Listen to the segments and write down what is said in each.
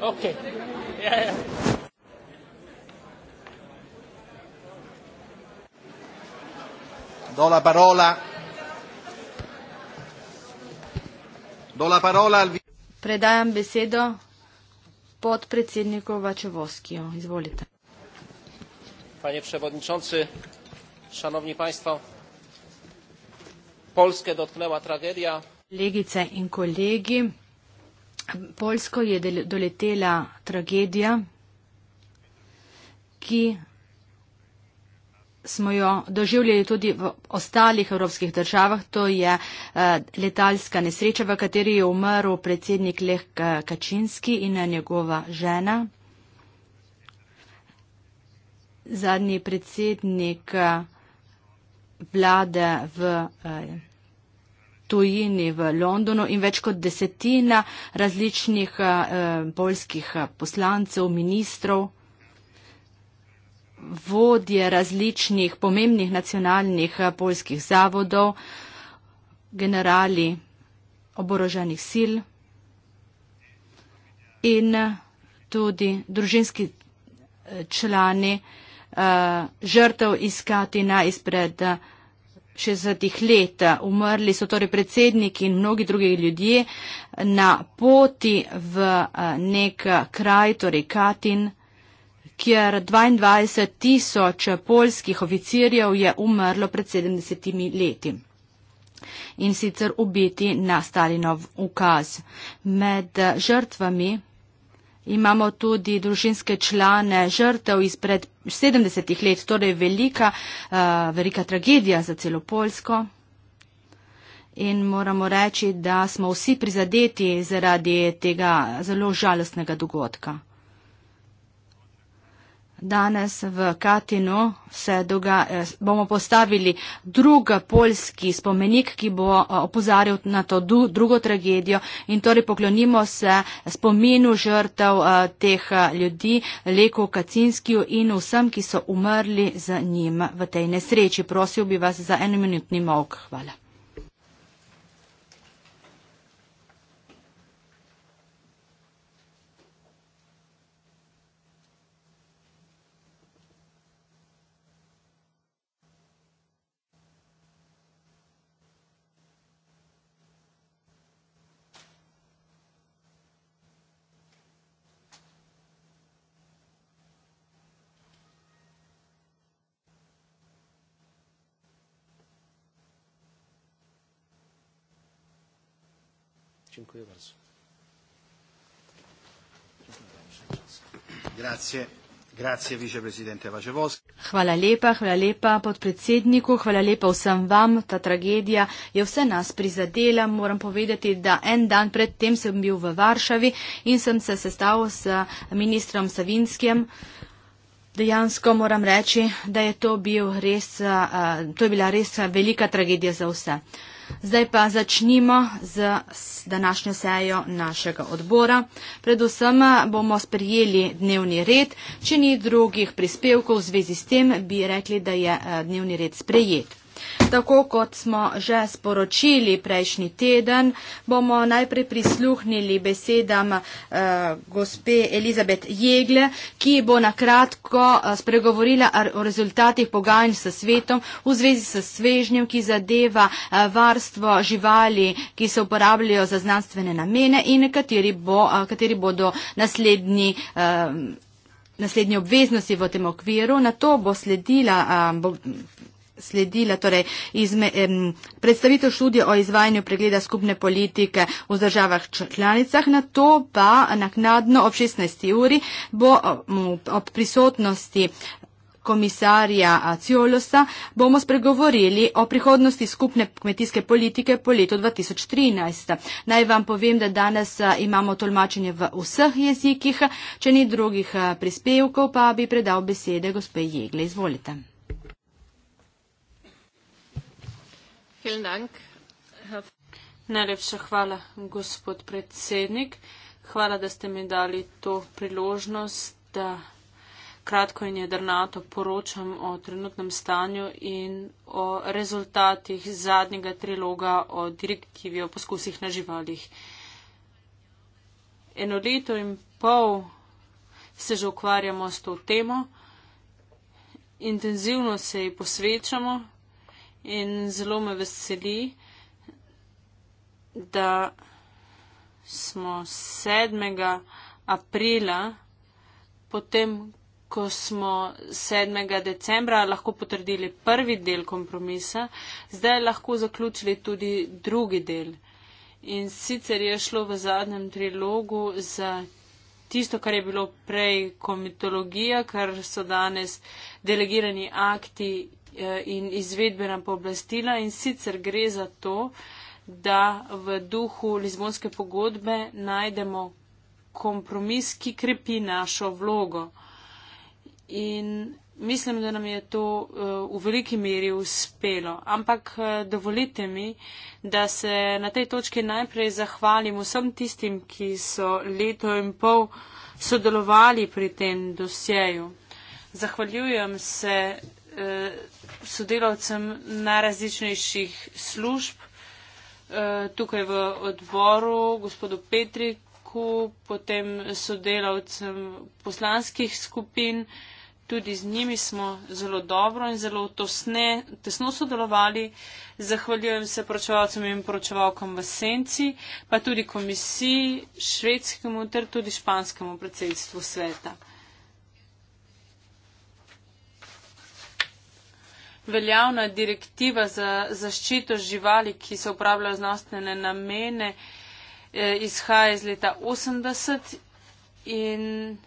Okay. Yeah, ja, yeah. Ja. Do la parola. Do la parola al Predajam besedo podpredsedniku Vačevoskiju. Izvolite. Panie przewodniczący, szanowni państwo, Polskę dotknęła tragedia. Kolegice in kolegi, Poljsko je doletela tragedija, ki smo jo doživljali tudi v ostalih evropskih državah. To je eh, letalska nesreča, v kateri je umrl predsednik Leh Kačinski in eh, njegova žena. Zadnji predsednik eh, vlade v tujini v Londonu in več kot desetina različnih eh, polskih eh, poslancev, ministrov, vodje različnih pomembnih nacionalnih eh, polskih zavodov, generali oboroženih sil in tudi družinski člani žrtev iskati na izpred. 60-ih let. Umrli so torej predsednik in mnogi drugi ljudje na poti v eh, nek eh, kraj, torej Katin, kjer 22 tisoč polskih oficirjev je umrlo pred 70 leti in sicer ubiti na Stalinov ukaz. Med eh, žrtvami imamo tudi družinske člane žrtev izpred 70 let, torej velika, uh, velika tragedija za celo Polsko. In moramo reči, da smo vsi prizadeti zaradi tega zelo žalostnega dogodka. Danes v Katinu se dogaja, eh, bomo postavili drug polski spomenik, ki bo eh, opozarjal na to drugo tragedijo in torej poklonimo se spominu žrtev eh, teh ljudi, Leku Kacinskiju in vsem, ki so umrli za njim v tej nesreči. Prosil bi vas za enominutni mok. Hvala. Dziękuję bardzo. Grazie. Grazie, viceprezidente Vacevolski. Hvala lepa, hvala lepa podpredsedniku, hvala lepa vsem vam. Ta tragedija je vse nas prizadela. Moram povedati, da en dan predtem sem bil v Varšavi in sem se sestavil s ministrom Savinskim. Dejansko moram reči, da je to, bil res, to je bila res velika tragedija za vse. Zdaj pa začnimo z današnjo sejo našega odbora. Predvsem eh, bomo sprijeli dnevni red. Če ni drugih prispevkov v zvezi s tem, bi rekli, da je eh, dnevni red sprejet. Tako kot smo že sporočili prejšnji teden, bomo najprej prisluhnili besedam eh, gospe Elizabet Jegle, ki bo nakratko eh, spregovorila o rezultatih pogajanj s svetom v zvezi s svežnjem, ki zadeva eh, varstvo živali, ki se uporabljajo za znanstvene namene in kateri, bo, eh, kateri bodo naslednji. Eh, naslednje obveznosti v tem okviru, na to bo sledila, bo, sledila torej izme, em, predstavitev študije o izvajanju pregleda skupne politike v državah članicah, na to pa naknadno ob 16. uri bo um, ob prisotnosti komisarja Ciolosa, bomo spregovorili o prihodnosti skupne kmetijske politike po letu 2013. Naj vam povem, da danes imamo tolmačenje v vseh jezikih, če ni drugih prispevkov, pa bi predal besede gospe Jegle. Izvolite. Najlepša hvala, gospod predsednik. Hvala, da ste mi dali to priložnost, da kratko in jedrnato poročam o trenutnem stanju in o rezultatih zadnjega triloga o direktivi o poskusih na živalih. Eno leto in pol se že ukvarjamo s to temo, intenzivno se ji posvečamo. In zelo me veseli, da smo 7. aprila, potem ko smo 7. decembra lahko potrdili prvi del kompromisa, zdaj lahko zaključili tudi drugi del. In sicer je šlo v zadnjem trilogu za tisto, kar je bilo prej komitologija, kar so danes delegirani akti Eh, in izvedbena pooblastila in sicer gre za to, da v duhu Lizbonske pogodbe najdemo kompromis, ki krepi našo vlogo. In mislim, da nam je to eh, v veliki meri uspelo. Ampak eh, dovolite mi, da se na tej točki najprej zahvalim vsem tistim, ki so leto in pol sodelovali pri tem dosjeju. Zahvaljujem se. Eh, sodelavcem najrazličnejših služb, e, tukaj v odboru, gospodu Petriku, potem sodelavcem poslanskih skupin, tudi z njimi smo zelo dobro in zelo tosne, tesno sodelovali. Zahvaljujem se poročevalcem in poročevalkam v Senci, pa tudi komisiji, švedskemu ter tudi španskemu predsedstvu sveta. veljavna direktiva za zaščito živali, ki se upravljajo znanstvene namene, eh, izhaja iz leta 80 in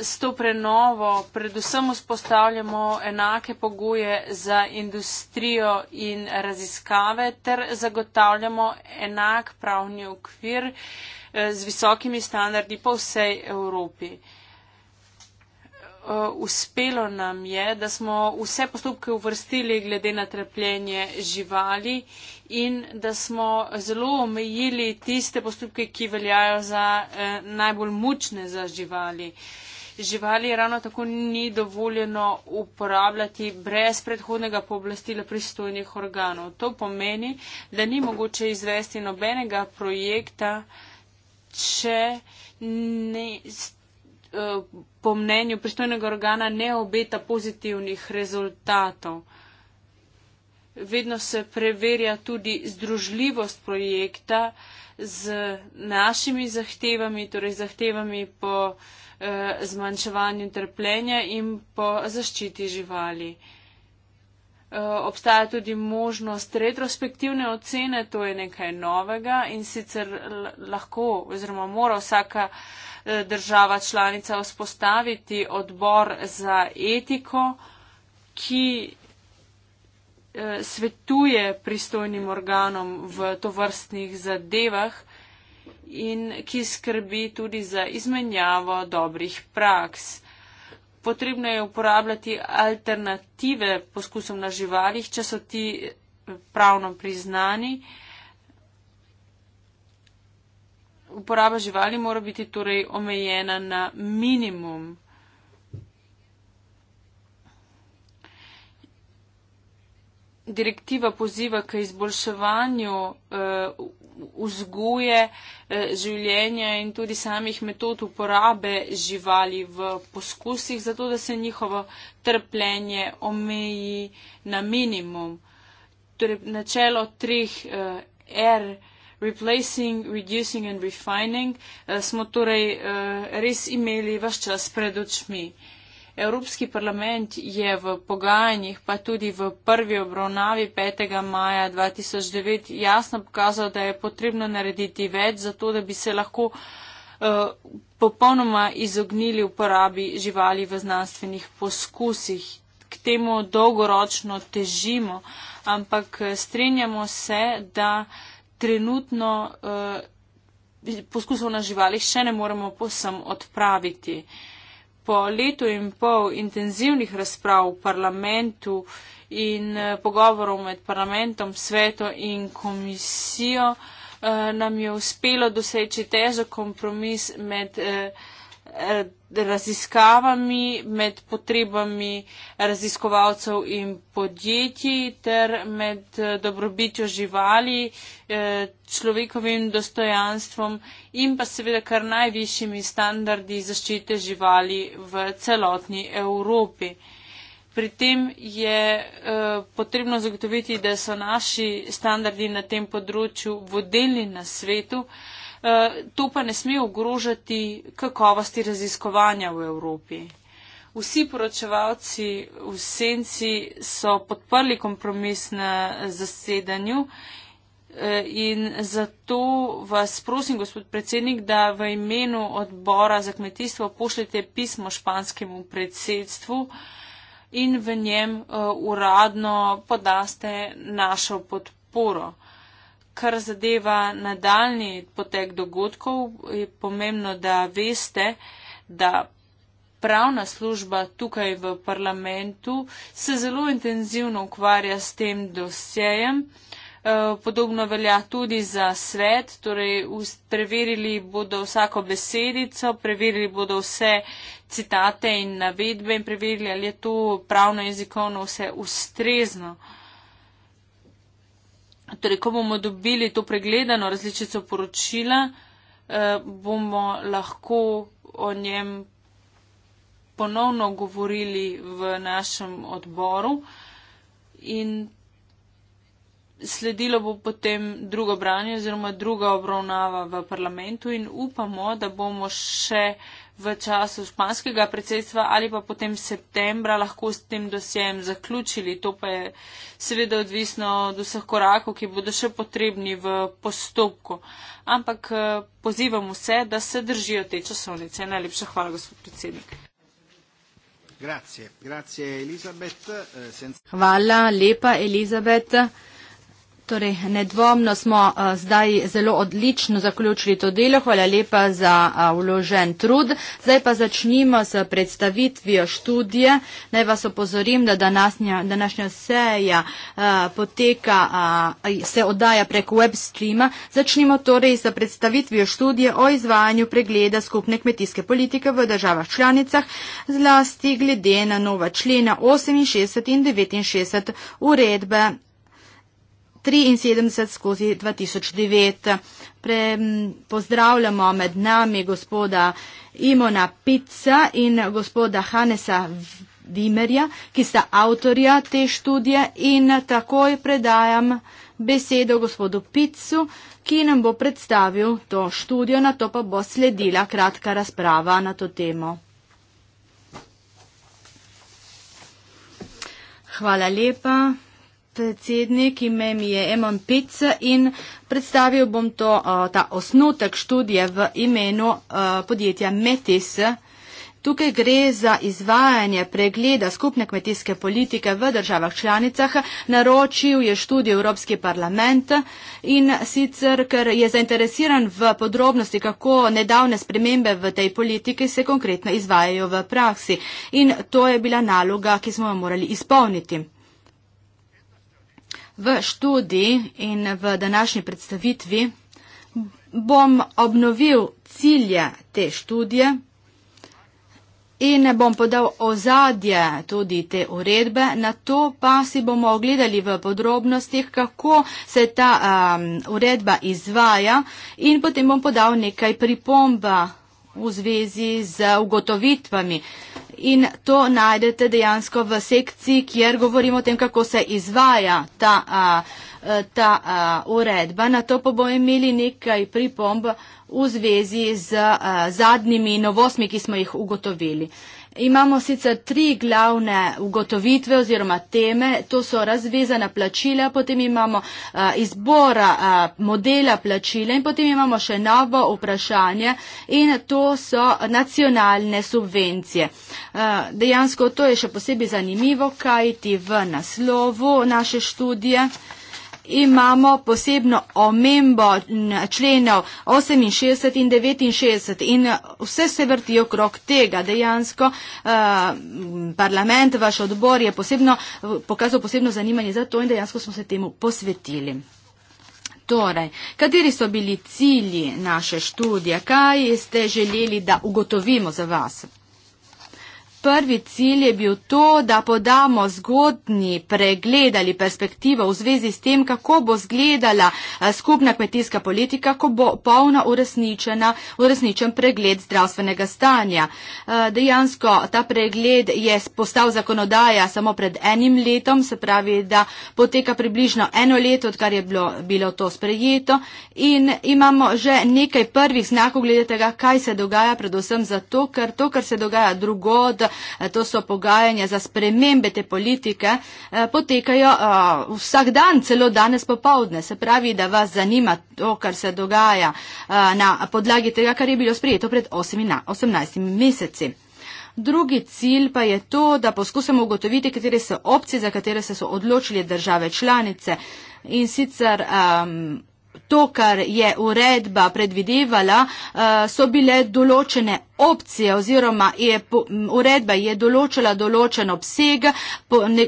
s to prenovo predvsem vzpostavljamo enake pogoje za industrijo in raziskave ter zagotavljamo enak pravni okvir eh, z visokimi standardi po vsej Evropi. Eh, uspelo nam je, da smo vse postopke uvrstili glede na trpljenje živali in da smo zelo omejili tiste postopke, ki veljajo za uh, najbolj mučne za živali. Živali ravno tako ni dovoljeno uporabljati brez predhodnega pooblastila pristojnih organov. To pomeni, da ni mogoče izvesti nobenega projekta, če ne. Eh, po mnenju pristojnega organa ne obeta pozitivnih rezultatov. Vedno se preverja tudi združljivost projekta z našimi zahtevami, torej zahtevami po eh, zmanjševanju trpljenja in po zaščiti živali. Eh, obstaja tudi možnost retrospektivne ocene, to je nekaj novega in sicer lahko oziroma mora vsaka eh, država članica vzpostaviti odbor za etiko, ki eh, svetuje pristojnim organom v tovrstnih zadevah in ki skrbi tudi za izmenjavo dobrih praks. Potrebno je uporabljati alternative poskusom na živalih, če so ti pravno priznani. uporaba živali mora biti torej omejena na minimum. Direktiva poziva k izboljševanju eh, vzguje eh, življenja in tudi samih metod uporabe živali v poskusih, zato da se njihovo trpljenje omeji na minimum. Torej, načelo 3R. Eh, replacing, reducing and refining, eh, smo torej eh, res imeli vaš čas pred očmi. Evropski parlament je v pogajanjih, pa tudi v prvi obravnavi 5. maja 2009 jasno pokazal, da je potrebno narediti več, zato da bi se lahko eh, popolnoma izognili uporabi živali v znanstvenih poskusih. K temu dolgoročno težimo, ampak strenjamo se, da trenutno uh, poskusov na živalih še ne moremo posem odpraviti. Po letu in pol intenzivnih razprav v parlamentu in uh, pogovorov med parlamentom, sveto in komisijo uh, nam je uspelo doseči težo kompromis med. Uh, Eh, raziskavami med potrebami raziskovalcev in podjetij ter med eh, dobrobitjo živali, eh, človekovim dostojanstvom in pa seveda kar najvišjimi standardi zaščite živali v celotni Evropi. Pri tem je eh, potrebno zagotoviti, da so naši standardi na tem področju vodeni na svetu. Eh, Eh, to pa ne sme ogrožati kakovosti raziskovanja v Evropi. Vsi poročevalci v senci so podprli kompromis na zasedanju eh, in zato vas prosim, gospod predsednik, da v imenu odbora za kmetijstvo pošljete pismo španskemu predsedstvu in v njem eh, uradno podaste našo podporo kar zadeva nadaljni potek dogodkov, je pomembno, da veste, da pravna služba tukaj v parlamentu se zelo intenzivno ukvarja s tem dosjejem. Eh, podobno velja tudi za svet, torej preverili bodo vsako besedico, preverili bodo vse citate in navedbe in preverili, ali je to pravno jezikovno vse ustrezno. Uh, Torej, ko bomo dobili to pregledano različico poročila, eh, bomo lahko o njem ponovno govorili v našem odboru in sledilo bo potem drugo branje oziroma druga obravnava v parlamentu in upamo, da bomo še v času španskega predsedstva ali pa potem septembra lahko s tem dosjem zaključili. To pa je seveda odvisno od vseh korakov, ki bodo še potrebni v postopku. Ampak eh, pozivam vse, da se držijo te časovnice. Najlepša hvala, gospod predsednik. Grazie, grazie Elizabeth. Eh, hvala lepa, Elizabeth. Torej, nedvomno smo eh, zdaj zelo odlično zaključili to delo. Hvala lepa za eh, vložen trud. Zdaj pa začnimo s predstavitvijo študije. Naj vas opozorim, da današnja, današnja seja eh, poteka, se oddaja prek web streama. Začnimo torej s predstavitvijo študije o izvajanju pregleda skupne kmetijske politike v državah članicah, zlasti glede na nova člena 68 in 69 uredbe 73 skozi 2009. Pre, pozdravljamo med nami gospoda Imona Pica in gospoda Hanesa Vimerja, ki sta avtorja te študije in takoj predajam besedo gospodu Picu, ki nam bo predstavil to študijo, na to pa bo sledila kratka razprava na to temo. Hvala lepa podpredsednik, ime mi je Emon Pica in predstavil bom to, ta osnotek študije v imenu podjetja Metis. Tukaj gre za izvajanje pregleda skupne kmetijske politike v državah članicah. Naročil je študijo Evropski parlament in sicer, ker je zainteresiran v podrobnosti, kako nedavne spremembe v tej politiki se konkretno izvajajo v praksi. In to je bila naloga, ki smo jo morali izpolniti. V študiji in v današnji predstavitvi bom obnovil cilje te študije in bom podal ozadje tudi te uredbe, na to pa si bomo ogledali v podrobnostih, kako se ta um, uredba izvaja in potem bom podal nekaj pripomba v zvezi z ugotovitvami. In to najdete dejansko v sekciji, kjer govorimo o tem, kako se izvaja ta, a, ta a, uredba. Na to pa bomo imeli nekaj pripomb v zvezi z a, zadnjimi novostmi, ki smo jih ugotovili. Imamo sicer tri glavne ugotovitve oziroma teme, to so razvezana plačila, potem imamo izbora modela plačila in potem imamo še novo vprašanje in to so nacionalne subvencije. Dejansko to je še posebej zanimivo, kaj ti v naslovu naše študije imamo posebno omembo členov 68 in 69 in eh, vse se vrti okrog tega. Dejansko eh, parlament, vaš odbor je posebno, eh, pokazal posebno zanimanje za to in dejansko smo se temu posvetili. Torej, kateri so bili cilji naše študije, kaj ste želeli, da ugotovimo za vas? prvi cilj je bil to, da podamo zgodni pregled ali perspektivo v zvezi s tem, kako bo zgledala eh, skupna kmetijska politika, ko bo polna uresničena, uresničen pregled zdravstvenega stanja. Eh, dejansko ta pregled je postal zakonodaja samo pred enim letom, se pravi, da poteka približno eno leto, odkar je bilo, bilo to sprejeto in imamo že nekaj prvih znakov glede tega, kaj se dogaja, predvsem zato, ker to, kar se dogaja drugod, Eh, to so pogajanja za spremembe te politike, eh, potekajo eh, vsak dan, celo danes popovdne. Se pravi, da vas zanima to, kar se dogaja na podlagi tega, kar je bilo sprejeto pred 18 meseci. Drugi cilj pa je to, da poskusimo ugotoviti, katere so opcije, za katere se so odločili države članice. In sicer um, to, kar je uredba predvidevala, eh, so bile določene opcije oziroma je, uredba je določila določen obseg,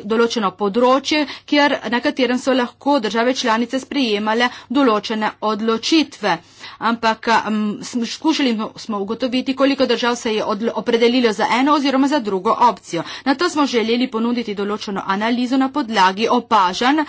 določeno področje, kjer, na katerem so lahko države članice sprejemale določene odločitve. Ampak m, skušali smo ugotoviti, koliko držav se je odlo, opredelilo za eno oziroma za drugo opcijo. Na to smo želeli ponuditi določeno analizo na podlagi opažanj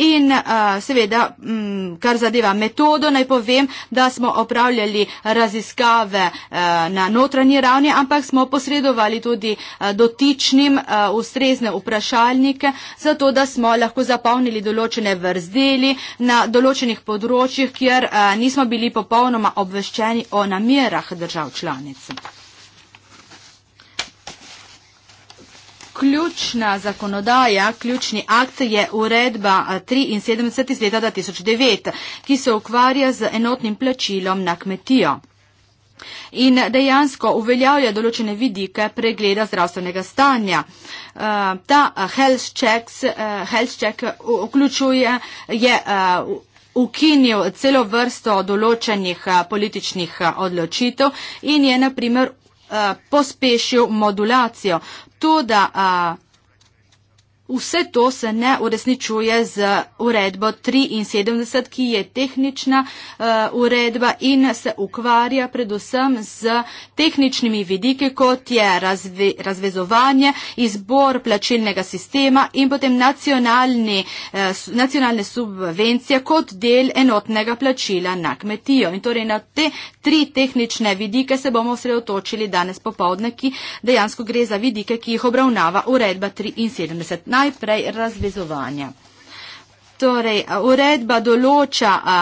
In uh, seveda, m, mm, kar zadeva metodo, naj povem, da smo opravljali raziskave uh, na notranji ravni, ampak smo posredovali tudi uh, dotičnim uh, ustrezne vprašalnike, zato da smo lahko zapolnili določene vrzdeli na določenih področjih, kjer uh, nismo bili popolnoma obveščeni o namerah držav članic. ključna zakonodaja, ključni akt je uredba 73 iz leta 2009, ki se ukvarja z enotnim plačilom na kmetijo. In dejansko uveljavlja določene vidike pregleda zdravstvenega stanja. Eh, ta health, checks, eh, health check vključuje, je ukinil celo vrsto določenih političnih odločitev in je naprimer pospešil modulacijo. To, da uh, Vse to se ne uresničuje z uredbo 73, ki je tehnična uh, uredba in se ukvarja predvsem z tehničnimi vidiki, kot je razve, razvezovanje, izbor plačilnega sistema in potem nacionalni, uh, nacionalne subvencije kot del enotnega plačila na kmetijo. In torej na te tri tehnične vidike se bomo sredotočili danes popovdne, ki dejansko gre za vidike, ki jih obravnava uredba 73 najprej razvezovanja. Torej, uredba določa a,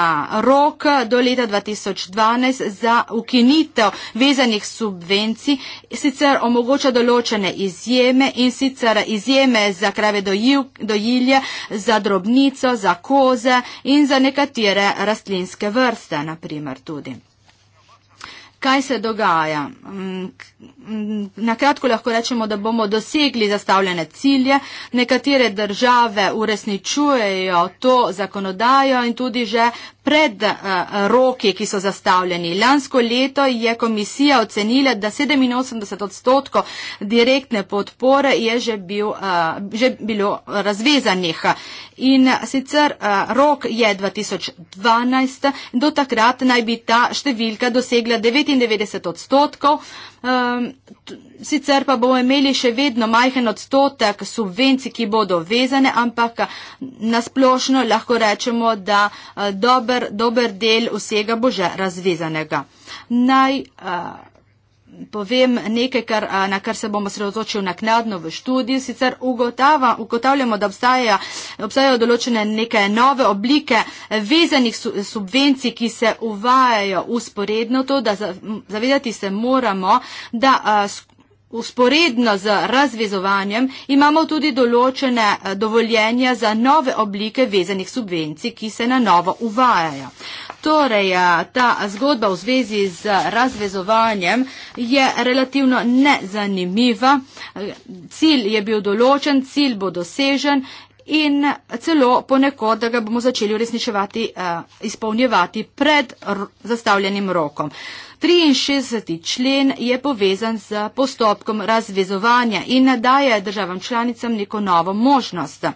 rok do leta 2012 za ukinitev vezanih subvencij, sicer omogoča določene izjeme in sicer izjeme za krave dojilje, za drobnico, za koze in za nekatere rastlinske vrste, naprimer tudi. Kaj se dogaja? Mm, mm, na kratko lahko rečemo, da bomo dosegli zastavljene cilje. Nekatere države uresničujejo to zakonodajo in tudi že pred eh, roki, ki so zastavljeni. Lansko leto je komisija ocenila, da 87 odstotkov direktne podpore je že, bil, eh, že bilo razvezanih. In sicer eh, rok je 2012, do takrat naj bi ta številka dosegla 99 odstotkov. Um, sicer pa bomo imeli še vedno majhen odstotek subvencij, ki bodo vezane, ampak eh, nasplošno lahko rečemo, da uh, dober, dober del vsega bo že razvezanega. Naj, uh, povem nekaj, kar, na kar se bomo sredotočili naknadno v študiji. Sicer ugotava, ugotavljamo, da obstaja, obstajajo določene neke nove oblike vezanih subvencij, ki se uvajajo usporedno to, da zavedati se moramo, da usporedno z razvezovanjem imamo tudi določene dovoljenja za nove oblike vezanih subvencij, ki se na novo uvajajo. Torej, eh, ta zgodba v zvezi z razvezovanjem je relativno nezanimiva. Cilj je bil določen, cilj bo dosežen in celo ponekod, da ga bomo začeli uresničevati, eh, izpolnjevati pred zastavljenim rokom. 63. člen je povezan z postopkom razvezovanja in daje državam članicam neko novo možnost.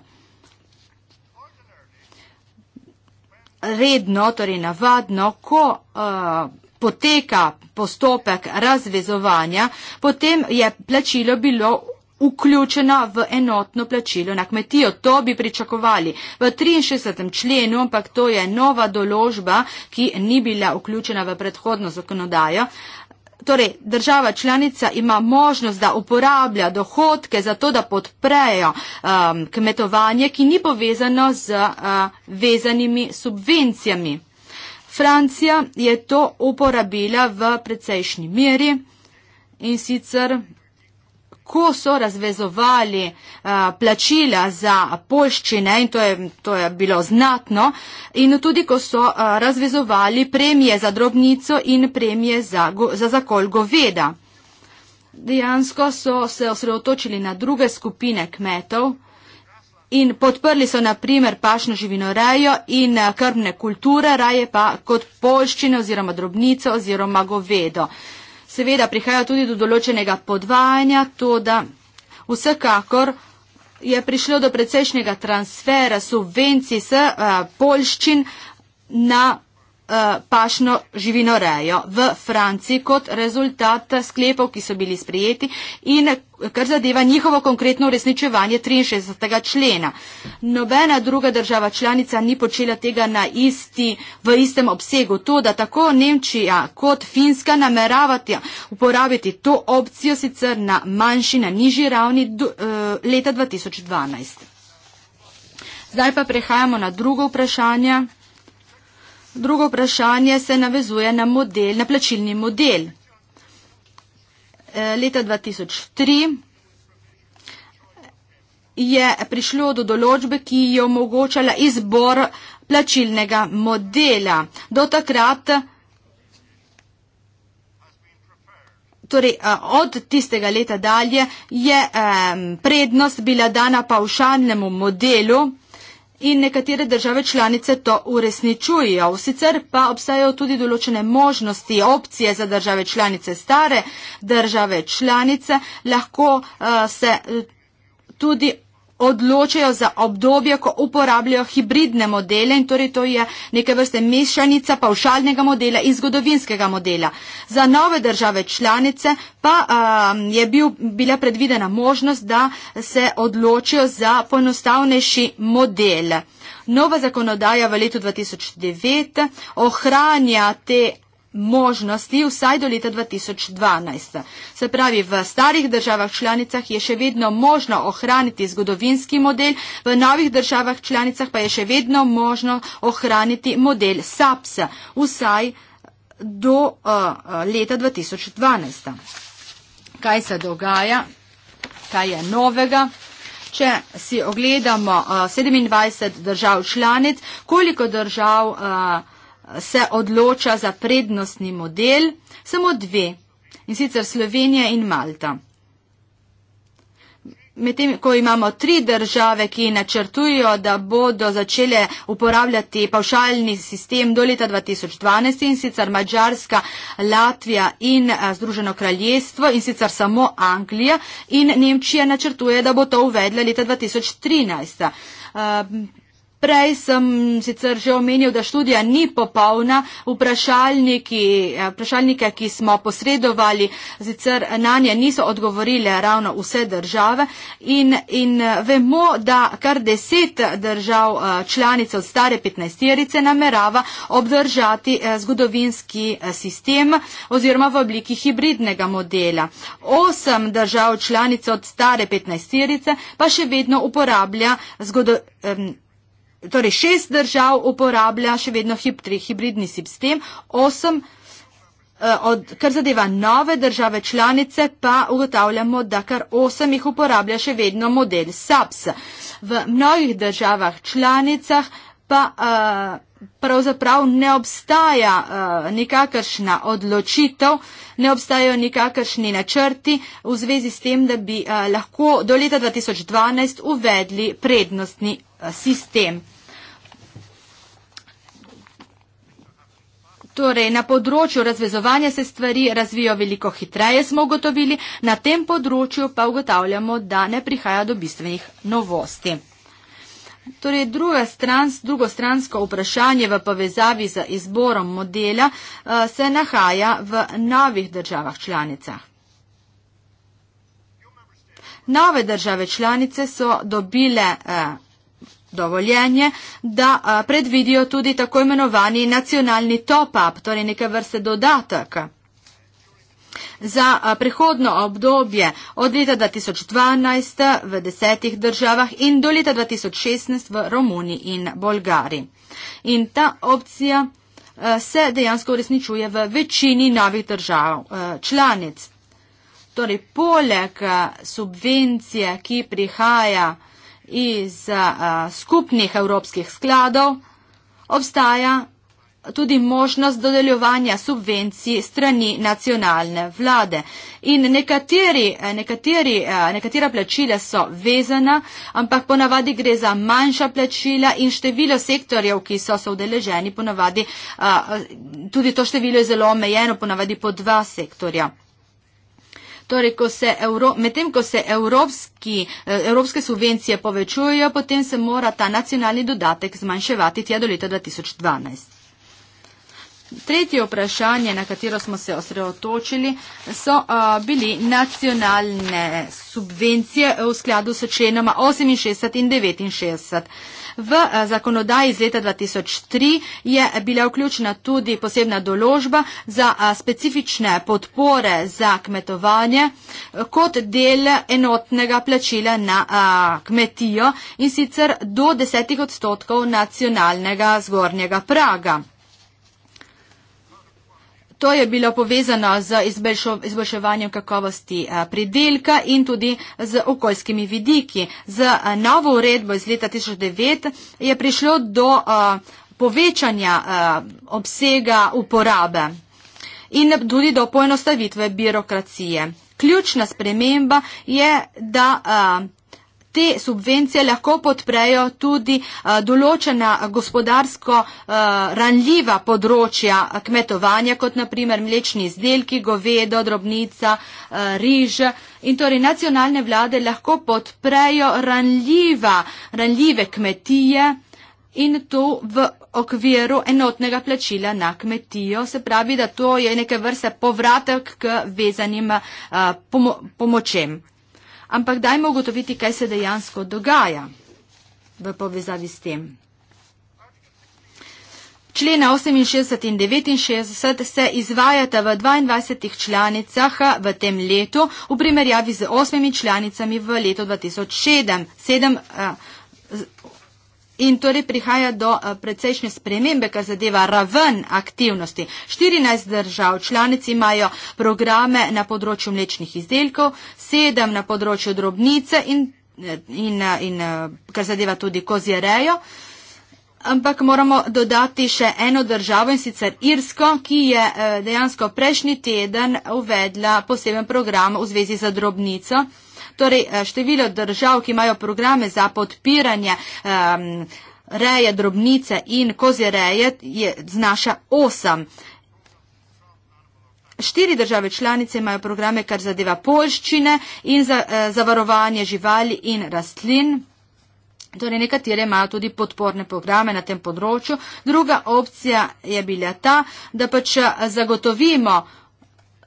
redno, torej navadno, ko uh, poteka postopek razvezovanja, potem je plačilo bilo vključeno v enotno plačilo na kmetijo. To bi pričakovali v 63. členu, ampak to je nova doložba, ki ni bila vključena v predhodno zakonodajo. Uh, torej država članica ima možnost, da uporablja dohodke za to, da podprejo um, kmetovanje, ki ni povezano z uh, vezanimi subvencijami. Francija je to uporabila v precejšnji meri in sicer ko so razvezovali uh, plačila za polščine in to je, to je bilo znatno in tudi ko so uh, razvezovali premije za drobnico in premije za, za zakol goveda. Dejansko so se osredotočili na druge skupine kmetov in podprli so na primer pašno živinorejo in krvne kulture, raje pa kot polščine oziroma drobnico oziroma govedo. Uh, Seveda prihaja tudi do določenega podvajanja, to da vsekakor je prišlo do precejšnjega transfera subvencij s a, eh, polščin na Eh, pašno živinorejo v Franciji kot rezultat sklepov, ki so bili sprijeti in kar zadeva njihovo konkretno uresničevanje 63. člena. Nobena druga država članica ni počela tega isti, v istem obsegu. To, da tako Nemčija kot Finska nameravati uporabiti to opcijo sicer na manjši, na nižji ravni do, eh, leta 2012. Zdaj pa prehajamo na drugo vprašanje. Drugo vprašanje se navezuje na, model, na plačilni model. Eh, leta 2003 je prišlo do določbe, ki je omogočala izbor plačilnega modela. Do takrat, torej eh, od tistega leta dalje, je eh, prednost bila dana pa všanjemu modelu in nekatere države članice to uresničujejo. Sicer pa obstajajo tudi določene možnosti, opcije za države članice stare, države članice lahko uh, se eh, tudi odločajo za obdobje, ko uporabljajo hibridne modele in torej to je neke vrste mešanica pavšalnega modela in zgodovinskega modela. Za nove države članice pa um, je bil, bila predvidena možnost, da se odločijo za ponostavnejši model. Nova zakonodaja v letu 2009 ohranja te možnosti vsaj do leta 2012. Se pravi, v starih državah članicah je še vedno možno ohraniti zgodovinski model, v novih državah članicah pa je še vedno možno ohraniti model SAPSA vsaj do uh, leta 2012. Kaj se dogaja? Kaj je novega? Če si ogledamo uh, eh, 27 držav članic, koliko držav uh, se odloča za prednostni model, samo dve in sicer Slovenija in Malta. Medtem, ko imamo tri države, ki načrtujo, da bodo začele uporabljati pavšalni sistem do leta 2012 in sicer Mačarska, Latvija in eh, Združeno kraljestvo in sicer samo Anglija in Nemčija načrtuje, da bo to uvedla leta 2013. Prej sem sicer že omenil, da študija ni popolna. Eh, vprašalnike, ki smo posredovali, sicer na nje niso odgovorile ravno vse države. In, in eh, vemo, da kar deset držav eh, članic od stare 15. jerice namerava obdržati zgodovinski sistem oziroma v obliki hibridnega modela. Osem držav članic od stare 15. jerice pa še vedno uporablja zgodovinski sistem torej šest držav uporablja še vedno hibridni sistem, osem, eh, od, kar zadeva nove države članice, pa ugotavljamo, da kar osem jih uporablja še vedno model SAPS. V mnogih državah članicah pa uh, pravzaprav ne obstaja uh, nikakršna odločitev, ne obstajajo nikakršni načrti v zvezi s tem, da bi uh, lahko do leta 2012 uvedli prednostni Eh, sistem. Torej, na področju razvezovanja se stvari razvijajo veliko hitreje, smo ugotovili, na tem področju pa ugotavljamo, da ne prihaja do bistvenih novosti. Torej, druga strans, drugo stransko vprašanje v povezavi z izborom modela eh, se nahaja v novih državah članicah. Nove države članice so dobile eh, dovoljenje, da predvidijo tudi tako imenovani nacionalni top-up, torej neke vrste dodatek. Za prehodno obdobje od leta 2012 v desetih državah in do leta 2016 v Romuniji in Bolgariji. In ta opcija se dejansko uresničuje v večini novih držav članic. Torej, poleg subvencije, ki prihaja iz a, skupnih evropskih skladov, obstaja tudi možnost dodeljevanja subvencij strani nacionalne vlade. In nekateri, nekateri, nekatera plačila so vezana, ampak ponavadi gre za manjša plačila in število sektorjev, ki so se udeleženi, ponavadi tudi to število je zelo omejeno, ponavadi po dva sektorja. Torej, ko se Evro, medtem ko se evropski, eh, evropske subvencije povečujejo, potem se mora ta nacionalni dodatek zmanjševati tja do leta 2012. Tretje vprašanje, na katero smo se osredotočili, so uh, bili nacionalne subvencije v skladu s členoma 68 in 69. V eh, zakonodaji iz leta 2003 je bila vključena tudi posebna doložba za eh, specifične podpore za kmetovanje eh, kot del enotnega plačila na kmetijo in sicer do 10 odstotkov nacionalnega zgornjega praga. To je bilo povezano z izboljševanjem kakovosti eh, pridelka in tudi z okoljskimi vidiki. Z eh, novo uredbo iz leta 2009 je prišlo do eh, povečanja obsega uporabe in tudi do poenostavitve birokracije. Ključna sprememba je, da te subvencije lahko podprejo tudi eh, določena gospodarsko eh, ranljiva področja eh, kmetovanja, kot naprimer mlečni izdelki, govedo, drobnica, riž. In torej nacionalne vlade lahko podprejo ranljiva, ranljive kmetije in to v okviru enotnega plačila na kmetijo. Se pravi, da to je neke vrste povratek k vezanim pomo pomočem ampak dajmo ugotoviti, kaj se dejansko dogaja v povezavi s tem. Člene 68 in 69 se izvajata v 22 članicah v tem letu v primerjavi z osmimi članicami v letu 2007. 7, uh, In torej prihaja do eh, precejšnje spremembe, kar zadeva raven aktivnosti. 14 držav članic imajo programe na področju mlečnih izdelkov, 7 na področju drobnice in, eh, in, eh, in, in kar zadeva tudi kozjerejo. Ampak moramo dodati še eno državo in sicer Irsko, ki je dejansko prejšnji teden uvedla poseben program v zvezi z drobnico. Torej, eh, število držav, ki imajo programe za podpiranje um, reje drobnice in kozje reje, je, znaša osem. Štiri države članice imajo programe, kar zadeva polščine in za, eh, zavarovanje živali in rastlin. Torej, nekatere imajo tudi podporne programe na tem področju. Druga opcija je bila ta, da pač eh, zagotovimo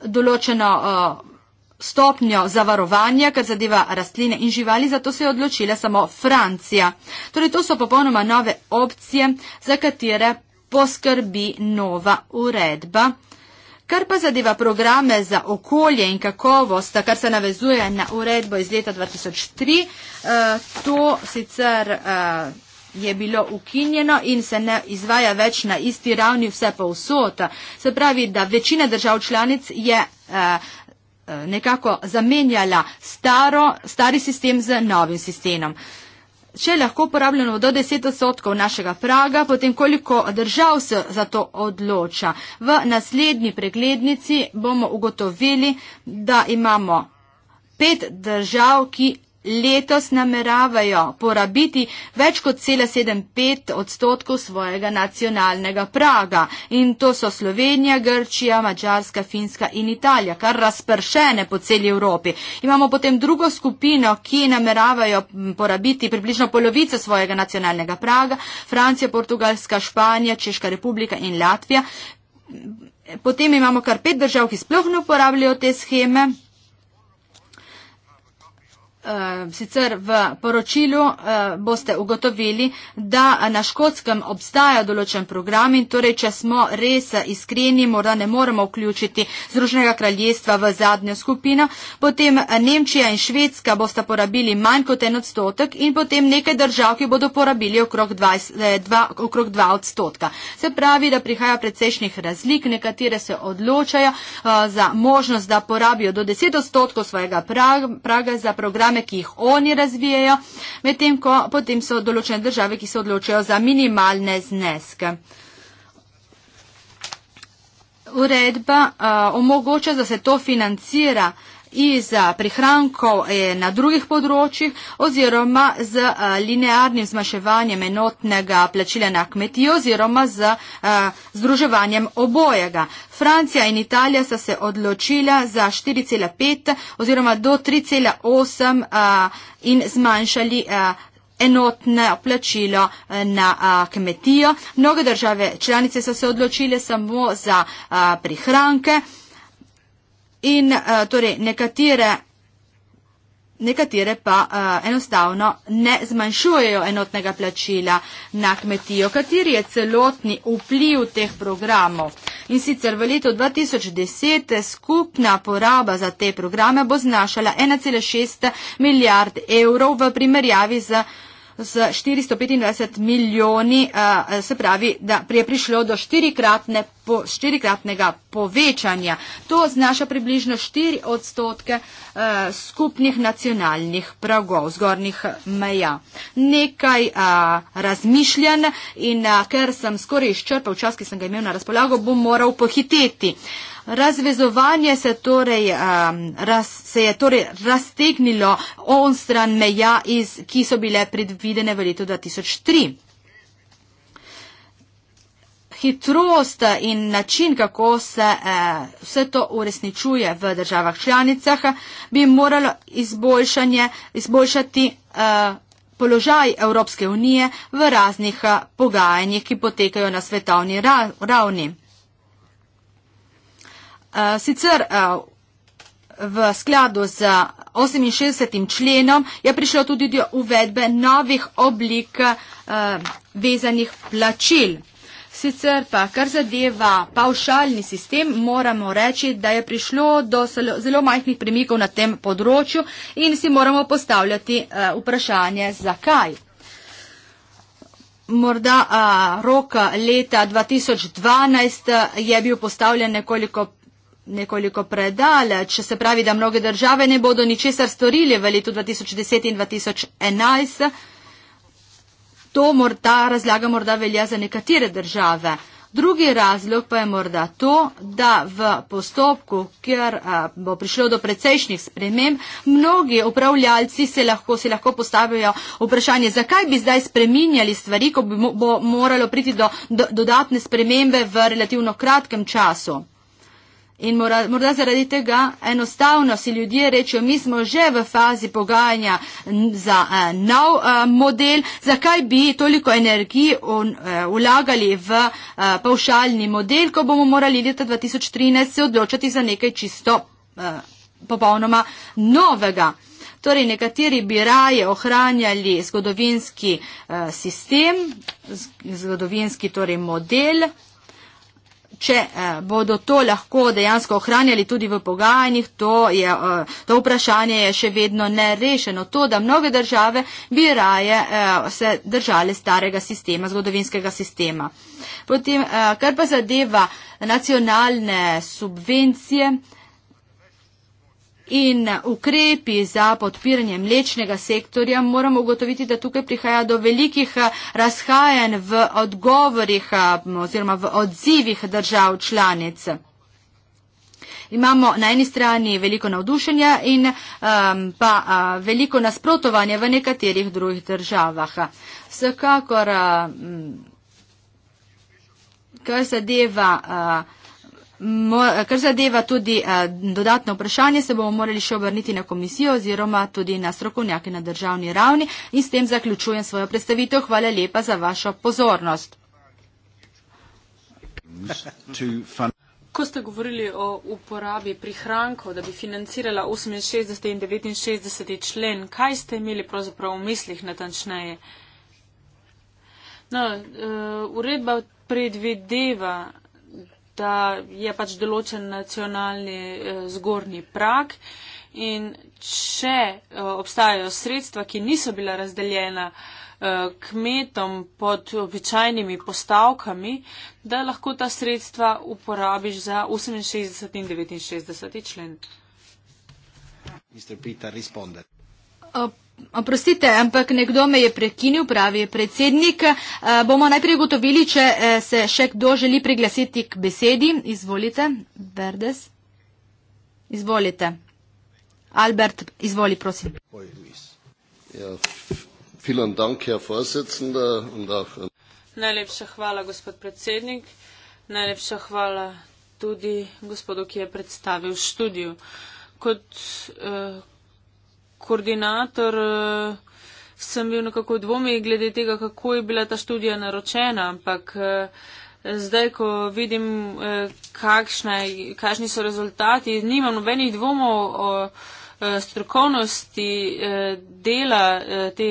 določeno. Eh, stopnjo zavarovanja, kar zadeva rastline in živali, zato se je odločila samo Francija. Torej, to so popolnoma nove opcije, za katere poskrbi nova uredba. Kar pa zadeva programe za okolje in kakovost, kar se navezuje na uredbo iz leta 2003, eh, to sicer eh, je bilo ukinjeno in se ne izvaja več na isti ravni vse pa vsota. Se pravi, da večina držav članic je eh, Eh, nekako zamenjala staro, stari sistem z novim sistemom. Če lahko uporabljamo do 10 odstotkov našega praga, potem koliko držav se za to odloča. V naslednji preglednici bomo ugotovili, da imamo pet držav, ki letos nameravajo porabiti več kot cela sedem pet odstotkov svojega nacionalnega praga in to so Slovenija, Grčija, Mačarska, Finska in Italija, kar razpršene po celi Evropi. Imamo potem drugo skupino, ki nameravajo porabiti približno polovico svojega nacionalnega praga, Francija, Portugalska, Španija, Češka republika in Latvija. Potem imamo kar pet držav, ki sploh ne uporabljajo te scheme. Eh, sicer v poročilu eh, boste ugotovili, da na škotskem obstaja določen program in torej, če smo res iskreni, morda ne moremo vključiti Združenega kraljestva v zadnjo skupino, potem eh, Nemčija in Švedska boste porabili manj kot en odstotek in potem nekaj držav, ki bodo porabili okrog 2 odstotka. Se pravi, da prihaja predsešnih razlik, nekatere se odločajo za možnost, da porabijo do 10 odstotkov svojega praga za program programe, ki jih oni razvijajo, medtem ko potem so določene države, ki se odločajo za minimalne zneske. Uredba uh, omogoča, da se to financira uh, iz prihrankov eh, na drugih področjih oziroma z eh, linearnim zmaševanjem enotnega plačila na kmetijo oziroma z eh, združevanjem obojega. Francija in Italija so se odločila za 4,5 oziroma do 3,8 in zmanjšali enotno plačilo na kmetijo. Mnoge države članice so se odločile samo za prihranke in uh, torej nekatere, nekatere pa uh, enostavno ne zmanjšujejo enotnega plačila na kmetijo, kateri je celotni vpliv teh programov. In sicer v letu 2010 skupna poraba za te programe bo znašala 1,6 milijard evrov v primerjavi z s 425 milijoni, eh, se pravi, da je prišlo do štirikratne, po, štirikratnega povečanja. To znaša približno 4 odstotke eh, skupnih nacionalnih pragov, zgornjih eh, meja. Nekaj razmišljen in ker sem skoraj izčrpal čas, ki sem ga imel na razpolago, bom moral pohiteti. Razvezovanje se, torej, um, raz, se je torej raztegnilo on stran meja, iz, ki so bile predvidene v letu 2003. Hitrost in način, kako se eh, vse to uresničuje v državah članicah, bi moralo izboljšati eh, položaj Evropske unije v raznih eh, pogajanjih, ki potekajo na svetovni ravni. Eh, sicer eh, v skladu z 68. členom je prišlo tudi do uvedbe novih oblik eh, vezanih plačil. Sicer pa, kar zadeva pavšalni sistem, moramo reči, da je prišlo do zelo majhnih premikov na tem področju in si moramo postavljati vprašanje, zakaj. Morda a, rok leta 2012 je bil postavljen nekoliko nekoliko predaleč, se pravi, da mnoge države ne bodo ničesar storili v letu 2010 in 2011. To morda razlaga morda velja za nekatere države. Drugi razlog pa je morda to, da v postopku, ker a, bo prišlo do precejšnjih sprememb, mnogi upravljalci se lahko, se lahko postavijo vprašanje, zakaj bi zdaj spreminjali stvari, ko bi mo, bo moralo priti do, do dodatne spremembe v relativno kratkem času. In mora, morda zaradi tega enostavno si ljudje rečejo, mi smo že v fazi pogajanja za uh, nov uh, model, zakaj bi toliko energiji un, uh, e, ulagali v uh, paušalni model, ko bomo morali leta 2013 se odločati za nekaj čisto uh, popolnoma novega. Torej, nekateri bi raje ohranjali zgodovinski uh, sistem, zgodovinski torej model če eh, bodo to lahko dejansko ohranjali tudi v pogajanjih, to, je, eh, to vprašanje je še vedno nerešeno. To, da mnoge države bi raje eh, se držale starega sistema, zgodovinskega sistema. Potem, eh, kar pa zadeva nacionalne subvencije, eh, In ukrepi za podpiranje mlečnega sektorja moramo ugotoviti, da tukaj prihaja do velikih eh, razhajanj v odgovorih eh, oziroma v odzivih držav članic. Imamo na eni strani veliko navdušenja in um, pa uh, veliko nasprotovanja v nekaterih drugih državah. Vsekakor, uh, kar zadeva uh, Kar zadeva tudi eh, dodatno vprašanje, se bomo morali še obrniti na komisijo oziroma tudi na strokovnjake na državni ravni in s tem zaključujem svojo predstavitev. Hvala lepa za vašo pozornost. Ko ste govorili o uporabi prihrankov, da bi financirala 68. in 69. člen, kaj ste imeli pravzaprav v mislih natančneje? No, uh, uredba predvideva da je pač določen nacionalni eh, zgornji prak in če eh, obstajajo sredstva, ki niso bila razdeljena eh, kmetom pod običajnimi postavkami, da lahko ta sredstva uporabiš za 68 in 69 člen. Mr. Peter, responde. Oprostite, ampak nekdo me je prekinil, pravi predsednik. E, bomo najprej ugotovili, če e, se še kdo želi priglasiti k besedi. Izvolite, Berdes. Izvolite. Albert, izvoli, prosim. Ja, äh, Najlepša hvala, gospod predsednik. Najlepša hvala tudi gospodu, ki je predstavil študijo. Kot, eh, koordinator, eh, sem bil nekako dvomi glede tega, kako je bila ta študija naročena, ampak eh, zdaj, ko vidim, eh, kakšne, kakšni so rezultati, nimam nobenih dvomov o strokovnosti dela te,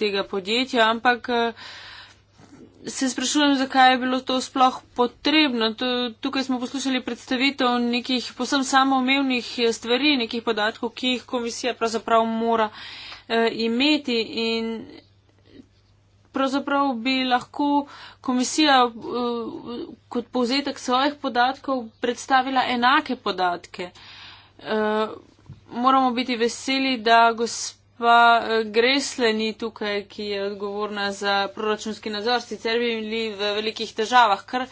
tega podjetja, ampak se sprašujem, zakaj je bilo to sploh potrebno. Tukaj smo poslušali predstavitev nekih posem samoumevnih stvari, nekih podatkov, ki jih komisija pravzaprav mora eh, imeti in pravzaprav bi lahko komisija eh, kot povzetek svojih podatkov predstavila enake podatke. Eh, moramo biti veseli, da gospod. Pa eh, Gresle ni tukaj, ki je odgovorna za proračunski nadzor, sicer bi bili v velikih težavah, ker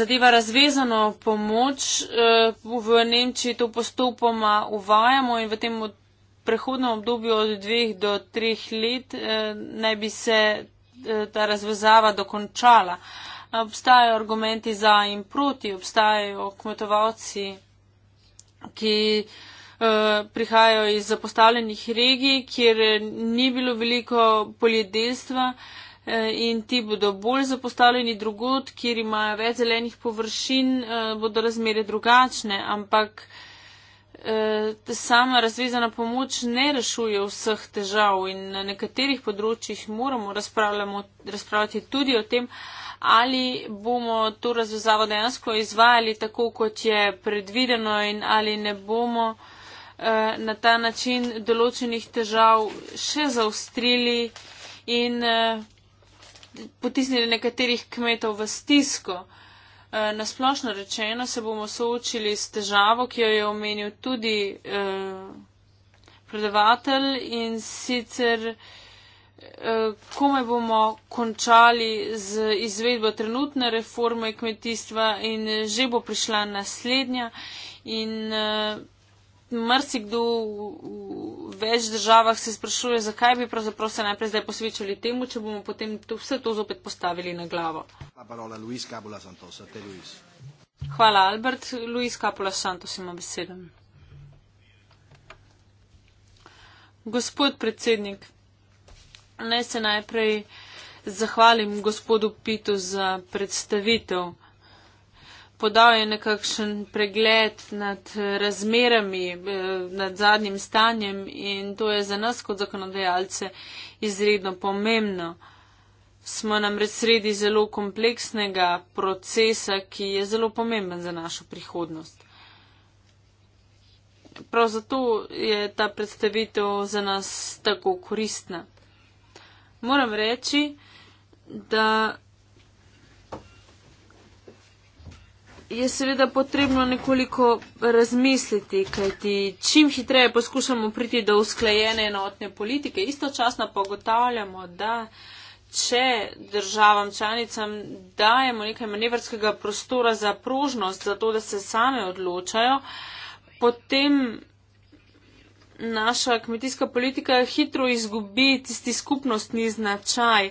zadeva razvezano pomoč eh, v Nemčiji to postopoma uvajamo in v tem prehodnem obdobju od dveh do treh let eh, naj bi se ta razvezava dokončala. Obstajajo argumenti za in proti, obstajajo kmetovalci, ki. Eh, prihajajo iz zapostavljenih regij, kjer ni bilo veliko poljedelstva eh, in ti bodo bolj zapostavljeni drugot, kjer imajo več zelenih površin, eh, bodo razmere drugačne, ampak sama razvezana pomoč ne rešuje vseh težav in na nekaterih področjih moramo razpravljati tudi o tem, ali bomo to razvezavo dejansko izvajali tako, kot je predvideno in ali ne bomo. Eh, na ta način določenih težav še zaustrili in eh, potisnili nekaterih kmetov v stisko. Eh, na splošno rečeno se bomo soočili s težavo, ki jo je omenil tudi predavatelj in sicer komaj bomo končali z izvedbo trenutne reforme kmetijstva in že bo prišla naslednja in uh, marsikdo v več državah se sprašuje, zakaj bi pravzaprav se najprej zdaj posvečali temu, če bomo potem to, vse to zopet postavili na glavo. Hvala, Albert. Luis Capula Santos ima besedo. Gospod predsednik, naj se najprej zahvalim gospodu Pitu za predstavitev podal je nekakšen pregled nad razmerami, eh, nad zadnjim stanjem in to je za nas kot zakonodajalce izredno pomembno. Smo nam res sredi zelo kompleksnega procesa, ki je zelo pomemben za našo prihodnost. Prav zato je ta predstavitev za nas tako koristna. Moram reči, da je seveda potrebno nekoliko razmisliti, kajti čim hitreje poskušamo priti do usklajene enotne politike, istočasno pa ugotavljamo, da če državam članicam dajemo nekaj manevrskega prostora za prožnost, za to, da se same odločajo, potem naša kmetijska politika hitro izgubi tisti skupnostni značaj.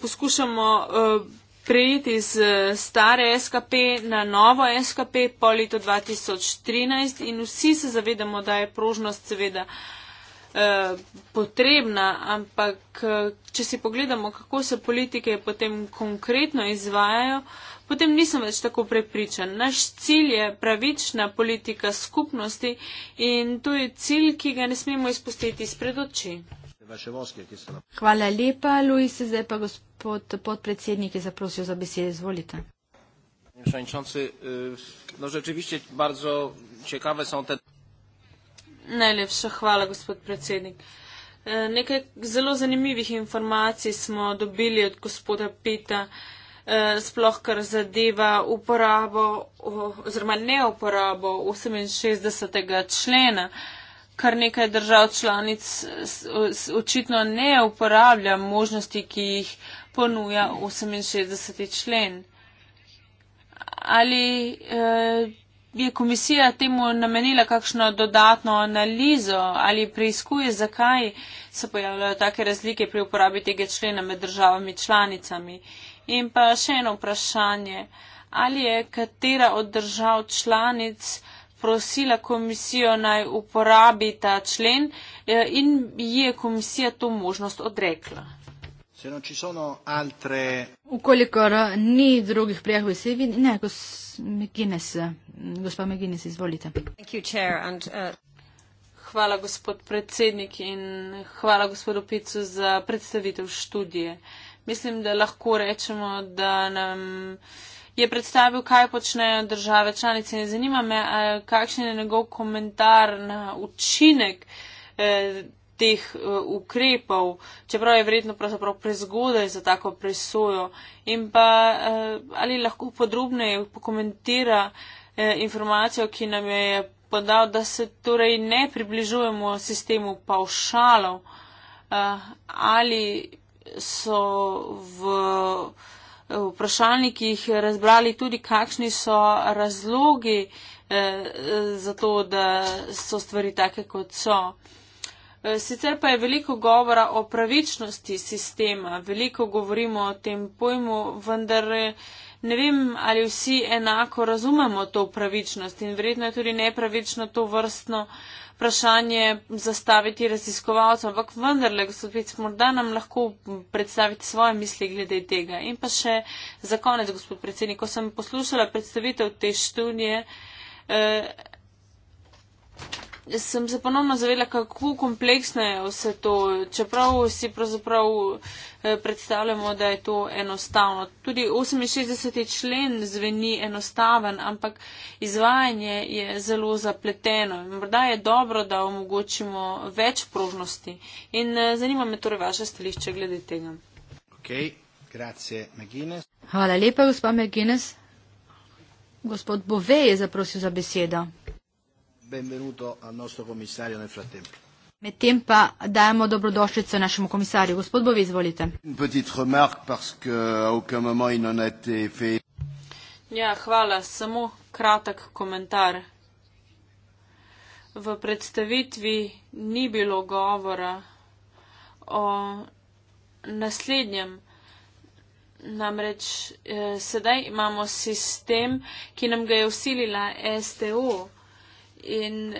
Poskušamo uh, preiti iz eh, stare SKP na novo SKP po letu 2013 in vsi se zavedamo, da je prožnost seveda eh, potrebna, ampak eh, če si pogledamo, kako se politike potem konkretno izvajajo, potem nisem več tako prepričan. Naš cilj je pravična politika skupnosti in to je cilj, ki ga ne smemo izpustiti spred oči vaše voske, ki so lahko. Hvala lepa, Luis, zdaj pa gospod podpredsednik je zaprosil za besede, izvolite. Przewodniczący, no rzeczywiście bardzo ciekawe są te... Najlepsza chwała, gospod predsednik. Nekaj zelo zanimivih informacij smo dobili od gospoda Pita, sploh kar zadeva uporabo oziroma neuporabo 68. člena kar nekaj držav članic očitno ne uporablja možnosti, ki jih ponuja 68. člen. Ali eh, je komisija temu namenila kakšno dodatno analizo ali preizkuje, zakaj se pojavljajo take razlike pri uporabi tega člena med državami članicami? In pa še eno vprašanje. Ali je katera od držav članic prosila komisijo naj uporabi ta člen eh, in je komisija to možnost odrekla. Altre... Ukolikor ni drugih prijav v sebi, ne, gospod Meginis, izvolite. You, chair, and, uh... Hvala, gospod predsednik, in hvala, gospodu Picu, za predstavitev študije. Mislim, da lahko rečemo, da nam. Uh, je predstavil, kaj počnejo države članice. In zanima me, eh, kakšen je njegov komentar na učinek eh, teh eh, ukrepov, čeprav je vredno pravzaprav prezgodaj za tako presojo. In pa ali lahko podrobneje pokomentira informacijo, ki nam jo je podal, da se torej ne približujemo sistemu paušalov ali so v vprašalnikih razbrali tudi, kakšni so razlogi eh, za to, da so stvari take, kot so. Eh, sicer pa je veliko govora o pravičnosti sistema, veliko govorimo o tem pojmu, vendar eh, ne vem, ali vsi enako razumemo to pravičnost in verjetno je tudi nepravično to vrstno uh, vprašanje zastaviti raziskovalcem, ampak vendarle, gospod Pic, morda nam lahko predstavite svoje misli glede tega. In pa še za konec, gospod predsednik, ko sem poslušala predstavitev te študije, eh, sem se ponovno zavedla, kako kompleksno je vse to, čeprav si pravzaprav eh, predstavljamo, da je to enostavno. Tudi 68. člen zveni enostaven, ampak izvajanje je zelo zapleteno. Morda je dobro, da omogočimo več prožnosti. In eh, zanima me torej vaše stališče glede tega. Okay. Grazie, Hvala lepa, gospa Megines. Gospod Bove je zaprosil za besedo benvenuto al nostro commissario nel frattempo. Medtem pa dajemo dobrodošljico našemu komisarju. Gospod Bovi, izvolite. Ja, hvala. Samo kratek komentar. V predstavitvi ni bilo govora o naslednjem. Namreč eh, sedaj imamo sistem, ki nam ga je usilila STO. In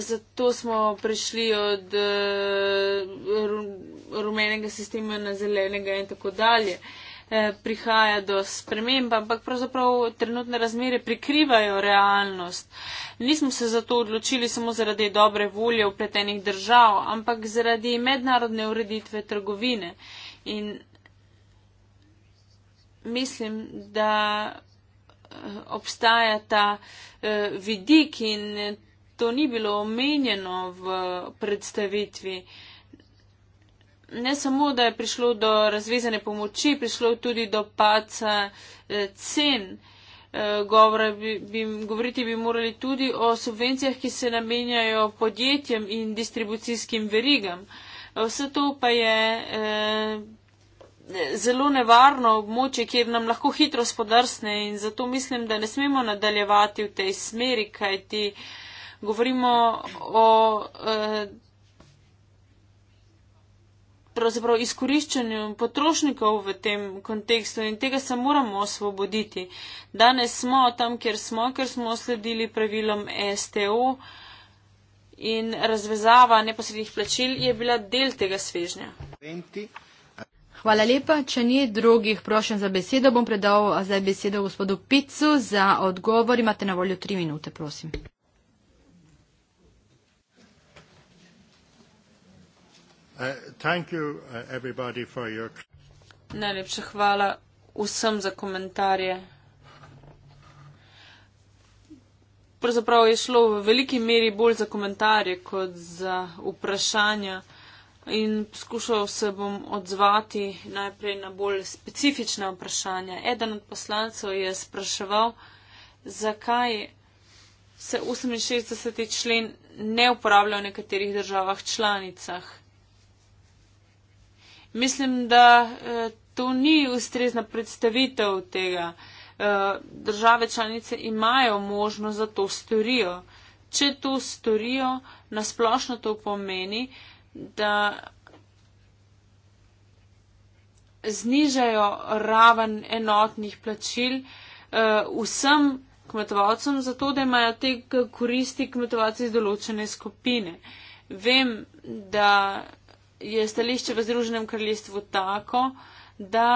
zato smo prišli od eh, rumenega sistema na zelenega in tako dalje. Eh, prihaja do sprememb, ampak pravzaprav trenutne razmere prikrivajo realnost. Nismo se zato odločili samo zaradi dobre volje upletenih držav, ampak zaradi mednarodne ureditve trgovine. In mislim, da obstaja ta eh, vidik in to ni bilo omenjeno v predstavitvi. Ne samo, da je prišlo do razvezane pomoči, prišlo tudi do paca eh, cen. Eh, govora, bi, bi, govoriti bi morali tudi o subvencijah, ki se namenjajo podjetjem in distribucijskim verigam. Vse to pa je eh, zelo nevarno območje, kjer nam lahko hitro spodrsne in zato mislim, da ne smemo nadaljevati v tej smeri, kajti govorimo o eh, izkoriščanju potrošnikov v tem kontekstu in tega se moramo osvoboditi. Danes smo tam, kjer smo, ker smo sledili pravilom STO in razvezava neposrednih plačil je bila del tega svežnja. 20. Hvala lepa. Če ni drugih prošen za besedo, bom predal zdaj besedo gospodu Picu za odgovor. Imate na voljo tri minute, prosim. Uh, uh, Najlepša hvala vsem za komentarje. Pravzaprav je šlo v veliki meri bolj za komentarje kot za vprašanja in poskušal se bom odzvati najprej na bolj specifična vprašanja. Eden od poslancev je spraševal, zakaj se 68. člen ne uporablja v nekaterih državah članicah. Mislim, da eh, to ni ustrezna predstavitev tega. Eh, države članice imajo možnost, da to storijo. Če to storijo, nasplošno to pomeni, da znižajo raven enotnih plačil uh, vsem kmetovalcem, zato da imajo te koristi kmetovalci iz določene skupine. Vem, da je stališče v Združenem kraljestvu tako, da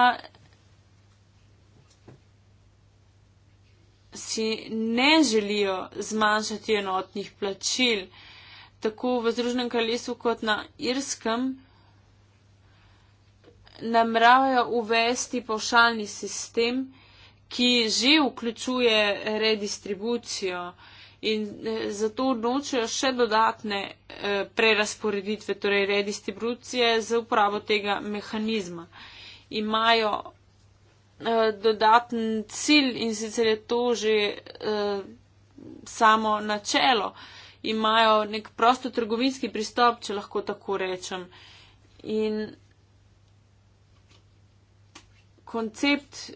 si ne želijo zmanjšati enotnih plačil. Uh, tako v Združenem kraljestvu kot na Irskem, namravajo uvesti pošaljni sistem, ki že vključuje redistribucijo in eh, zato odločijo še dodatne eh, prerasporeditve, torej redistribucije za upravo tega mehanizma. Imajo eh, dodaten cilj in sicer je to že samo načelo imajo nek prostotrgovinski pristop, če lahko tako rečem. In koncept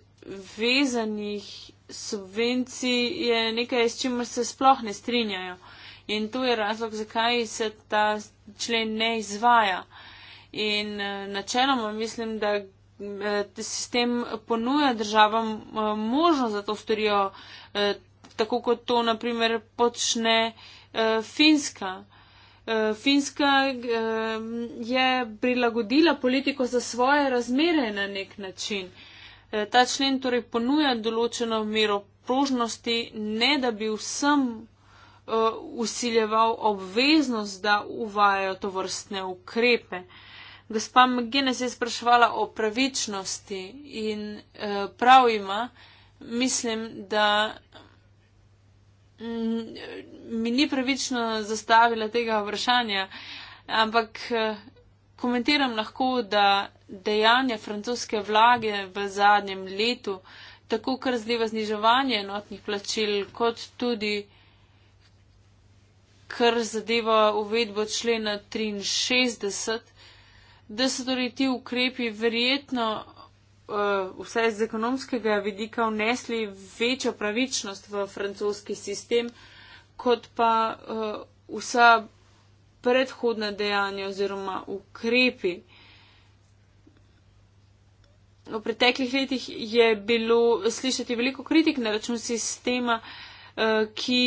vezanih subvencij je nekaj, s čimer se sploh ne strinjajo. In to je razlog, zakaj se ta člen ne izvaja. In eh, načeloma mislim, da eh, sistem ponuja državam eh, možnost, da to storijo, tako kot to naprimer počne eh, Eh, Finska. Eh, Finska je prilagodila politiko za svoje razmere na nek način. Eh, ta člen torej ponuja določeno mero prožnosti, ne da bi vsem usiljeval obveznost, da uvajajo to vrstne ukrepe. Gospa McGinnis je spraševala o pravičnosti in prav ima, mislim, da Mm, mi ni pravično zastavila tega vprašanja, ampak eh, komentiram lahko, da dejanja francoske vlage v zadnjem letu, tako kar zdeva zniževanje enotnih plačil, kot tudi kar zadeva uvedbo člena 63, da so torej ti ukrepi verjetno Eh, vse z ekonomskega vidika vnesli večjo pravičnost v francoski sistem, kot pa eh, vsa predhodna dejanja oziroma ukrepi. V preteklih letih je bilo slišati veliko kritik na račun sistema, eh, ki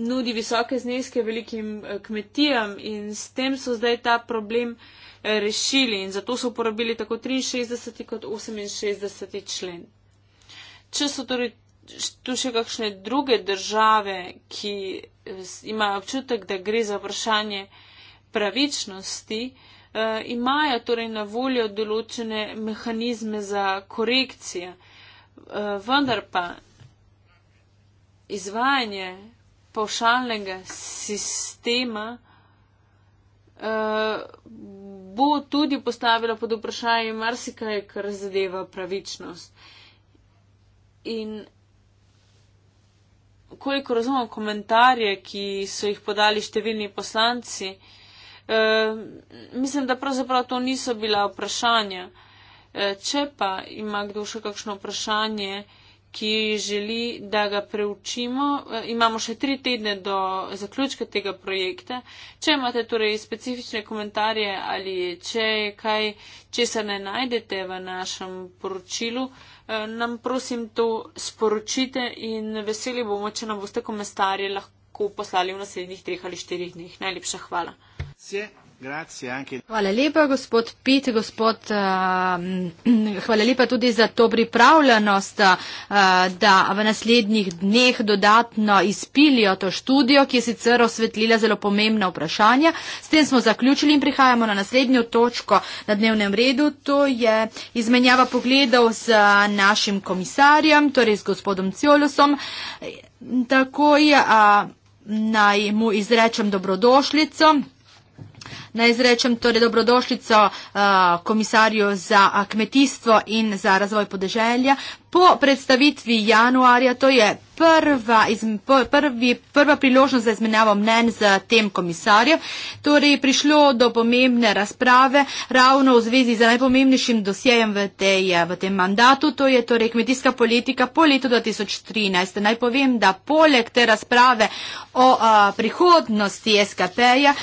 nudi visoke zneske velikim kmetijam in s tem so zdaj ta problem rešili in zato so uporabili tako 63 kot 68 člen. Če so torej tu še kakšne druge države, ki imajo občutek, da gre za vprašanje pravičnosti, eh, imajo torej na voljo določene mehanizme za korekcije, eh, vendar pa izvajanje pavšalnega sistema eh, bo tudi postavila pod vprašanje marsikaj, kar zadeva pravičnost. In koliko razumem komentarje, ki so jih podali številni poslanci, eh, mislim, da pravzaprav to niso bila vprašanja. Eh, če pa ima kdo še kakšno vprašanje, ki želi, da ga preučimo. E, imamo še tri tedne do zaključka tega projekta. Če imate torej specifične komentarje ali če je kaj, če se ne najdete v našem poročilu, e, nam prosim to sporočite in veseli bomo, če nam boste komentarje lahko poslali v naslednjih treh ali štirih dneh. Najlepša hvala. Sje. Grazie anche. Hvala lepa, gospod Pit, gospod, uh, hvala lepa tudi za to pripravljenost, uh, da v naslednjih dneh dodatno izpilijo to študijo, ki je sicer osvetlila zelo pomembna vprašanja. S tem smo zaključili in prihajamo na naslednjo točko na dnevnem redu. To je izmenjava pogledov z našim komisarjem, torej z gospodom Ciolusom. Takoj uh, naj mu izrečem dobrodošlico. Naj izrečem torej dobrodošljico uh, eh, komisarju za eh, kmetijstvo in za razvoj podeželja, Po predstavitvi januarja to je prva, iz, prvi, prva priložnost za izmenjavo mnen z tem komisarjem. Torej je prišlo do pomembne razprave ravno v zvezi z najpomembnejšim dosjejem v, tej, v tem mandatu, to je torej kmetijska politika po letu 2013. Naj povem, da poleg te razprave o a, prihodnosti SKP-ja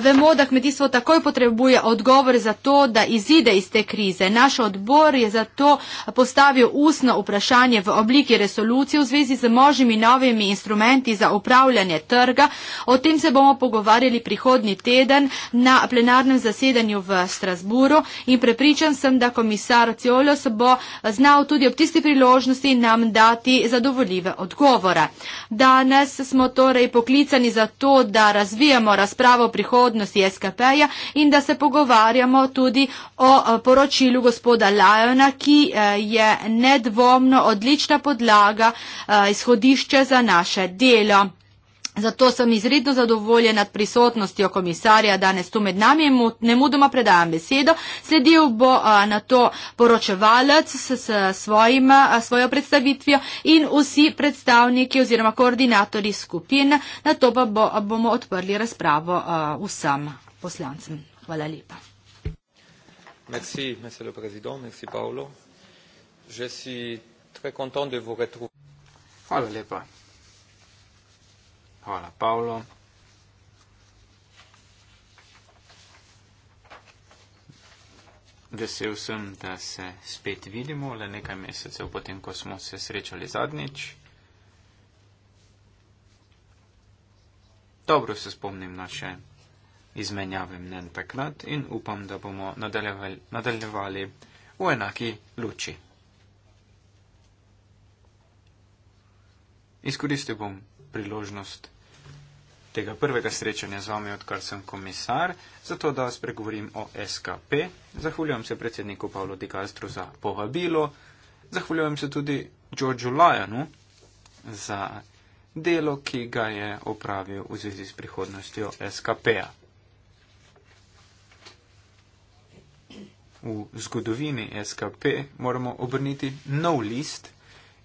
vemo, da kmetijstvo takoj potrebuje odgovore za to, da izide iz te krize. Naš odbor je zato postavil ustno ključno vprašanje v obliki resolucije v zvezi z možnimi novimi instrumenti za upravljanje trga. O tem se bomo pogovarjali prihodni teden na plenarnem zasedanju v Strasburu in prepričan sem, da komisar Ciolos bo znal tudi ob tisti priložnosti nam dati zadovoljive odgovore. Danes smo torej poklicani za to, da razvijamo razpravo o prihodnosti SKP-ja in da se pogovarjamo tudi o eh, poročilu gospoda Lajona, ki eh, je nedvojno nedvomno odlična podlaga, eh, izhodišče za naše delo. Zato sem izredno zadovoljen nad prisotnostjo komisarja danes tu med nami in mu ne mudoma predajam besedo. Sledil bo a, eh, na to poročevalec s, s svojim, a, eh, svojo predstavitvijo in vsi predstavniki oziroma koordinatori skupin. Na to pa bo, a, bomo odprli razpravo a, vsem poslancem. Hvala lepa. Merci, Je suis très content de vous retrouver. Hvala lepa. Hvala, Paolo. Vesel sem, da se spet vidimo, le nekaj mesecev potem, ko smo se srečali zadnjič. Dobro se spomnim naše izmenjave mnen takrat in upam, da bomo nadaljevali v enaki luči. Izkoristil bom priložnost tega prvega srečanja z vami, odkar sem komisar, zato da spregovorim o SKP. Zahvaljujem se predsedniku Pavlu Di Castro za povabilo. Zahvaljujem se tudi Georgeu Lyonu za delo, ki ga je opravil v zvezi s prihodnostjo SKP-a. V zgodovini SKP moramo obrniti nov list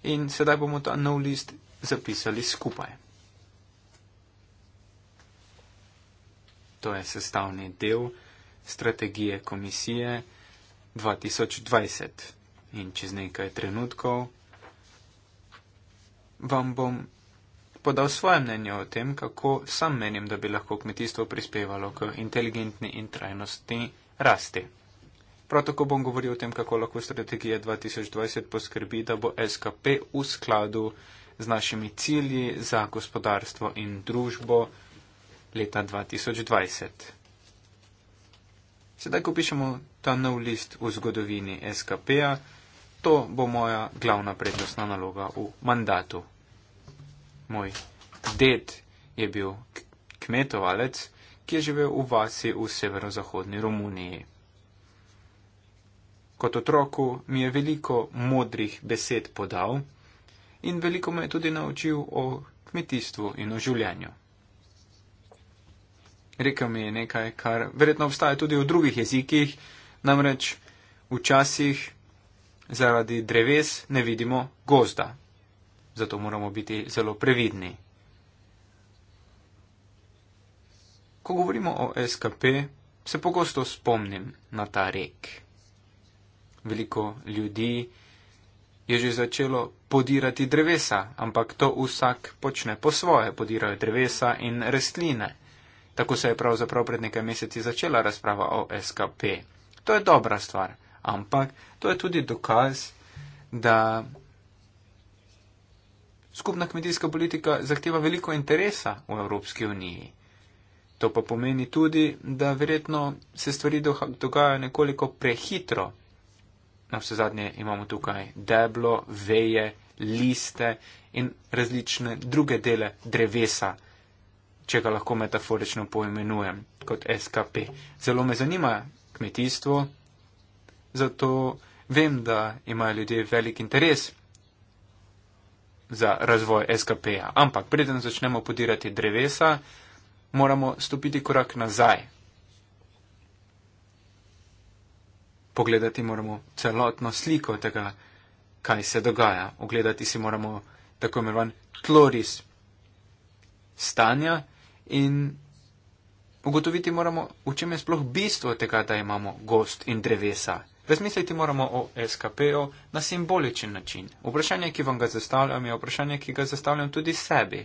in sedaj bomo ta nov list zapisali skupaj. To je sestavni del strategije komisije 2020 in čez nekaj trenutkov vam bom podal svoje mnenje o tem, kako sam menim, da bi lahko kmetijstvo prispevalo k inteligentni in trajnostni rasti. Prav tako bom govoril o tem, kako lahko strategija 2020 poskrbi, da bo SKP v skladu z našimi cilji za gospodarstvo in družbo leta 2020. Sedaj, ko pišemo ta nov list v zgodovini SKP-a, to bo moja glavna prednostna naloga v mandatu. Moj ded je bil kmetovalec, ki je živel v vasi v severozahodni Romuniji. Kot otroku mi je veliko modrih besed podal, in veliko me je tudi naučil o kmetijstvu in o življenju. Rekel mi je nekaj, kar verjetno obstaja tudi v drugih jezikih, namreč včasih zaradi dreves ne vidimo gozda. Zato moramo biti zelo previdni. Ko govorimo o SKP, se pogosto spomnim na ta rek. Veliko ljudi je že začelo podirati drevesa, ampak to vsak počne po svoje, podirajo drevesa in rastline. Tako se je pravzaprav pred nekaj meseci začela razprava o SKP. To je dobra stvar, ampak to je tudi dokaz, da skupna kmetijska politika zahteva veliko interesa v Evropski uniji. To pa pomeni tudi, da verjetno se stvari dogajajo nekoliko prehitro na vse zadnje imamo tukaj deblo, veje, liste in različne druge dele drevesa, če ga lahko metaforično poimenujem kot SKP. Zelo me zanima kmetijstvo, zato vem, da imajo ljudje velik interes za razvoj SKP-ja. Ampak preden začnemo podirati drevesa, moramo stopiti korak nazaj pogledati moramo celotno sliko tega, kaj se dogaja. Ogledati si moramo tako imenovan tloris stanja in ugotoviti moramo, v čem je sploh bistvo tega, da imamo gost in drevesa. Razmisliti moramo o SKP-u na simboličen način. Vprašanje, ki vam ga zastavljam, je vprašanje, ki ga zastavljam tudi sebi.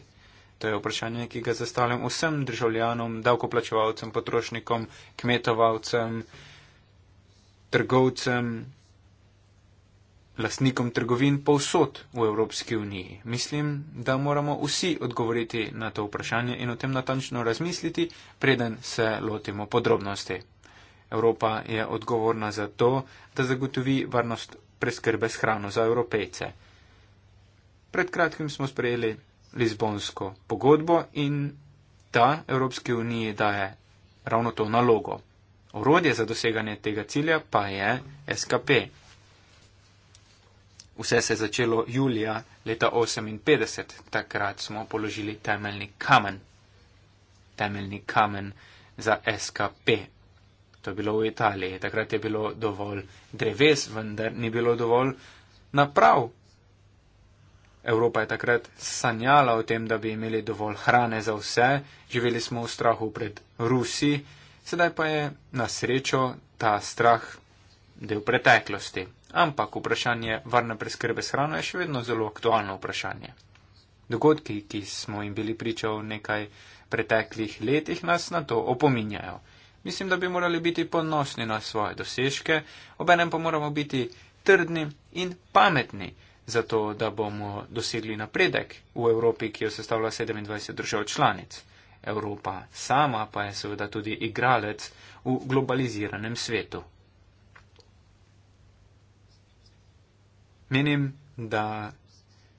To je vprašanje, ki ga zastavljam vsem državljanom, davkoplačevalcem, potrošnikom, kmetovalcem, trgovcem, lasnikom trgovin povsod v Evropski uniji. Mislim, da moramo vsi odgovoriti na to vprašanje in o tem natančno razmisliti, preden se lotimo podrobnosti. Evropa je odgovorna za to, da zagotovi varnost preskrbe s hrano za evropejce. Pred kratkim smo sprejeli Lizbonsko pogodbo in ta Evropski uniji daje ravno to nalogo. Orodje za doseganje tega cilja pa je SKP. Vse se je začelo julija leta 1958, takrat smo položili temeljni kamen. Temeljni kamen za SKP. To je bilo v Italiji, takrat je bilo dovolj dreves, vendar ni bilo dovolj naprav. Evropa je takrat sanjala o tem, da bi imeli dovolj hrane za vse, živeli smo v strahu pred Rusi, sedaj pa je na srečo ta strah del preteklosti. Ampak vprašanje varne preskrbe s hrano je še vedno zelo aktualno vprašanje. Dogodki, ki smo jim bili priča v nekaj preteklih letih, nas na to opominjajo. Mislim, da bi morali biti ponosni na svoje dosežke, obenem pa moramo biti trdni in pametni, zato da bomo dosegli napredek v Evropi, ki jo sestavlja 27 držav članic. Evropa sama pa je seveda tudi igralec v globaliziranem svetu. Menim, da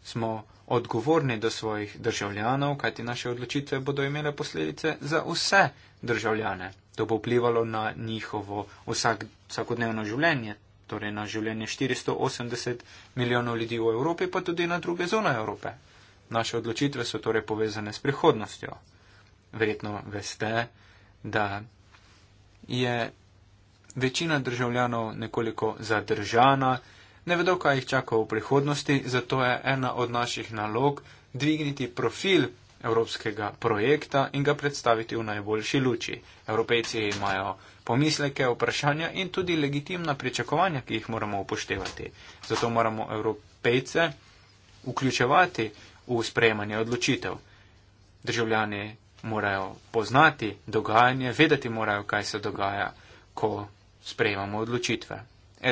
smo odgovorni do svojih državljanov, kajti naše odločitve bodo imele posledice za vse državljane. To bo vplivalo na njihovo vsak, vsakodnevno življenje, torej na življenje 480 milijonov ljudi v Evropi, pa tudi na druge zone Evrope. Naše odločitve so torej povezane s prihodnostjo verjetno veste, da je večina državljanov nekoliko zadržana, ne vedo, kaj jih čaka v prihodnosti, zato je ena od naših nalog dvigniti profil evropskega projekta in ga predstaviti v najboljši luči. Evropejci imajo pomisleke, vprašanja in tudi legitimna pričakovanja, ki jih moramo upoštevati. Zato moramo evropejce vključevati v sprejemanje odločitev. Državljani morajo poznati dogajanje, vedeti morajo, kaj se dogaja, ko sprejemamo odločitve.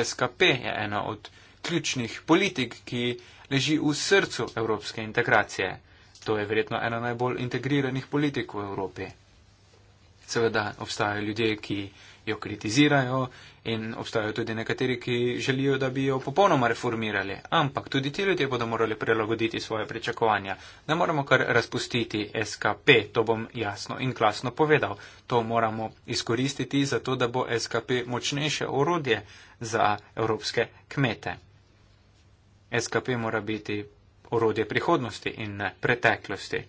SKP je ena od ključnih politik, ki leži v srcu evropske integracije. To je verjetno ena najbolj integriranih politik v Evropi. Seveda obstajajo ljudje, ki jo kritizirajo in obstajajo tudi nekateri, ki želijo, da bi jo popolnoma reformirali. Ampak tudi ti ljudje bodo morali prilagoditi svoje pričakovanja. Ne moramo kar razpustiti SKP, to bom jasno in glasno povedal. To moramo izkoristiti zato, da bo SKP močnejše orodje za evropske kmete. SKP mora biti orodje prihodnosti in ne preteklosti.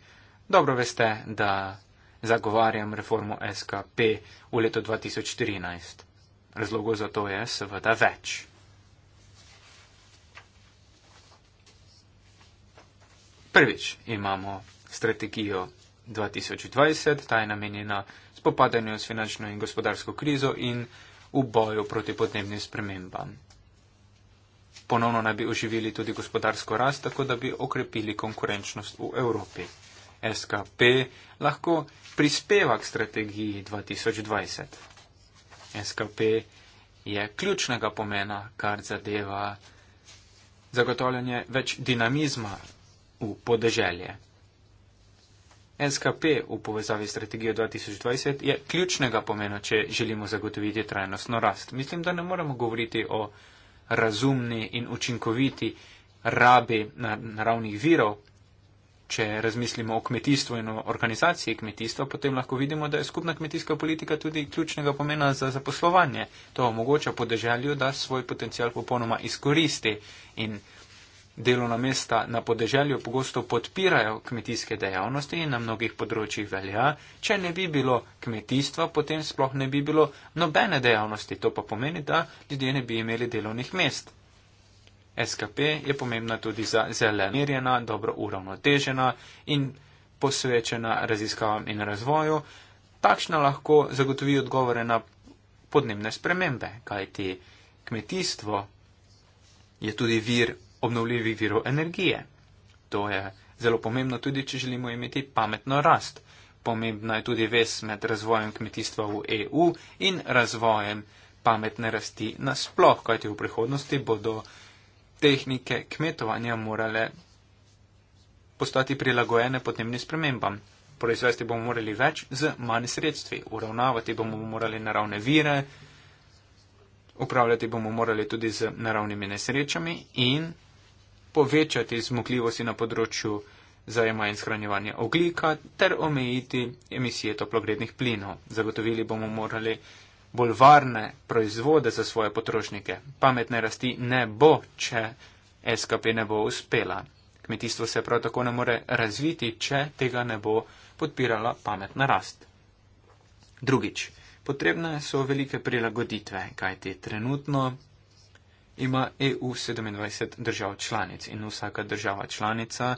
Dobro veste, da zagovarjam reformo SKP v letu 2014. Razlogov za to je seveda več. Prvič imamo strategijo 2020, ta je namenjena spopadanju s finančno in gospodarsko krizo in v boju proti podnebnim spremembam. Ponovno naj bi oživili tudi gospodarsko rast, tako da bi okrepili konkurenčnost v Evropi. SKP lahko prispeva k strategiji 2020. SKP je ključnega pomena, kar zadeva zagotavljanje več dinamizma v podeželje. SKP v povezavi s strategijo 2020 je ključnega pomena, če želimo zagotoviti trajnostno rast. Mislim, da ne moramo govoriti o razumni in učinkoviti rabi naravnih virov, Če razmislimo o kmetijstvu in o organizaciji kmetijstva, potem lahko vidimo, da je skupna kmetijska politika tudi ključnega pomena za zaposlovanje. To omogoča podeželju, da svoj potencial popolnoma izkoristi in delovna mesta na podeželju pogosto podpirajo kmetijske dejavnosti in na mnogih področjih velja. Če ne bi bilo kmetijstva, potem sploh ne bi bilo nobene dejavnosti. To pa pomeni, da ljudje ne bi imeli delovnih mest. SKP je pomembna tudi za zelen, merjena, dobro uravnotežena in posvečena raziskavam in razvoju. Takšna lahko zagotovi odgovore na podnebne spremembe, kajti kmetijstvo je tudi vir obnovljivih virov energije. To je zelo pomembno tudi, če želimo imeti pametno rast. Pomembna je tudi ves med razvojem kmetijstva v EU in razvojem pametne rasti nasploh, kajti v prihodnosti bodo tehnike kmetovanja morale postati prilagojene podnebnim spremembam. Proizvesti bomo morali več z manj sredstvi, uravnavati bomo morali naravne vire, upravljati bomo morali tudi z naravnimi nesrečami in povečati zmogljivosti na področju zajema in shranjevanja oglika ter omejiti emisije toplogrednih plinov. Zagotovili bomo morali bolj varne proizvode za svoje potrošnike. Pametne rasti ne bo, če SKP ne bo uspela. Kmetijstvo se prav tako ne more razviti, če tega ne bo podpirala pametna rast. Drugič, potrebne so velike prilagoditve, kajti trenutno ima EU 27 držav članic in vsaka država članica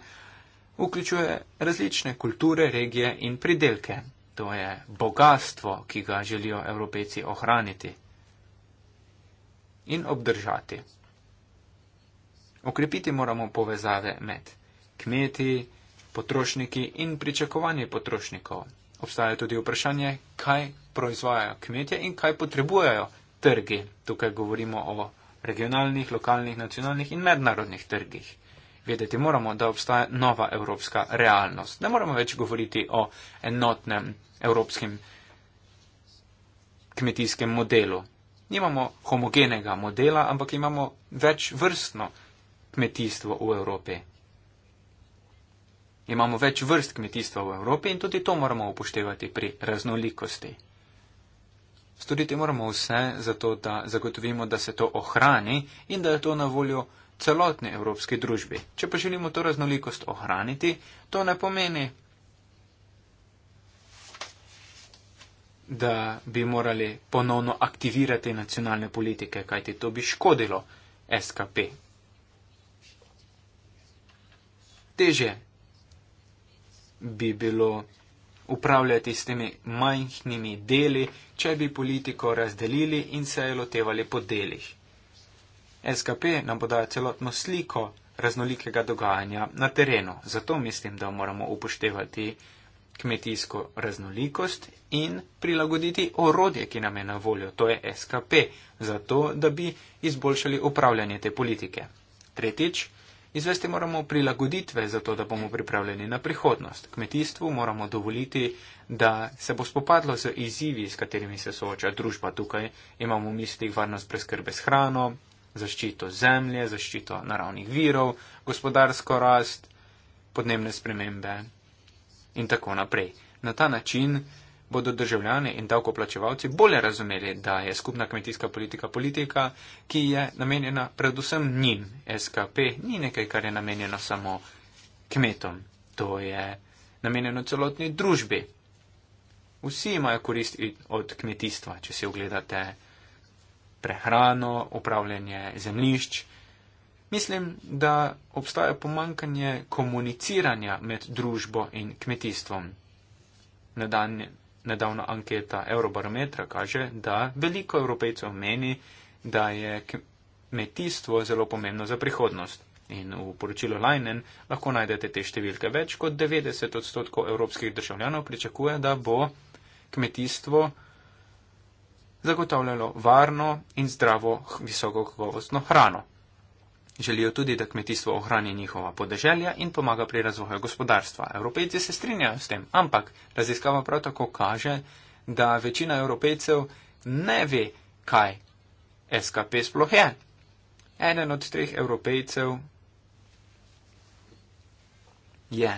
vključuje različne kulture, regije in pridelke. To je bogatstvo, ki ga želijo evropejci ohraniti in obdržati. Okrepiti moramo povezave med kmeti, potrošniki in pričakovanji potrošnikov. Obstaja tudi vprašanje, kaj proizvajajo kmetje in kaj potrebujejo trgi. Tukaj govorimo o regionalnih, lokalnih, nacionalnih in mednarodnih trgih vedeti moramo, da obstaja nova evropska realnost. Ne moramo več govoriti o enotnem evropskem kmetijskem modelu. Nimamo homogenega modela, ampak imamo več vrstno kmetijstvo v Evropi. Imamo več vrst kmetijstva v Evropi in tudi to moramo upoštevati pri raznolikosti. Storiti moramo vse za to, da zagotovimo, da se to ohrani in da je to na voljo celotni evropski družbi. Če pa želimo to raznolikost ohraniti, to ne pomeni, da bi morali ponovno aktivirati nacionalne politike, kajti to bi škodilo SKP. Teže bi bilo upravljati s temi majhnimi deli, če bi politiko razdelili in se je lotevali po delih. SKP nam bo dala celotno sliko raznolikega dogajanja na terenu. Zato mislim, da moramo upoštevati kmetijsko raznolikost in prilagoditi orodje, ki nam je na voljo, to je SKP, zato da bi izboljšali upravljanje te politike. Tretjič, izvesti moramo prilagoditve, zato da bomo pripravljeni na prihodnost. Kmetijstvu moramo dovoliti, da se bo spopadlo z izzivi, s katerimi se sooča družba tukaj. Imamo v mislih varnost preskrbe s hrano, zaščito zemlje, zaščito naravnih virov, gospodarsko rast, podnebne spremembe in tako naprej. Na ta način bodo državljani in davkoplačevalci bolje razumeli, da je skupna kmetijska politika politika, ki je namenjena predvsem njim. SKP ni nekaj, kar je namenjeno samo kmetom. To je namenjeno celotni družbi. Vsi imajo korist od kmetijstva, če si ogledate prehrano, upravljanje zemlišč. Mislim, da obstaja pomankanje komuniciranja med družbo in kmetijstvom. Nedavna anketa Eurobarometra kaže, da veliko evropejcev meni, da je kmetijstvo zelo pomembno za prihodnost. In v poročilu Leinen lahko najdete te številke. Več kot 90 odstotkov evropskih državljanov pričakuje, da bo kmetijstvo zagotavljalo varno in zdravo visokokakovostno hrano. Želijo tudi, da kmetijstvo ohrani njihova podeželja in pomaga pri razvoju gospodarstva. Evropejci se strinjajo s tem, ampak raziskava prav tako kaže, da večina evropejcev ne ve, kaj SKP sploh je. Eden od treh evropejcev je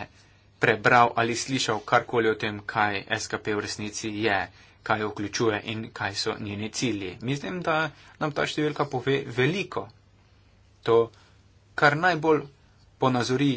prebral ali slišal karkoli o tem, kaj SKP v resnici je kaj vključuje in kaj so njeni cilji. Mislim, da nam ta številka pove veliko. To, kar najbolj ponazori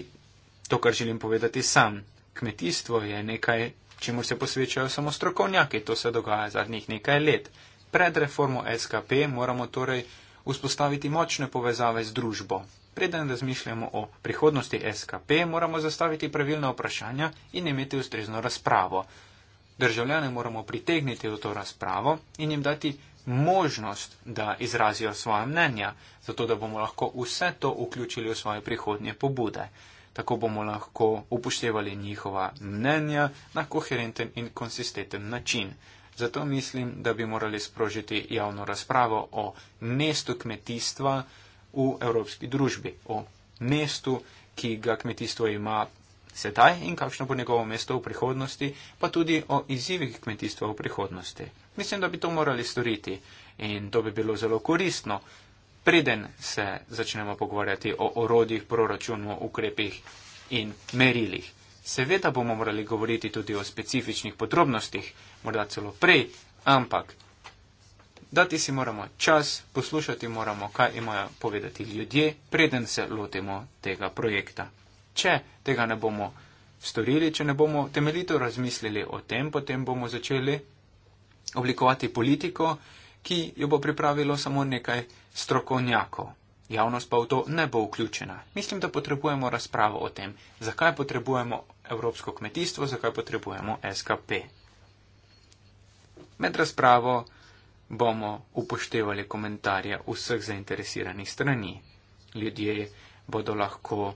to, kar želim povedati sam. Kmetijstvo je nekaj, čemu se posvečajo samo strokovnjaki, to se dogaja zadnjih nekaj let. Pred reformo SKP moramo torej vzpostaviti močne povezave z družbo. Preden razmišljamo o prihodnosti SKP, moramo zastaviti pravilne vprašanja in imeti ustrezno razpravo državljane moramo pritegniti v to razpravo in jim dati možnost, da izrazijo svoje mnenja, zato da bomo lahko vse to vključili v svoje prihodnje pobude. Tako bomo lahko upoštevali njihova mnenja na koherenten in konsistenten način. Zato mislim, da bi morali sprožiti javno razpravo o mestu kmetijstva v evropski družbi, o mestu, ki ga kmetijstvo ima sedaj in kakšno bo njegovo mesto v prihodnosti, pa tudi o izzivih kmetijstva v prihodnosti. Mislim, da bi to morali storiti in to bi bilo zelo koristno, preden se začnemo pogovarjati o orodjih, proračunu, ukrepih in merilih. Seveda bomo morali govoriti tudi o specifičnih podrobnostih, morda celo prej, ampak dati si moramo čas, poslušati moramo, kaj imajo povedati ljudje, preden se lotimo tega projekta če tega ne bomo storili, če ne bomo temeljito razmislili o tem, potem bomo začeli oblikovati politiko, ki jo bo pripravilo samo nekaj strokovnjakov. Javnost pa v to ne bo vključena. Mislim, da potrebujemo razpravo o tem, zakaj potrebujemo evropsko kmetijstvo, zakaj potrebujemo SKP. Med razpravo bomo upoštevali komentarje vseh zainteresiranih strani. Ljudje bodo lahko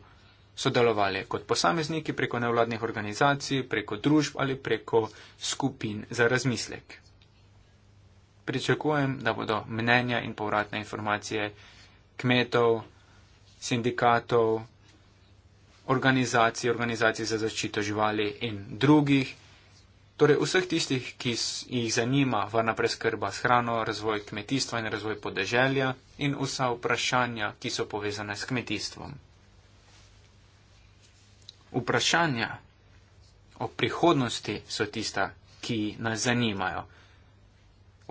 sodelovali kot posamezniki preko nevladnih organizacij, preko družb ali preko skupin za razmislek. Pričakujem, da bodo mnenja in povratne informacije kmetov, sindikatov, organizacij, organizacij za zaščito živali in drugih, torej vseh tistih, ki jih zanima varna preskrba s hrano, razvoj kmetijstva in razvoj podeželja in vsa vprašanja, ki so povezane s kmetijstvom. Vprašanja o prihodnosti so tista, ki nas zanimajo.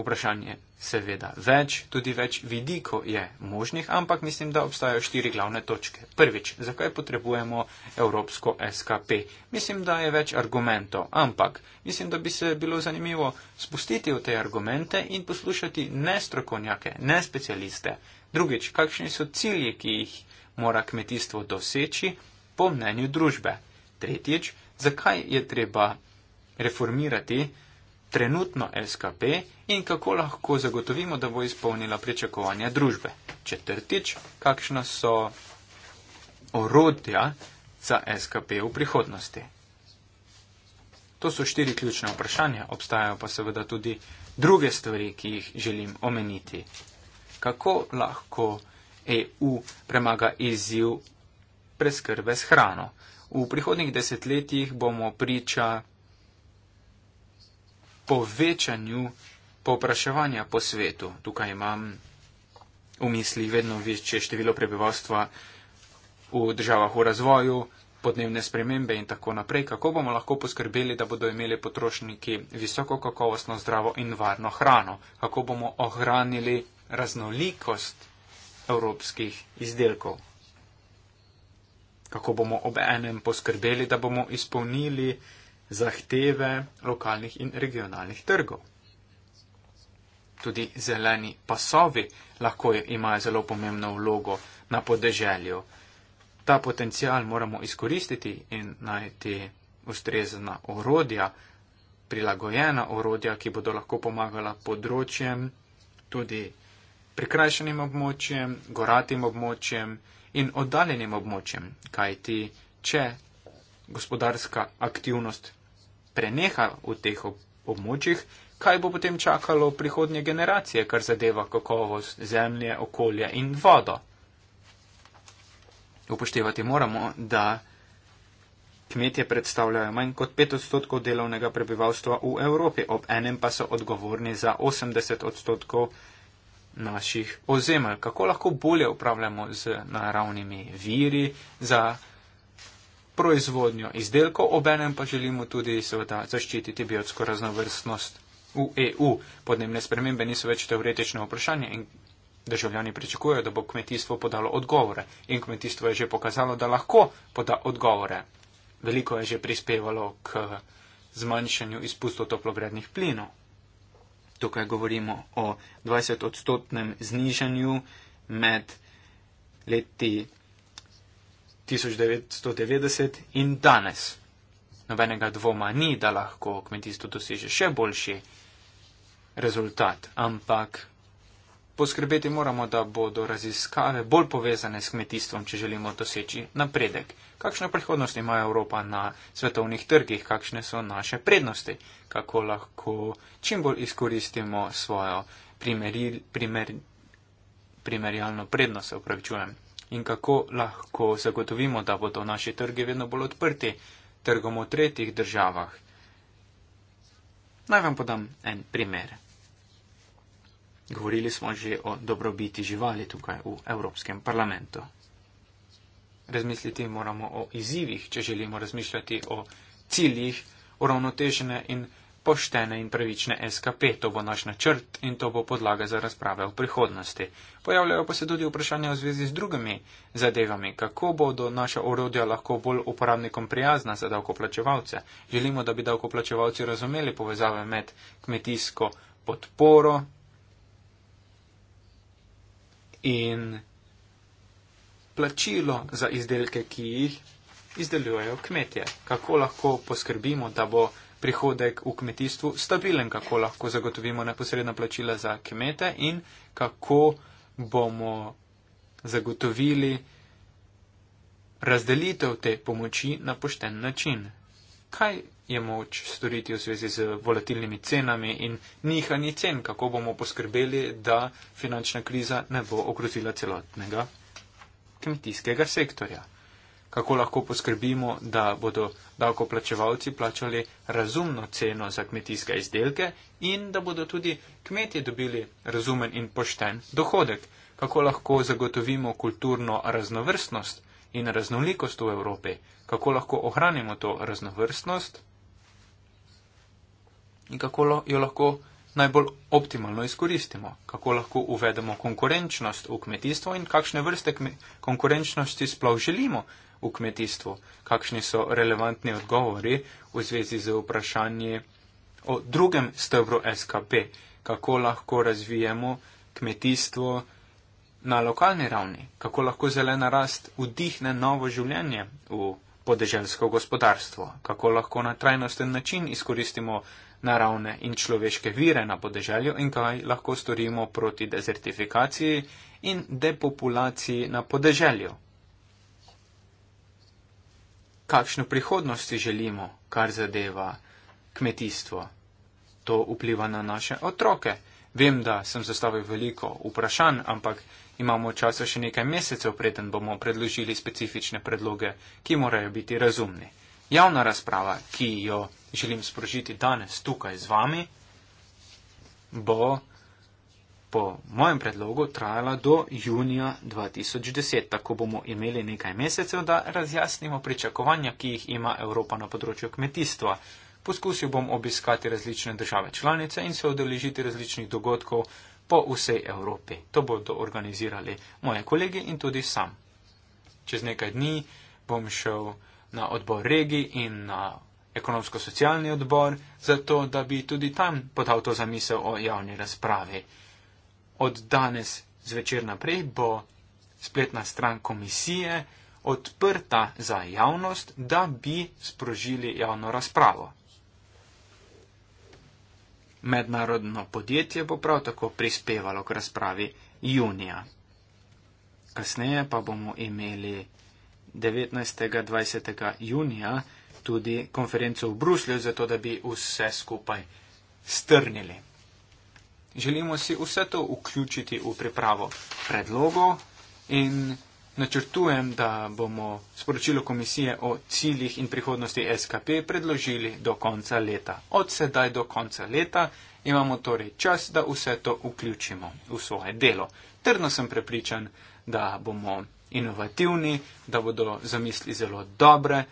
Vprašanje seveda več, tudi več vidiko je možnih, ampak mislim, da obstajajo štiri glavne točke. Prvič, zakaj potrebujemo Evropsko SKP? Mislim, da je več argumentov, ampak mislim, da bi se bilo zanimivo spustiti v te argumente in poslušati ne strokovnjake, ne specialiste. Drugič, kakšni so cilji, ki jih mora kmetijstvo doseči? po mnenju družbe. Tretjič, zakaj je treba reformirati trenutno SKP in kako lahko zagotovimo, da bo izpolnila pričakovanja družbe. Četrtič, kakšna so orodja za SKP v prihodnosti. To so štiri ključne vprašanja, obstajajo pa seveda tudi druge stvari, ki jih želim omeniti. Kako lahko EU premaga izziv preskrbe s hrano. V prihodnjih desetletjih bomo priča povečanju povpraševanja po svetu. Tukaj imam v misli vedno večje število prebivalstva v državah v razvoju, podnebne spremembe in tako naprej. Kako bomo lahko poskrbeli, da bodo imeli potrošniki visoko kakovostno zdravo in varno hrano? Kako bomo ohranili raznolikost evropskih izdelkov? kako bomo ob enem poskrbeli, da bomo izpolnili zahteve lokalnih in regionalnih trgov. Tudi zeleni pasovi lahko imajo zelo pomembno vlogo na podeželju. Ta potencial moramo izkoristiti in najti ustrezna orodja, prilagojena orodja, ki bodo lahko pomagala področjem, tudi prikrajšanim območjem, goratim območjem, in oddaljenim območjem, kajti če gospodarska aktivnost preneha v teh območjih, kaj bo potem čakalo prihodnje generacije, kar zadeva kakovost zemlje, okolja in vodo. Upoštevati moramo, da kmetje predstavljajo manj kot 5 odstotkov delovnega prebivalstva v Evropi, ob enem pa so odgovorni za 80 odstotkov naših ozemelj, kako lahko bolje upravljamo z naravnimi viri za proizvodnjo izdelkov, obenem pa želimo tudi seveda zaščititi biotsko raznovrstnost v EU. Podnebne spremembe niso več teoretično vprašanje in državljani pričakujejo, da bo kmetijstvo podalo odgovore. In kmetijstvo je že pokazalo, da lahko poda odgovore. Veliko je že prispevalo k zmanjšanju izpustov toplogrednih plinov tukaj govorimo o 20-odstotnem znižanju med leti 1990 in danes. Nobenega dvoma ni, da lahko kmetijstvo doseže še boljši rezultat, ampak poskrbeti moramo, da bodo raziskave bolj povezane s kmetijstvom, če želimo doseči napredek. Kakšno prihodnost ima Evropa na svetovnih trgih, kakšne so naše prednosti, kako lahko čim bolj izkoristimo svojo primeri, primer, primerjalno prednost, se upravičujem, in kako lahko zagotovimo, da bodo naši trgi vedno bolj odprti trgom v tretjih državah. Naj vam podam en primer. Govorili smo že o dobrobiti živali tukaj v Evropskem parlamentu. Razmisliti moramo o izzivih, če želimo razmišljati o ciljih uravnotežene in poštene in pravične SKP. To bo naš načrt in to bo podlaga za razprave v prihodnosti. Pojavljajo pa se tudi vprašanja v zvezi z drugimi zadevami. Kako bodo naša orodja lahko bolj uporabnikom prijazna za davkoplačevalce? Želimo, da bi davkoplačevalci razumeli povezave med kmetijsko podporo, in plačilo za izdelke, ki jih izdelujejo kmetje. Kako lahko poskrbimo, da bo prihodek v kmetijstvu stabilen, kako lahko zagotovimo neposredna plačila za kmete in kako bomo zagotovili razdelitev te pomoči na pošten način. Kaj je moč storiti v zvezi z volatilnimi cenami in nihanji cen, kako bomo poskrbeli, da finančna kriza ne bo ogrozila celotnega kmetijskega sektorja. Kako lahko poskrbimo, da bodo davkoplačevalci plačali razumno ceno za kmetijske izdelke in da bodo tudi kmeti dobili razumen in pošten dohodek. Kako lahko zagotovimo kulturno raznovrstnost in raznolikost v Evropi. Kako lahko ohranimo to raznovrstnost in kako jo lahko najbolj optimalno izkoristimo, kako lahko uvedemo konkurenčnost v kmetijstvo in kakšne vrste konkurenčnosti sploh želimo v kmetijstvu, kakšni so relevantni odgovori v zvezi z vprašanji o drugem stebru SKP, kako lahko razvijemo kmetijstvo na lokalni ravni, kako lahko zelena rast vdihne novo življenje v podeželsko gospodarstvo, kako lahko na trajnosten način izkoristimo naravne in človeške vire na podeželju in kaj lahko storimo proti dezertifikaciji in depopulaciji na podeželju. Kakšno prihodnosti želimo, kar zadeva kmetijstvo? To vpliva na naše otroke. Vem, da sem zastavil veliko vprašanj, ampak imamo časa še nekaj mesecev, preden bomo predložili specifične predloge, ki morajo biti razumni. Javna razprava, ki jo želim sprožiti danes tukaj z vami, bo po mojem predlogu trajala do junija 2010. Tako bomo imeli nekaj mesecev, da razjasnimo pričakovanja, ki jih ima Evropa na področju kmetijstva. Poskusil bom obiskati različne države članice in se odeležiti različnih dogodkov po vsej Evropi. To bodo organizirali moje kolegi in tudi sam. Čez nekaj dni bom šel na odbor regi in na ekonomsko-socialni odbor, zato da bi tudi tam podal to zamisel o javni razpravi. Od danes zvečer naprej bo spletna stran komisije odprta za javnost, da bi sprožili javno razpravo. Mednarodno podjetje bo prav tako prispevalo k razpravi junija. Kasneje pa bomo imeli 19. in 20. junija tudi konferenco v Bruslju, zato da bi vse skupaj strnili. Želimo si vse to vključiti v pripravo predlogov in načrtujem, da bomo sporočilo komisije o ciljih in prihodnosti SKP predložili do konca leta. Od sedaj do konca leta imamo torej čas, da vse to vključimo v svoje delo. Trdno sem prepričan, da bomo inovativni, da bodo zamisli zelo dobre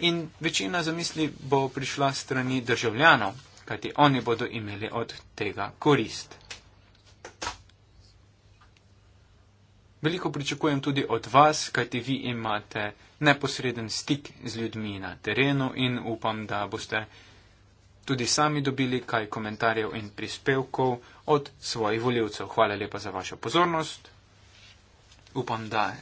in večina zamisli bo prišla strani državljanov, kajti oni bodo imeli od tega korist. Veliko pričakujem tudi od vas, kajti vi imate neposreden stik z ljudmi na terenu in upam, da boste tudi sami dobili kaj komentarjev in prispevkov od svojih voljivcev. Hvala lepa za vašo pozornost upam, da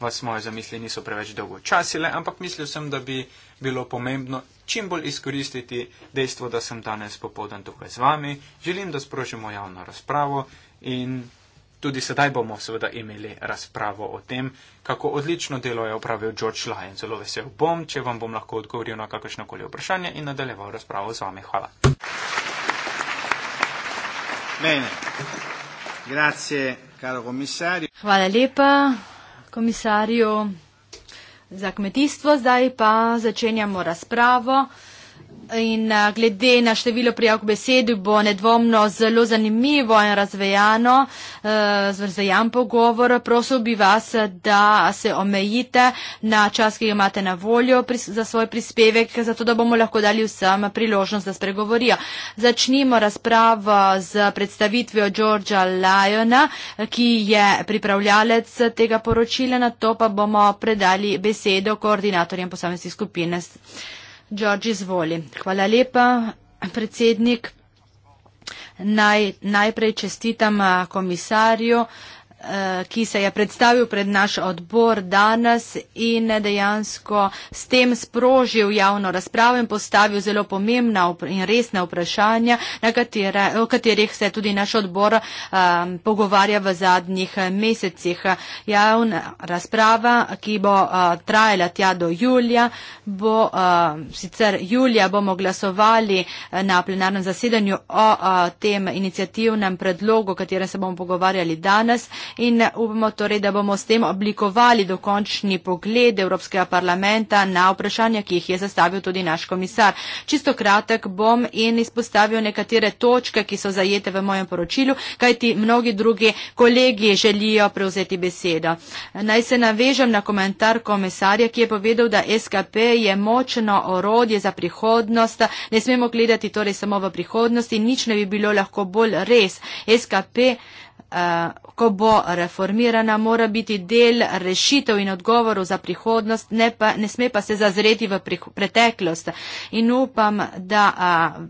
vas moje zamisli niso preveč dolgo časile, ampak mislil sem, da bi bilo pomembno čim bolj izkoristiti dejstvo, da sem danes popoldan tukaj z vami. Želim, da sprožimo javno razpravo in tudi sedaj bomo seveda imeli razpravo o tem, kako odlično delo je opravil George Lyon. Zelo vesel bom, če vam bom lahko odgovoril na kakršnekoli vprašanje in nadaljeval razpravo z vami. Hvala. Bene. Grazie caro commissario. Hvala lepa, komisarju za kmetijstvo. Zdaj pa začenjamo razpravo. In glede na število prijav k besedi bo nedvomno zelo zanimivo in razvejano, e, razvejan pogovor. Prosil bi vas, da se omejite na čas, ki ga imate na voljo za svoj prispevek, zato da bomo lahko dali vsem priložnost, da spregovorijo. Začnimo razpravo z predstavitvijo Georgea Lyona, ki je pripravljalec tega poročila, na to pa bomo predali besedo koordinatorjem posameznih skupin. George izvoli. Hvala lepa, predsednik. Naj, najprej čestitam komisarju. Eh, ki se je predstavil pred naš odbor danes in dejansko s tem sprožil javno razpravo in postavil zelo pomembna in resna vprašanja, katere, o katerih se tudi naš odbor um, pogovarja v zadnjih eh, mesecih. Javna razprava, ki bo uh, trajala tja do julija, bo uh, sicer julija bomo glasovali na plenarnem zasedanju o uh, tem inicijativnem predlogu, o katerem se bomo pogovarjali danes in upamo torej, da bomo s tem oblikovali dokončni pogled Evropskega parlamenta na vprašanja, ki jih je zastavil tudi naš komisar. Čisto kratek bom in izpostavil nekatere točke, ki so zajete v mojem poročilu, kajti mnogi drugi kolegi želijo prevzeti besedo. Naj se navežem na komentar komisarja, ki je povedal, da SKP je močno orodje za prihodnost. Ne smemo gledati torej samo v prihodnosti, nič ne bi bilo lahko bolj res. SKP uh, ko bo reformirana, mora biti del rešitev in odgovorov za prihodnost, ne, pa, ne sme pa se zazreti v preteklost. In upam, da. Uh,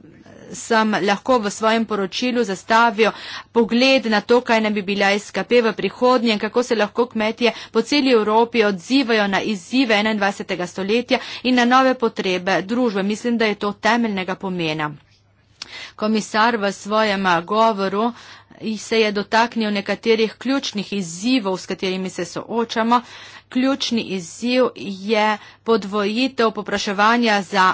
sem lahko v svojem poročilu zastavil pogled na to, kaj nam bi bila SKP v prihodnje in kako se lahko kmetije po celi Evropi odzivajo na izzive 21. stoletja in na nove potrebe družbe. Mislim, da je to temeljnega pomena. Komisar v svojem eh, govoru uh, se je dotaknil nekaterih ključnih izzivov, s katerimi se soočamo ključni izziv je podvojitev popraševanja za,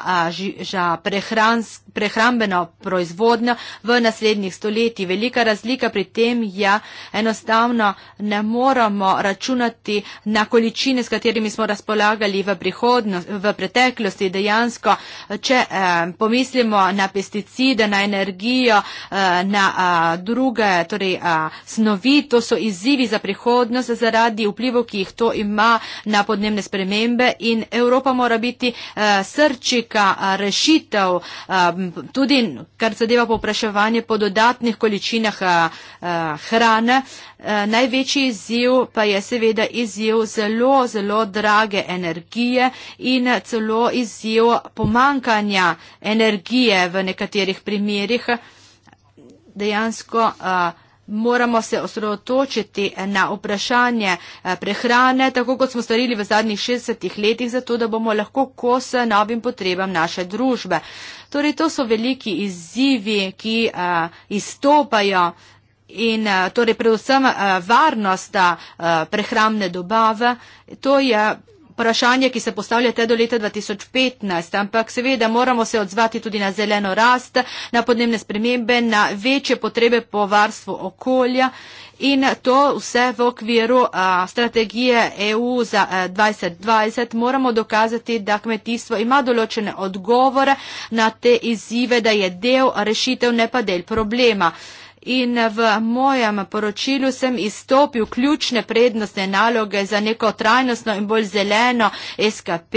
za prehrans, prehrambeno proizvodnjo v naslednjih stoletjih. Velika razlika pri tem je enostavno ne moramo računati na količine, s katerimi smo razpolagali v, v preteklosti. Dejansko, če eh, pomislimo na pesticide, na energijo, eh, na eh, druge torej, eh, snovi, to so izzivi za prihodnost zaradi vplivov, ki jih to ima na podnebne spremembe in Evropa mora biti uh, srčika eh, rešitev, uh, tudi kar zadeva popraševanje po dodatnih količinah uh, uh, hrane. Uh, največji izziv pa je seveda izziv zelo, zelo drage energije in celo izziv pomankanja energije v nekaterih primerjih. Dejansko uh, moramo se osredotočiti na vprašanje eh, prehrane, tako kot smo starili v zadnjih 60 letih, zato da bomo lahko kos novim potrebam naše družbe. Torej, to so veliki izzivi, ki uh, izstopajo in uh, torej predvsem uh, varnost uh, prehramne dobave. To je vprašanje, ki se postavlja te do leta 2015, ampak seveda moramo se odzvati tudi na zeleno rast, na podnebne spremembe, na večje potrebe po varstvu okolja in to vse v okviru a, strategije EU za a, 2020 moramo dokazati, da kmetijstvo ima določene odgovore na te izzive, da je del rešitev, ne pa del problema in v mojem poročilu sem izstopil ključne prednostne naloge za neko trajnostno in bolj zeleno SKP.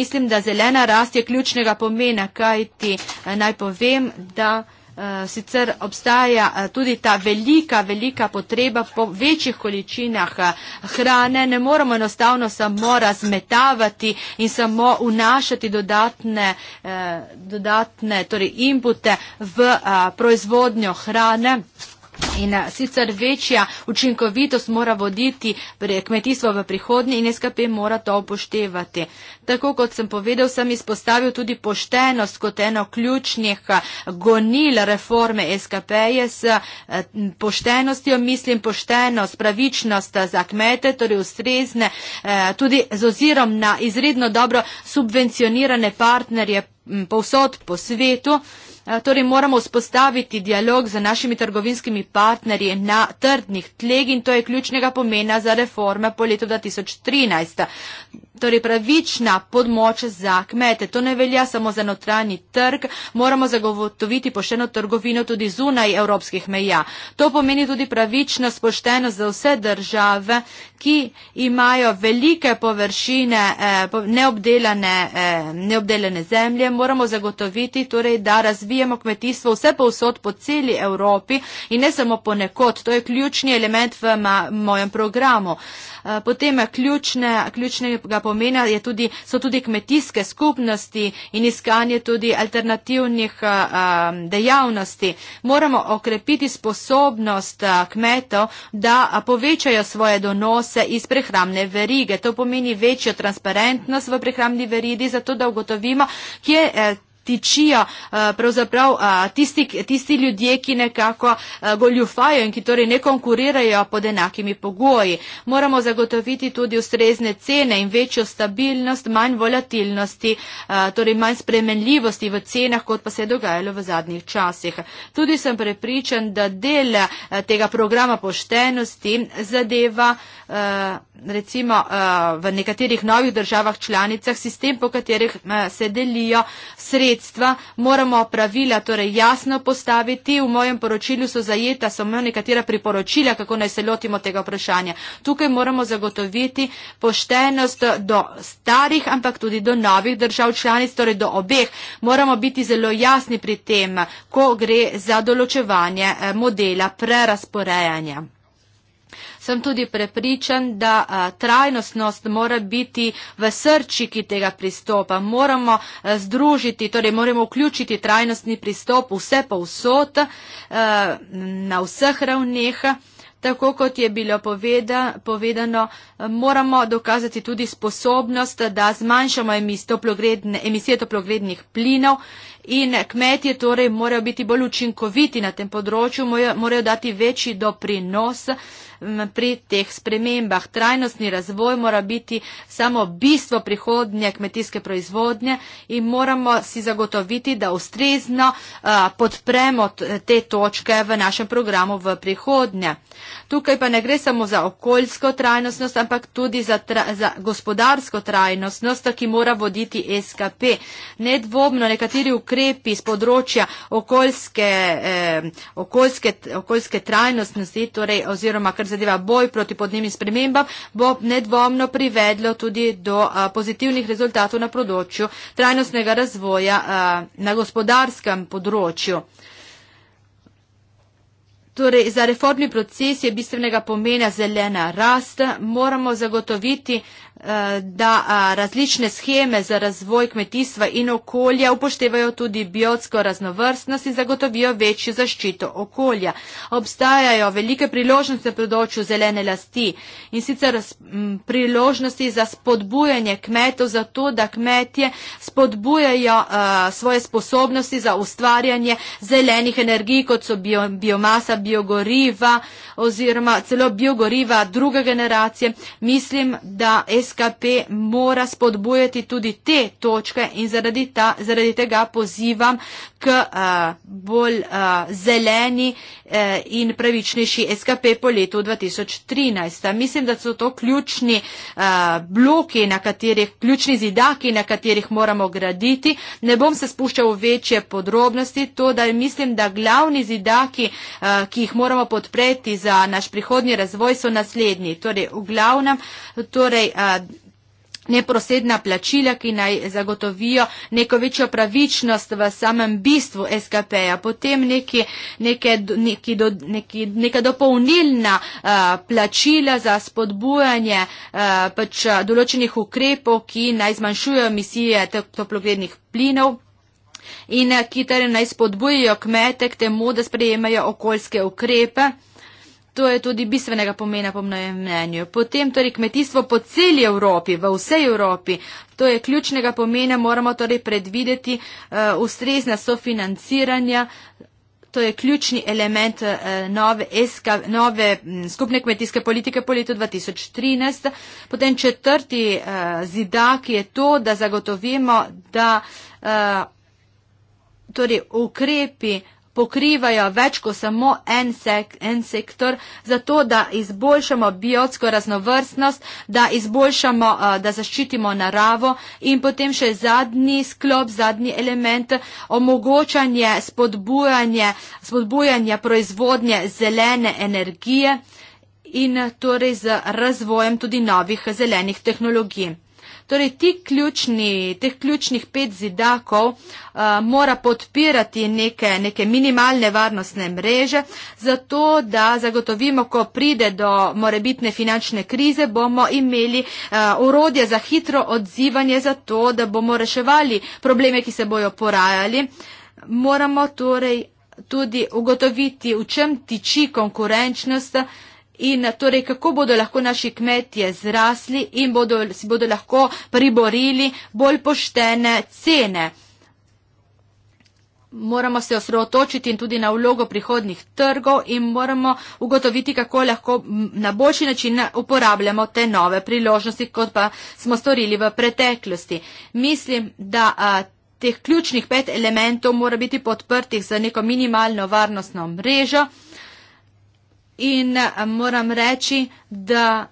Mislim, da zelena rast je ključnega pomena, kajti eh, naj povem, da. Eh, sicer obstaja eh, tudi ta velika, velika potreba po večjih količinah eh, hrane, ne moramo enostavno samo razmetavati in samo vnašati dodatne, dodatne torej impute v proizvodnjo hrane. In eh, sicer večja učinkovitost mora voditi eh, kmetijstvo v prihodnje in SKP mora to upoštevati. Tako kot sem povedal, sem izpostavil tudi poštenost kot eno ključnih eh, gonil reforme SKP. -je. S poštenostjo mislim poštenost, pravičnost za kmete, torej ustrezne, tudi z ozirom na izredno dobro subvencionirane partnerje povsod po svetu. Eh, torej moramo spostaviti dialog z našimi trgovinskimi partnerji na trdnih tleg in to je ključnega pomena za reforme po letu 2013 torej pravična podmoč za kmete. To ne velja samo za notranji trg, moramo zagotoviti pošteno trgovino tudi zunaj evropskih meja. To pomeni tudi pravično spošteno za vse države, ki imajo velike površine eh, neobdelane, eh, neobdelane zemlje. Moramo zagotoviti, torej, da razvijemo kmetijstvo vse povsod po celi Evropi in ne samo ponekod. To je ključni element v mojem programu. Uh, Eh, potem ključne, ključnega pomena je tudi, so tudi kmetijske skupnosti in iskanje tudi alternativnih eh, eh, dejavnosti. Moramo okrepiti sposobnost kmetov, da povečajo svoje donose iz prehramne verige. To pomeni večjo transparentnost v prehramni verigi, zato da ugotovimo, kje tičijo eh, pravzaprav eh, tisti, tisti ljudje, ki nekako eh, goljufajo in ki torej ne konkurirajo pod enakimi pogoji. Moramo zagotoviti tudi ustrezne cene in večjo stabilnost, manj volatilnosti, torej manj spremenljivosti v cenah, kot pa se je dogajalo v zadnjih časih. Tudi sem prepričan, da del tega programa poštenosti zadeva recimo eh, v nekaterih novih državah članicah sistem, po katerih eh, se delijo sredstva, moramo pravila torej jasno postaviti. V mojem poročilu so zajeta samo nekatera priporočila, kako naj se lotimo tega vprašanja. Tukaj moramo zagotoviti poštenost eh, do starih, ampak tudi do novih držav članic, torej do obeh. Moramo biti zelo jasni pri tem, ko gre za določevanje modela prerasporejanja sem tudi prepričan, da a, trajnostnost mora biti v srčiki tega pristopa. Moramo a, združiti, torej moramo vključiti trajnostni pristop vse pa vsot, a, na vseh ravneh. Tako kot je bilo poveda, povedano, moramo dokazati tudi sposobnost, da zmanjšamo toplogredne, emisije toplogrednih plinov in kmetje torej morajo biti bolj učinkoviti na tem področju, morajo, morajo dati večji doprinos. Uh, pri teh spremembah. Trajnostni razvoj mora biti samo bistvo prihodnje kmetijske proizvodnje in moramo si zagotoviti, da ustrezno podpremo te točke v našem programu v prihodnje. Tukaj pa ne gre samo za okoljsko trajnostnost, ampak tudi za, tra, za gospodarsko trajnostnost, ki mora voditi SKP. Nedvobno nekateri ukrepi z področja okoljske, eh, okoljske, okoljske trajnostnosti, torej oziroma kar zadeva boj proti podnebnim spremembam, bo nedvomno privedlo tudi do pozitivnih rezultatov na področju trajnostnega razvoja na gospodarskem področju. Torej, za reformni proces je bistvenega pomena zelena rast. Moramo zagotoviti da različne scheme za razvoj kmetijstva in okolja upoštevajo tudi biotsko raznovrstnost in zagotovijo večjo zaščito okolja. Obstajajo velike priložnosti na področju zelene lasti in sicer priložnosti za spodbujanje kmetov, zato da kmetje spodbujajo svoje sposobnosti za ustvarjanje zelenih energij, kot so biomasa, biogoriva oziroma celo biogoriva druge generacije. Mislim, da SKP SKP mora spodbujati tudi te točke in zaradi, ta, zaradi tega pozivam k uh, bolj uh, zeleni uh, in pravičnejši SKP po letu 2013. Mislim, da so to ključni uh, bloki, na katerih, ključni zidaki, na katerih moramo graditi. Ne bom se spuščal v večje podrobnosti, to da mislim, da glavni zidaki, uh, ki jih moramo podpreti za naš prihodnji razvoj, so naslednji. Torej, v glavnem, torej, uh, neprosedna plačila, ki naj zagotovijo neko večjo pravičnost v samem bistvu SKP-ja, potem neki, neke, neki do, neki, neka dopolnilna uh, plačila za spodbujanje uh, pač določenih ukrepov, ki naj zmanjšujejo emisije toplogrednih plinov in uh, ki torej naj spodbujajo kmete k temu, da sprejemajo okoljske ukrepe. To je tudi bistvenega pomena, po mojem mnenju. Potem torej kmetijstvo po celi Evropi, v vsej Evropi. To je ključnega pomena, moramo torej predvideti uh, ustrezna sofinanciranja. To je ključni element uh, nove, eska, nove skupne kmetijske politike po letu 2013. Potem četrti uh, zidak je to, da zagotovimo, da uh, torej ukrepi. Uh, pokrivajo več kot samo en, sek, en sektor, zato da izboljšamo biotsko raznovrstnost, da izboljšamo, eh, da zaščitimo naravo in potem še zadnji sklop, zadnji element, omogočanje spodbujanje, spodbujanje proizvodnje zelene energije in torej z razvojem tudi novih zelenih tehnologij. Torej, ti ključni, teh ključnih pet zidakov uh, mora podpirati neke, neke minimalne varnostne mreže, zato da zagotovimo, ko pride do morebitne finančne krize, bomo imeli uh, eh, urodje za hitro odzivanje, zato da bomo reševali probleme, ki se bojo porajali. Moramo torej tudi ugotoviti, v čem tiči konkurenčnost. Uh, in torej kako bodo lahko naši kmetje zrasli in bodo, si bodo lahko priborili bolj poštene cene. Moramo se osredotočiti in tudi na vlogo prihodnih trgov in moramo ugotoviti, kako lahko na boljši način uporabljamo te nove priložnosti, kot pa smo storili v preteklosti. Mislim, da a, teh ključnih pet elementov mora biti podprtih za neko minimalno varnostno mrežo. In eh, moram reči, da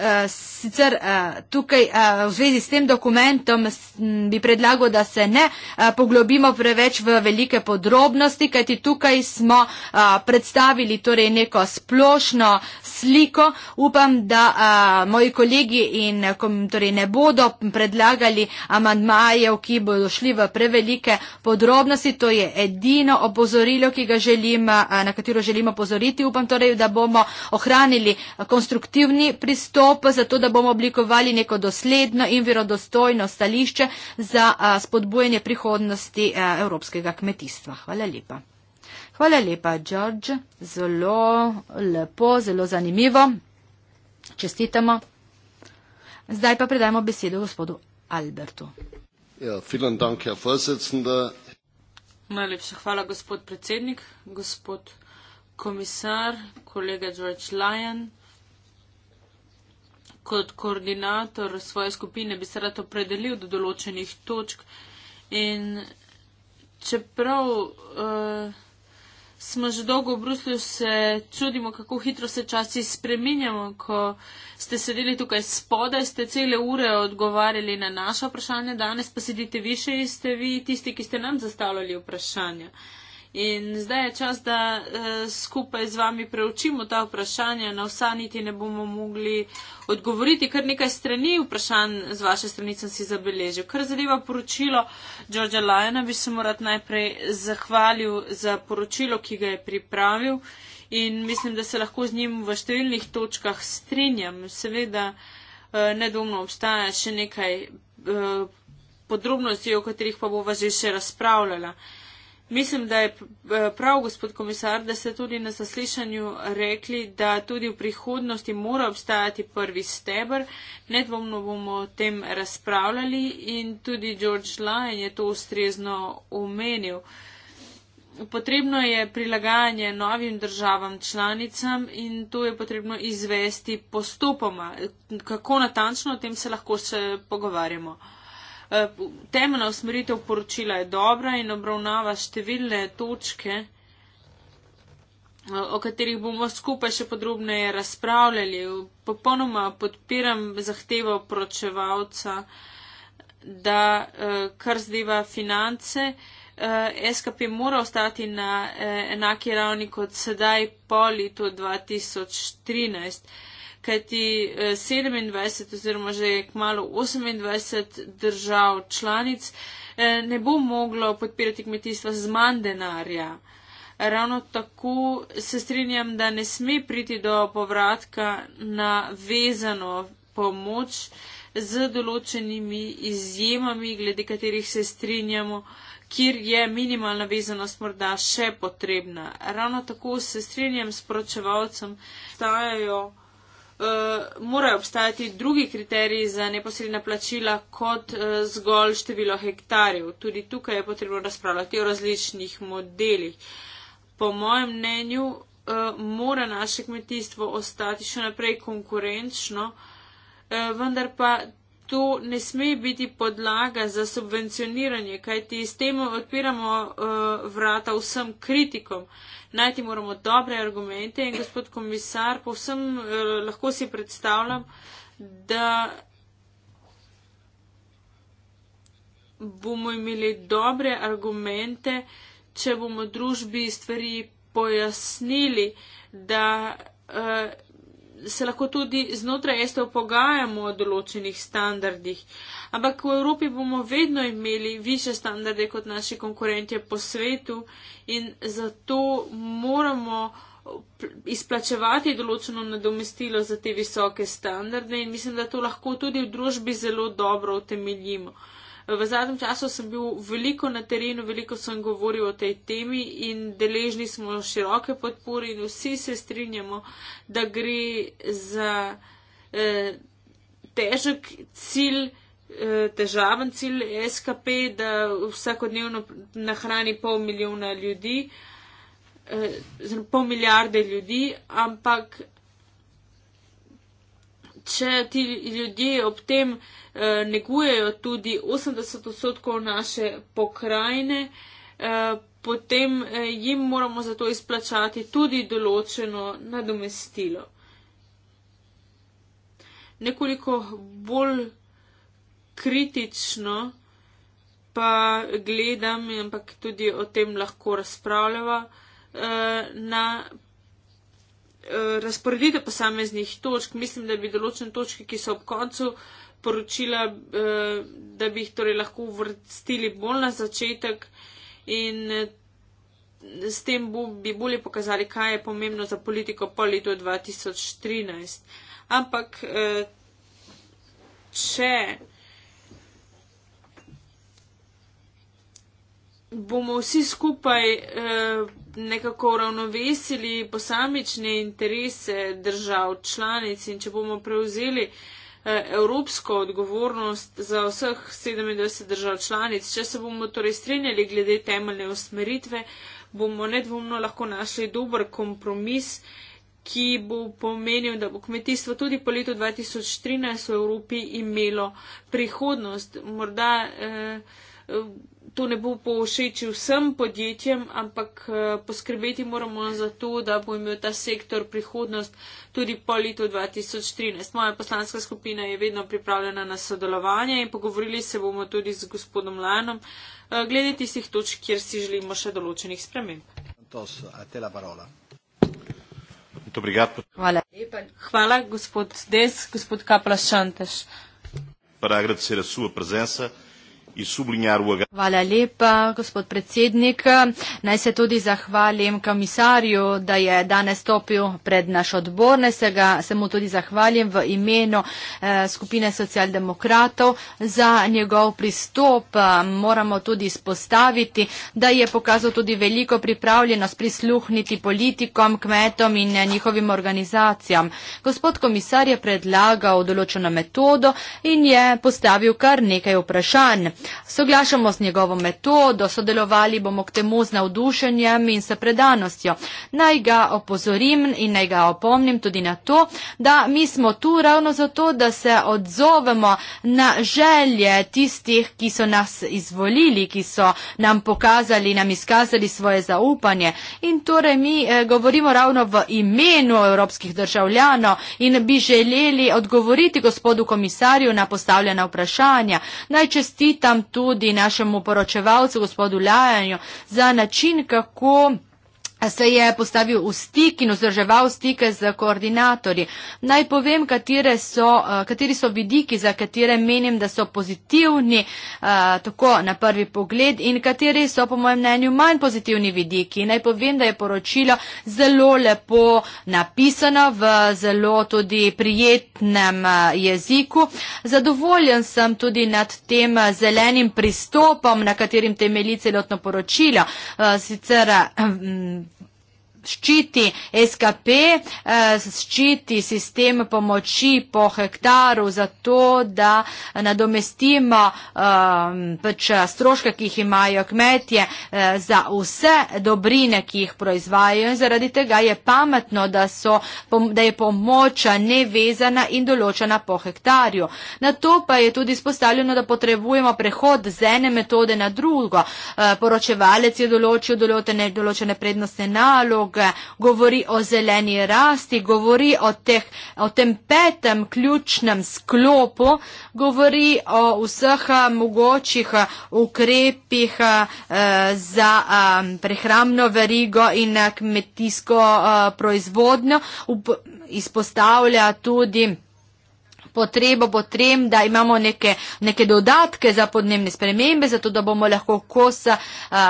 Eh, sicer eh, tukaj eh, v zvezi s tem dokumentom bi predlagal, da se ne poglobimo preveč v velike podrobnosti, kajti tukaj smo predstavili torej neko splošno sliko. Upam, da moji kolegi in, torej ne bodo predlagali amandmajev, ki bodo šli v prevelike podrobnosti. To je edino opozorilo, želim, na katero želimo opozoriti. Upam torej, da bomo ohranili konstruktivni pristop pa zato, da bomo oblikovali neko dosledno in verodostojno stališče za spodbujanje prihodnosti evropskega kmetijstva. Hvala lepa. Hvala lepa, George. Zelo lepo, zelo zanimivo. Čestitamo. Zdaj pa predajmo besedo gospodu Albertu. Ja, vielen dank, Herr Vorsitzende. Najlepša hvala, gospod predsednik, gospod komisar, kolega George Lyon kot koordinator svoje skupine bi se rad opredelil do določenih točk. In čeprav uh, smo že dolgo v Bruslju, se čudimo, kako hitro se časi spreminjamo. Ko ste sedeli tukaj spodaj, ste cele ure odgovarjali na naše vprašanje, danes pa sedite više in ste vi tisti, ki ste nam zastavljali vprašanja. Uh, In zdaj je čas, da uh, skupaj z vami preučimo ta vprašanja. Na vsa niti ne bomo mogli odgovoriti, ker nekaj strani vprašanj z vaše strani sem si zabeležil. Kar zadeva poročilo Georgea Lyona, bi se morat najprej zahvalil za poročilo, ki ga je pripravil. In mislim, da se lahko z njim v številnih točkah strinjam. Seveda uh, nedvomno obstaja še nekaj. Uh, podrobnosti, o katerih pa bova že še razpravljala. Uh, Mislim, da je eh, prav, gospod komisar, da ste tudi na zaslišanju rekli, da tudi v prihodnosti mora obstajati prvi stebr. Nedvomno bomo o tem razpravljali in tudi George Lyon je to ustrezno omenil. Potrebno je prilagajanje novim državam članicam in to je potrebno izvesti postopoma. Kako natančno o tem se lahko se pogovarjamo? Eh, temeljna usmeritev poročila je dobra in obravnava številne točke, eh, o katerih bomo skupaj še podrobneje razpravljali. Popolnoma podpiram zahtevo poročevalca, da eh, kar zdeva finance, SKP mora ostati na enaki ravni kot sedaj po letu 2013 kajti 27 eh, oziroma že kmalo 28 držav članic eh, ne bo moglo podpirati kmetijstva z manj denarja. Ravno tako se strinjam, da ne sme priti do povratka na vezano pomoč z določenimi izjemami, glede katerih se strinjamo, kjer je minimalna vezanost morda še potrebna. Ravno tako se strinjam s poročevalcem, stajajo Eh, morajo obstajati drugi kriteriji za neposredna plačila kot uh, zgolj število hektarjev. Tudi tukaj je potrebno razpravljati o različnih modelih. Po mojem mnenju uh, mora naše kmetijstvo ostati še naprej konkurenčno, uh, vendar pa to ne sme biti podlaga za subvencioniranje, kajti s tem odpiramo uh, vrata vsem kritikom. Najti moramo dobre argumente in gospod komisar, povsem uh, lahko si predstavljam, da bomo imeli dobre argumente, če bomo družbi stvari pojasnili, da uh, se lahko tudi znotraj ESTO pogajamo o določenih standardih, ampak v Evropi bomo vedno imeli više standarde kot naši konkurentje po svetu in zato moramo izplačevati določeno nadomestilo za te visoke standarde in mislim, da to lahko tudi v družbi zelo dobro utemeljimo. V zadnjem času sem bil veliko na terenu, veliko sem govoril o tej temi in deležni smo široke podpore in vsi se strinjamo, da gre za eh, težek cilj, eh, težaven cilj SKP, da vsakodnevno nahrani pol milijona ljudi, eh, pol milijarde ljudi, ampak če ti ljudje ob tem eh, negujejo tudi 80 odstotkov naše pokrajine, eh, potem eh, jim moramo za to izplačati tudi določeno nadomestilo. Nekoliko bolj kritično pa gledam, ampak tudi o tem lahko razpravljava, eh, na razporeditev posameznih točk. Mislim, da bi določene točke, ki so ob koncu poročila, eh, da bi jih torej lahko vrstili bolj na začetek in eh, s tem bi bolje pokazali, kaj je pomembno za politiko po letu 2013. Ampak, eh, če bomo vsi skupaj eh, nekako uravnovesili posamične interese držav članic in če bomo prevzeli eh, evropsko odgovornost za vseh 27 držav članic, če se bomo torej strinjali glede temeljne usmeritve, bomo nedvomno lahko našli dober kompromis, ki bo pomenil, da bo kmetijstvo tudi po letu 2013 v Evropi imelo prihodnost. Morda eh, to ne bo povšeči vsem podjetjem, ampak eh, poskrbeti moramo za to, da bo imel ta sektor prihodnost tudi po letu 2013. Moja poslanska skupina je vedno pripravljena na sodelovanje in pogovorili se bomo tudi z gospodom Lanom eh, glede tistih točk, kjer si želimo še določenih sprememb. Hvala. Hvala, gospod Des, gospod Kaplašantež. Para agradecer a sua presença in sublinjar v agresijo. Hvala lepa, gospod predsednik. Naj se tudi zahvalim komisarju, da je danes stopil pred naš odbor. Naj se ga se mu tudi zahvalim v imenu eh, skupine socialdemokratov za njegov pristop. Moramo tudi spostaviti, da je pokazal tudi veliko pripravljenost prisluhniti politikom, kmetom in eh, njihovim organizacijam. Gospod komisar je predlagal določeno metodo in je postavil kar nekaj vprašanj. Soglašamo z njegovo metodo, sodelovali bomo k temu z navdušenjem in s predanostjo. Naj ga opozorim in naj ga opomnim tudi na to, da mi smo tu ravno zato, da se odzovemo na želje tistih, ki so nas izvolili, ki so nam pokazali, nam izkazali svoje zaupanje. In torej mi eh, govorimo ravno v imenu evropskih državljanov in bi želeli odgovoriti gospodu komisarju na postavljena vprašanja. Naj čestitam tudi našemu poročevalcu, gospodu Lajanju, za način, kako se je postavil v stik in vzdrževal stike z koordinatorji. Naj povem, so, eh, kateri so vidiki, za katere menim, da so pozitivni, eh, tako na prvi pogled, in kateri so, po mojem mnenju, manj pozitivni vidiki. Naj povem, da je poročilo zelo lepo napisano v zelo tudi prijetnem eh, jeziku. Zadovoljen sem tudi nad tem zelenim pristopom, na katerim temelji celotno poročilo. Sicer, ščiti SKP, eh, ščiti sistem pomoči po hektaru za to, da nadomestimo eh, pač eh, stroške, ki jih imajo kmetje za vse dobrine, ki jih proizvajajo in zaradi tega je pametno, da, so, da je pomoč nevezana in določena po hektarju. Na to pa je tudi spostavljeno, da potrebujemo prehod z ene metode na drugo. Poročevalec je določil določene prednostne naloge, tukaj, govori o zeleni rasti, govori o, teh, o tem petem ključnem sklopu, govori o vseh eh, mogočih eh, ukrepih eh, za prehramno verigo in kmetijsko proizvodnjo. Izpostavlja tudi potrebo po tem, da imamo neke, neke dodatke za podnebne spremembe, zato da bomo lahko kos a,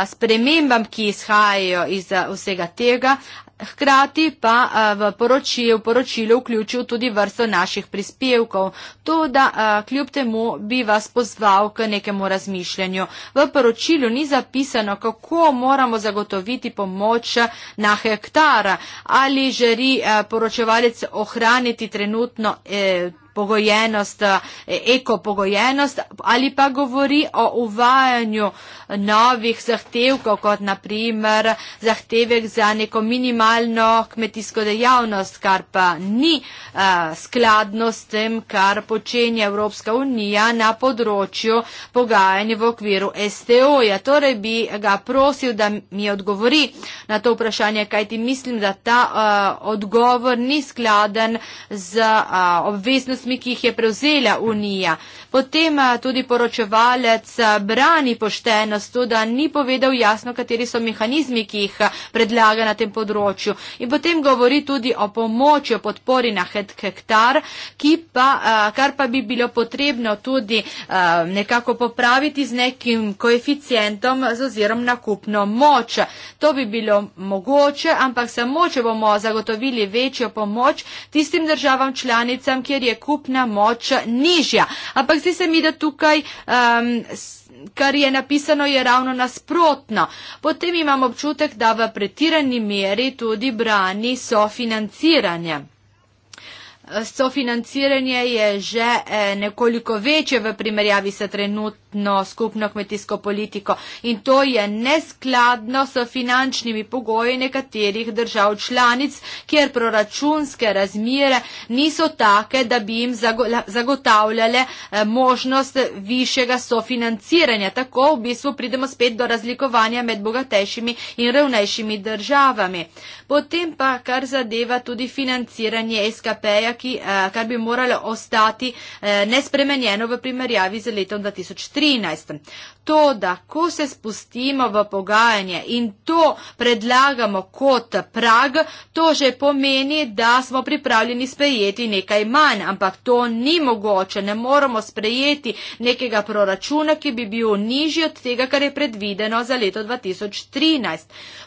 spremembam, ki izhajajo iz a, vsega tega. Hkrati pa v poročilu, poročilu vključil tudi vrsto naših prispevkov. To, da kljub temu bi vas pozval k nekemu razmišljanju. V poročilu ni zapisano, kako moramo zagotoviti pomoč na hektara. Ali želi poročevalec ohraniti trenutno. Eh, pogojenost, eh, ekopogojenost ali pa govori o uvajanju novih zahtevkov, kot naprimer zahtevek za neko minimalno kmetijsko dejavnost, kar pa ni a, eh, skladno s tem, kar počenja Evropska unija na področju pogajanja v okviru STO-ja. Torej bi ga prosil, da mi odgovori na to vprašanje, kaj ti mislim, da ta a, eh, odgovor ni skladen z a, obveznostmi obveznostmi, ki jih je prevzela Unija. Potem eh, tudi poročevalec eh, brani poštenost, tudi da eh, ni povedal jasno, kateri so mehanizmi, ki jih predlaga na tem področju. In potem govori tudi o pomoči, o podpori na hektar, pa, kar pa bi bilo potrebno tudi nekako popraviti z nekim koeficientom z ozirom na kupno moč. To bi bilo mogoče, ampak samo, če bomo zagotovili večjo pomoč tistim državam članicam, kjer je kupna moč nižja. Ampak zdi se mi, da tukaj, um, kar je napisano, je ravno nasprotno. Potem imam občutek, da v pretirani meri tudi brani sofinanciranje. Sofinanciranje je že eh, nekoliko večje v primerjavi s trenutnim skupno, skupno kmetijsko politiko in to je neskladno s finančnimi pogoji nekaterih držav članic, kjer proračunske razmire niso take, da bi jim zagotavljale eh, možnost višjega sofinanciranja. Tako v bistvu pridemo spet do razlikovanja med bogatejšimi in revnejšimi državami. Potem pa kar zadeva tudi financiranje SKP-ja, eh, kar bi moralo ostati eh, nespremenjeno v primerjavi z letom 2013. 13. To, da ko se spustimo v pogajanje in to predlagamo kot prag, to že pomeni, da smo pripravljeni sprejeti nekaj manj, ampak to ni mogoče. Ne moramo sprejeti nekega proračuna, ki bi bil nižji od tega, kar je predvideno za leto 2013.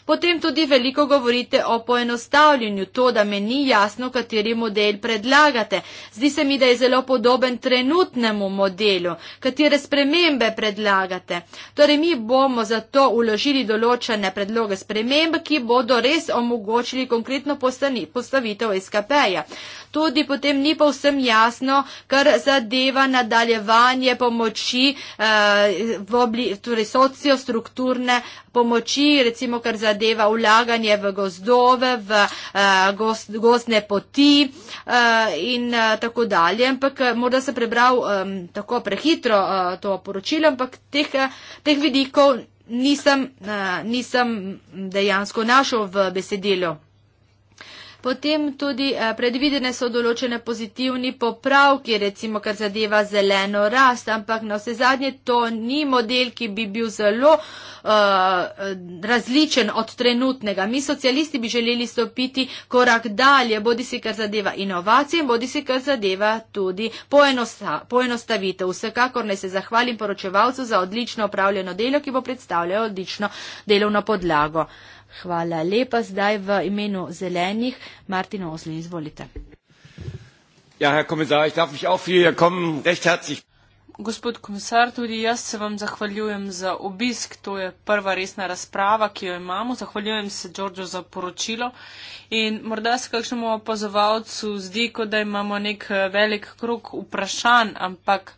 Potem tudi veliko govorite o poenostavljanju, to, da me ni jasno, kateri model predlagate. Zdi se mi, da je zelo podoben trenutnemu modelu, katere spremembe spremembe predlagate. Torej, mi bomo zato uložili določene predloge sprememb, ki bodo res omogočili konkretno postavitev SKP-ja tudi potem ni povsem jasno, kar zadeva nadaljevanje pomoči, eh, v obli, torej sociostrukturne pomoči, recimo kar zadeva vlaganje v gozdove, v eh, gost, gostne poti eh, in eh, tako dalje. Ampak eh, morda sem prebral eh, tako prehitro eh, to poročilo, ampak teh, eh, teh vidikov. Nisem, uh, nisem dejansko našel v besedilu. Potem tudi eh, predvidene so določene pozitivni popravki, recimo kar zadeva zeleno rast, ampak na vse zadnje to ni model, ki bi bil zelo uh, različen od trenutnega. Mi socialisti bi želeli stopiti korak dalje, bodi si kar zadeva inovacije, bodi si kar zadeva tudi poenosta, poenostavitev. Vsekakor naj se zahvalim poročevalcu za odlično opravljeno delo, ki bo predstavljalo odlično delovno podlago. Hvala lepa. Zdaj v imenu zelenih Martin Osli, izvolite. Ja, herr komisar, ich darf mich auch für Ihr Kommen recht herzlich. Gospod komisar, tudi jaz se vam zahvaljujem za obisk. To je prva resna razprava, ki jo imamo. Zahvaljujem se Đorđu za poročilo. In morda se kakšnemu opazovalcu zdi, kot da imamo nek eh, velik krok vprašanj, ampak.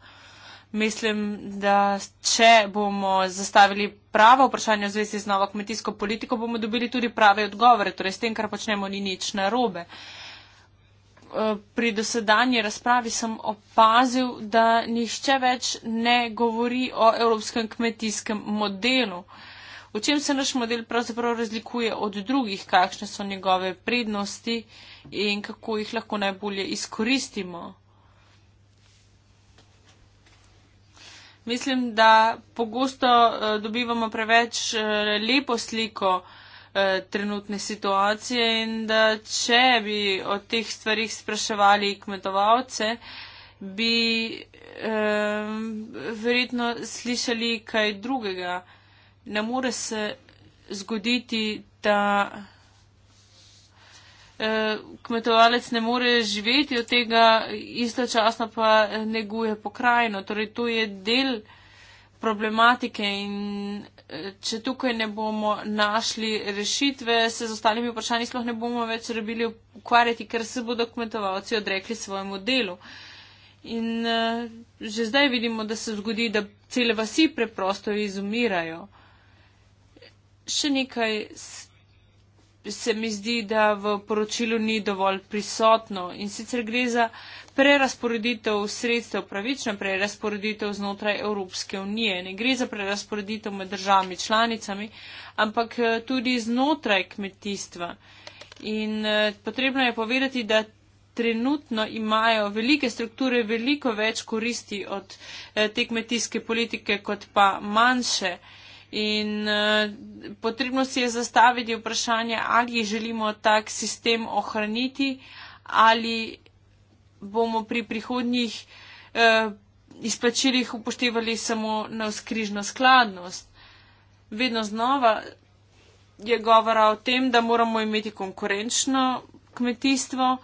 Mislim, da če bomo zastavili pravo vprašanje v zvezi z novo kmetijsko politiko, bomo dobili tudi prave odgovore. Torej, s tem, kar počnemo, ni nič narobe. Eh, pri dosedanji razpravi sem opazil, da nihče več ne govori o evropskem kmetijskem modelu. V čem se naš model pravzaprav razlikuje od drugih, kakšne so njegove prednosti in kako jih lahko najbolje izkoristimo. Mislim, da pogosto uh, dobivamo preveč uh, lepo sliko uh, trenutne situacije in da če bi o teh stvarih spraševali kmetovalce, bi um, verjetno slišali kaj drugega. Ne more se zgoditi, da. Eh, kmetovalec ne more živeti od tega, istočasno pa neguje pokrajino. Torej, to je del problematike in eh, če tukaj ne bomo našli rešitve, se z ostalimi vprašanji sploh ne bomo več rebili ukvarjati, ker se bodo kmetovalci odrekli svojemu delu. In eh, že zdaj vidimo, da se zgodi, da cele vasi preprosto izumirajo. Še nekaj se mi zdi, da v poročilu ni dovolj prisotno in sicer gre za prerasporeditev sredstev, pravično prerasporeditev znotraj Evropske unije. Ne gre za prerasporeditev med državami članicami, ampak eh, tudi znotraj kmetijstva. In eh, potrebno je povedati, da trenutno imajo velike strukture veliko več koristi od eh, te kmetijske politike kot pa manjše. In uh, potrebno si je zastaviti vprašanje, ali želimo tak sistem ohraniti ali bomo pri prihodnjih uh, izplačilih upoštevali samo na skrižno skladnost. Vedno znova je govora o tem, da moramo imeti konkurenčno kmetijstvo,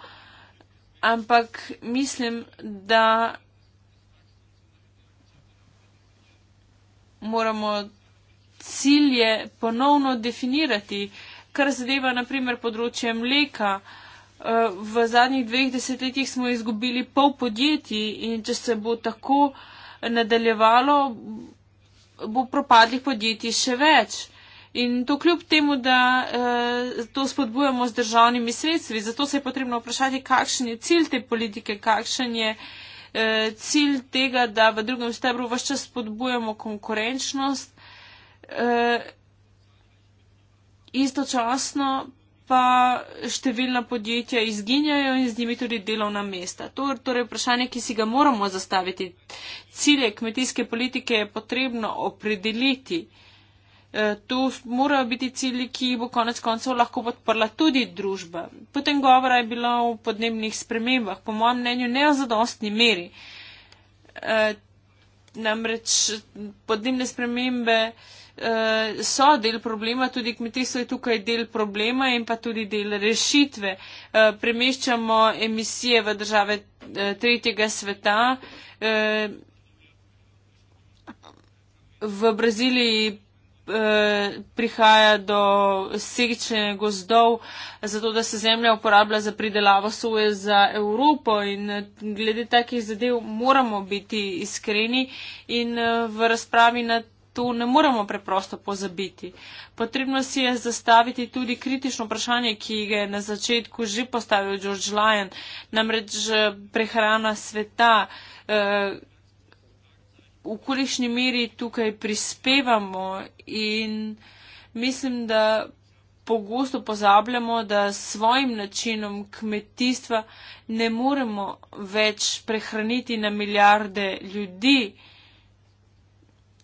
ampak mislim, da moramo cilje ponovno definirati, kar zadeva naprimer področje mleka. Eh, v zadnjih dveh desetletjih smo izgubili pol podjetij in če se bo tako nadaljevalo, bo propadlih podjetij še več. In to kljub temu, da eh, to spodbujamo z državnimi sredstvi, zato se je potrebno vprašati, kakšen je cilj te politike, kakšen je eh, cilj tega, da v drugem stebru vse čas spodbujamo konkurenčnost, Eh, istočasno pa številna podjetja izginjajo in z njimi tudi delovna mesta. To je torej vprašanje, ki si ga moramo zastaviti. Cilje kmetijske politike je potrebno opredeliti. Eh, tu morajo biti cilji, ki jih bo konec koncev lahko podprla tudi družba. Potem govora je bilo o podnebnih spremembah, po mojem mnenju ne o zadostni meri. Eh, namreč podnebne spremembe uh, so del problema, tudi kmetijstvo je tukaj del problema in pa tudi del rešitve. Uh, premeščamo emisije v države uh, tretjega sveta. Uh, v Braziliji prihaja do seče gozdov, zato da se zemlja uporablja za pridelavo soje za Evropo in glede takih zadev moramo biti iskreni in v razpravi na to ne moremo preprosto pozabiti. Potrebno si je zastaviti tudi kritično vprašanje, ki ga je na začetku že postavil George Lyon, namreč eh, prehrana sveta, eh, v kolišni meri tukaj prispevamo in mislim, da pogosto pozabljamo, da s svojim načinom kmetijstva ne moremo več prehraniti na milijarde ljudi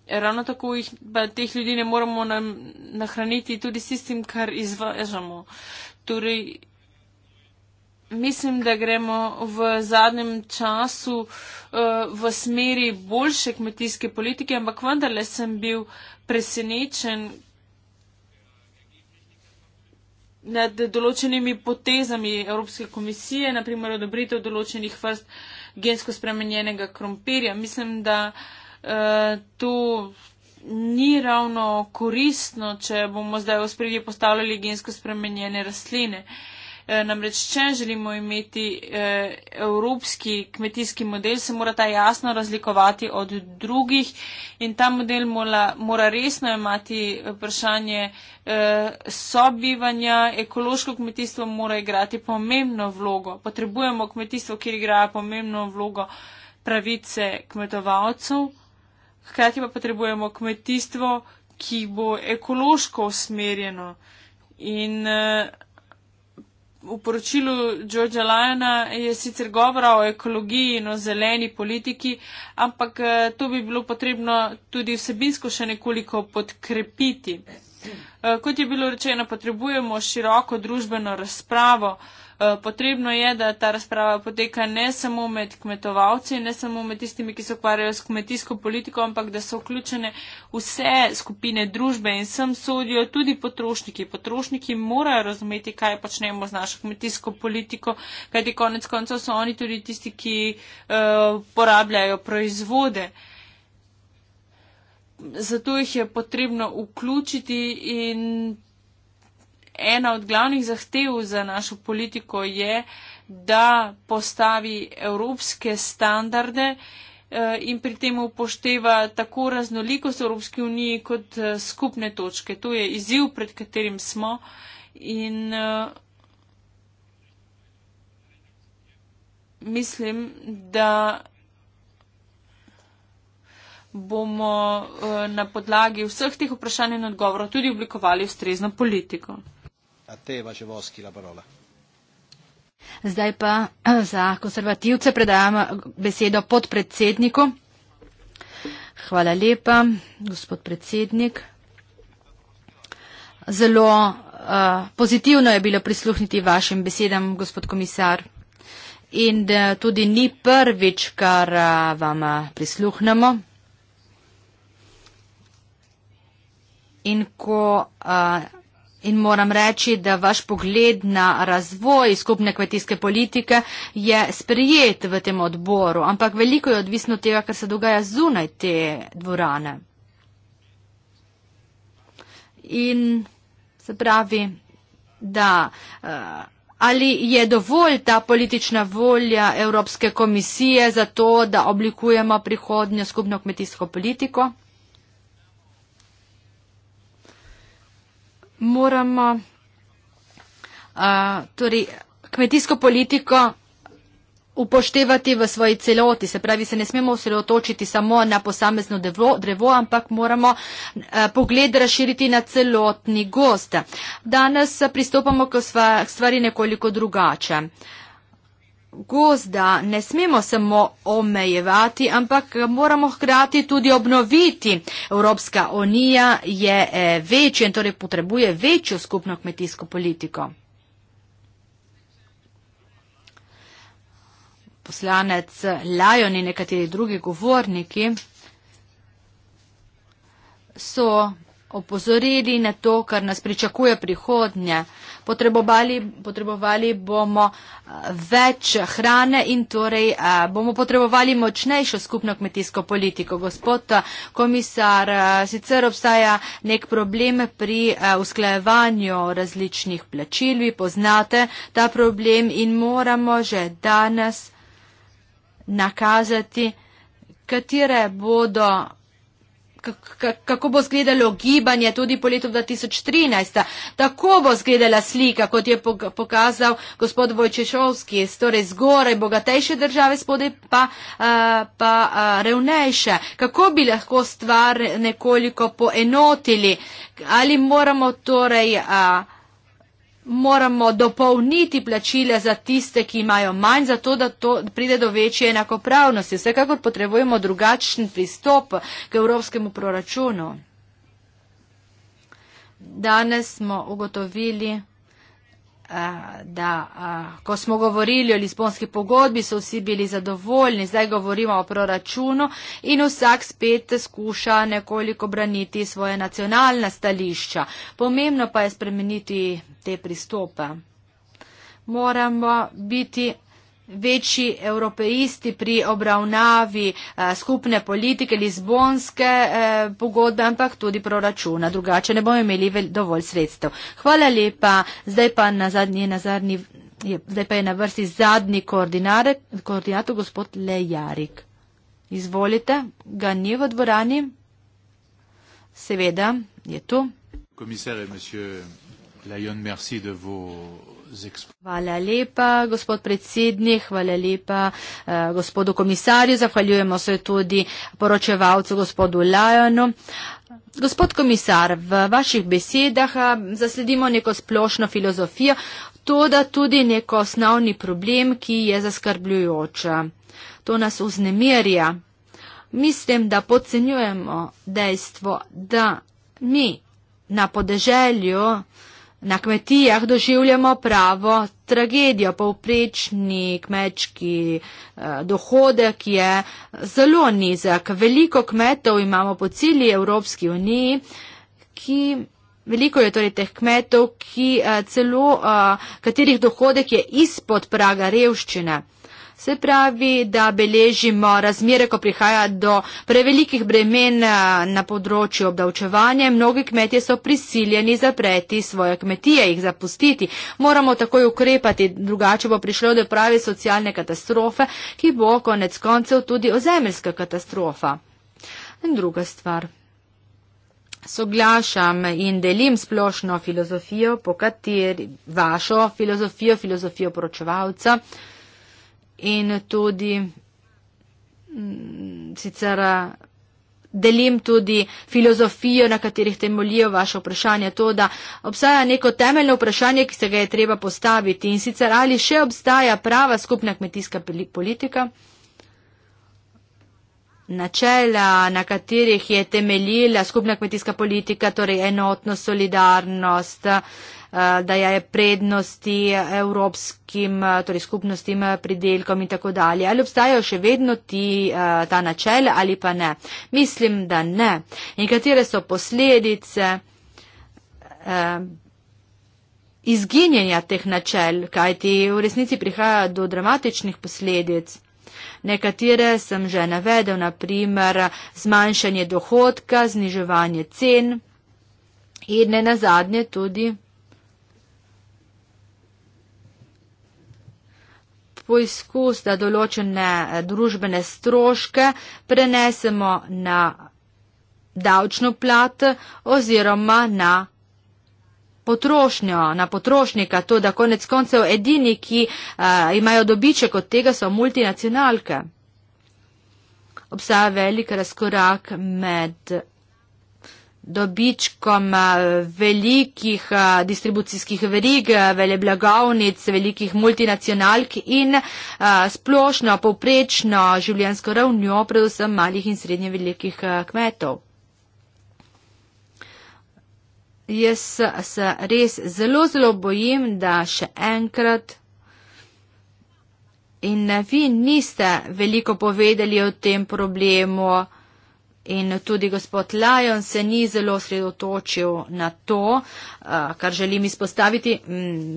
ravno tako jih, teh ljudi ne moremo nam, nahraniti tudi s tistim, kar izvažamo. Torej, mislim, da gremo v zadnjem času uh, v smeri boljše kmetijske politike, ampak vendarle sem bil presenečen nad določenimi potezami Evropske komisije, naprimer odobritev določenih vrst gensko spremenjenega krompirja. Mislim, da uh, Eh, to ni ravno koristno, če bomo zdaj v spredje postavljali gensko spremenjene rastline. Eh, namreč, če želimo imeti eh, evropski kmetijski model, se mora ta jasno razlikovati od drugih in ta model mora, mora resno imati vprašanje eh, sobivanja. Ekološko kmetijstvo mora igrati pomembno vlogo. Potrebujemo kmetijstvo, kjer igra pomembno vlogo pravice kmetovalcev. Eh, hkrati pa potrebujemo kmetijstvo, ki bo ekološko usmerjeno. In uh, v poročilu Georgea Lyona je sicer govora o ekologiji in o zeleni politiki, ampak uh, to bi bilo potrebno tudi vsebinsko še nekoliko podkrepiti. Uh, kot je bilo rečeno, potrebujemo široko družbeno razpravo. Uh, Eh, potrebno je, da ta razprava poteka ne samo med kmetovalci, ne samo med tistimi, ki se ukvarjajo s kmetijsko politiko, ampak da so vključene vse skupine družbe in sem sodijo tudi potrošniki. Potrošniki morajo razumeti, kaj počnemo z našo kmetijsko politiko, kajti konec koncev so oni tudi tisti, ki uh, porabljajo proizvode. Zato jih je potrebno vključiti in ena od glavnih zahtev za našo politiko je, da postavi evropske standarde eh, in pri tem upošteva tako raznolikost Evropske unije kot eh, skupne točke. To je izziv, pred katerim smo. In eh, mislim, da bomo na podlagi vseh teh vprašanj in odgovorov tudi oblikovali ustrezno politiko. A te, Vaše Voski, la parola. Zdaj pa za konservativce predajam eh, besedo podpredsedniku. Hvala lepa, gospod predsednik. Zelo uh, pozitivno je bilo prisluhniti vašim besedam, gospod komisar. In eh, tudi ni prvič, kar uh, vam prisluhnemo. In ko uh, In moram reči, da vaš pogled na razvoj skupne kmetijske politike je sprijet v tem odboru, ampak veliko je odvisno od tega, kar se dogaja zunaj te dvorane. In se pravi, da eh, ali je dovolj ta politična volja Evropske komisije za to, da oblikujemo prihodnjo skupno kmetijsko politiko? moramo uh, torej, kmetijsko politiko upoštevati v svoji celoti. Se pravi, se ne smemo osredotočiti samo na posamezno drevo, drevo ampak moramo uh, pogled razširiti na celotni gost. Danes pristopamo k stvari nekoliko drugače. Uh, gozda ne smemo samo omejevati, ampak ga moramo hkrati tudi obnoviti. Evropska unija je eh, večja in torej potrebuje večjo skupno kmetijsko politiko. Poslanec Lajon in nekateri drugi govorniki so opozorili na to, kar nas pričakuje prihodnje potrebovali, potrebovali bomo eh, več hrane in torej eh, bomo potrebovali močnejšo skupno kmetijsko politiko. Gospod eh, komisar, sicer obstaja nek problem pri usklajevanju različnih plačil, vi poznate ta problem in moramo že danes nakazati, katere bodo kako bo izgledalo gibanje tudi po letu 2013. Tako bo izgledala slika, kot je pokazal gospod Vojčešovski, torej zgoraj bogatejše države, spodaj pa, pa revnejše. Kako bi lahko stvar nekoliko poenotili? Ali moramo torej. A, moramo dopolniti plačila za tiste, ki imajo manj, zato da to pride do večje enakopravnosti. Vsekakor potrebujemo drugačen pristop k evropskemu proračunu. Danes smo ugotovili, Eh, da eh, ko smo govorili o Lisbonski pogodbi, so vsi bili zadovoljni, zdaj govorimo o proračunu in vsak spet skuša nekoliko braniti svoje nacionalna stališča. Pomembno pa je spremeniti te pristope. Moramo biti večji evropeisti pri obravnavi eh, skupne politike Lizbonske eh, pogodbe, ampak tudi proračuna. Drugače ne bomo imeli dovolj sredstev. Hvala lepa. Zdaj pa, na zadnji, na zadnji, je, zdaj pa je na vrsti zadnji koordinator, gospod Lejarik. Izvolite, ga ni v dvorani. Seveda, je tu. Komisar, monsieur Lajon, merci de vos z eksplozijo. Hvala lepa, gospod predsednik, hvala lepa eh, gospodu komisarju, zahvaljujemo se tudi poročevalcu gospodu Lajonu. Gospod komisar, v vaših besedah eh, zasledimo neko splošno filozofijo, to da tudi neko osnovni problem, ki je zaskrbljujoč. To nas uznemirja. Mislim, da podcenjujemo dejstvo, da mi na podeželju Na kmetijah doživljamo pravo tragedijo, povprečni kmečki eh, dohodek je zelo nizak. Veliko kmetov imamo po celi Evropski uniji, ki, veliko je torej teh kmetov, ki, eh, celo, eh, katerih dohodek je izpod praga revščine. Se pravi, da beležimo razmere, ko prihaja do prevelikih bremen eh, na področju obdavčevanja. Mnogi kmetje so prisiljeni zapreti svoje kmetije, jih zapustiti. Moramo takoj ukrepati, drugače bo prišlo do prave socialne katastrofe, ki bo konec koncev tudi ozemeljska katastrofa. In druga stvar. Soglašam in delim splošno filozofijo, po kateri vašo filozofijo, filozofijo poročevalca in tudi mm, sicer delim tudi filozofijo, na katerih temeljijo vaše vprašanje, to, da obstaja neko temeljno vprašanje, ki se ga je treba postaviti in sicer ali še obstaja prava skupna kmetijska politika, načela, na katerih je temeljila skupna kmetijska politika, torej enotnost, solidarnost, uh, Eh, da je prednosti evropskim eh, torej skupnostim eh, pridelkom in tako dalje. Ali obstajajo še vedno ti, ta načela ali pa ne? Mislim, da ne. In katere so posledice izginjenja teh načel, kajti v resnici prihaja do dramatičnih posledic. Nekatere sem že navedel, naprimer zmanjšanje dohodka, zniževanje cen in ne nazadnje tudi poizkus, da določene eh, družbene stroške prenesemo na davčno plat oziroma na potrošnjo, na potrošnika, to da konec koncev edini, ki a, eh, imajo dobiček od tega, so multinacionalke. Obstaja velik razkorak med dobičkom eh, velikih eh, distribucijskih verig, eh, veleblagovnic, velikih multinacionalk in splošno, povprečno življensko ravnjo, predvsem malih in srednje velikih kmetov. Jaz se res zelo, zelo bojim, da še enkrat in vi niste veliko povedali o tem problemu. In tudi gospod Lajon se ni zelo sredotočil na to, eh, kar želim izpostaviti,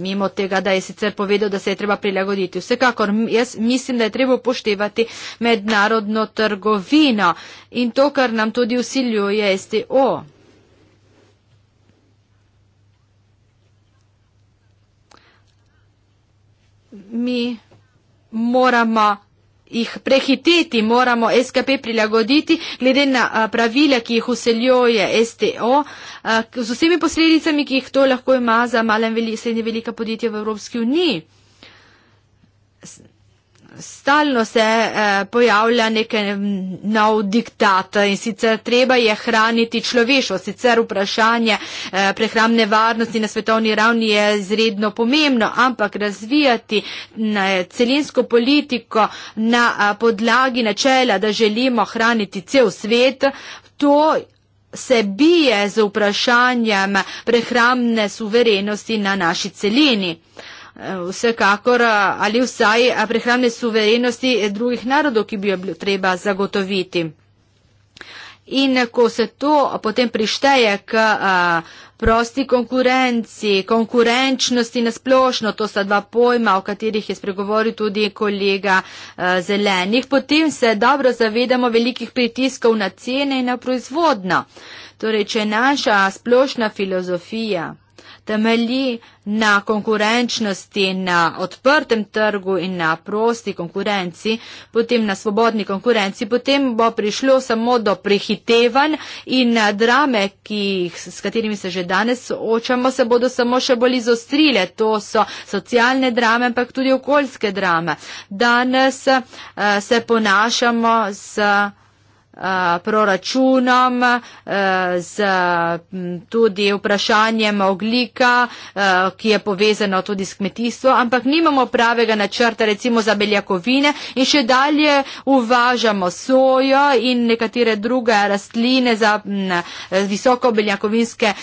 mimo tega, da je sicer povedal, da se je treba prilagoditi. Vsekakor, jaz mislim, da je treba upoštevati mednarodno trgovino in to, kar nam tudi usiljuje STO. Mi moramo jih prehiteti, moramo SKP prilagoditi glede na pravila, ki jih useljuje STO, z vsemi posledicami, ki jih to lahko ima za malen veli, srednje velika podjetja v Evropski uniji stalno se eh, pojavlja neke nov diktat in sicer treba je hraniti človeštvo, sicer vprašanje eh, prehramne varnosti na svetovni ravni je izredno pomembno, ampak razvijati celinsko politiko na eh, podlagi načela, da želimo hraniti cel svet, to se bije z vprašanjem prehramne suverenosti na naši celini vsekakor ali vsaj prehranne suverenosti eh, drugih narodov, ki bi jo treba zagotoviti. In eh, ko se to potem prišteje k eh, prosti konkurenci, konkurenčnosti na splošno, to sta dva pojma, o katerih je spregovoril tudi kolega Zelenih, potem se dobro zavedamo velikih pritiskov na cene in na proizvodno. Torej, če je naša splošna filozofija temelji na konkurenčnosti, na odprtem trgu in na prosti konkurenci, potem na svobodni konkurenci, potem bo prišlo samo do prehitevanj in drame, jih, s katerimi se že danes soočamo, se bodo samo še bolj izostrile. To so socialne drame, ampak tudi okoljske drame. Danes uh, se ponašamo s. Uh, Eh, proračunom, eh, z tudi vprašanjem oglika, eh, ki je povezano tudi s kmetijstvom, ampak nimamo pravega načrta recimo za beljakovine in še dalje uvažamo sojo in nekatere druge rastline za visoko beljakovinske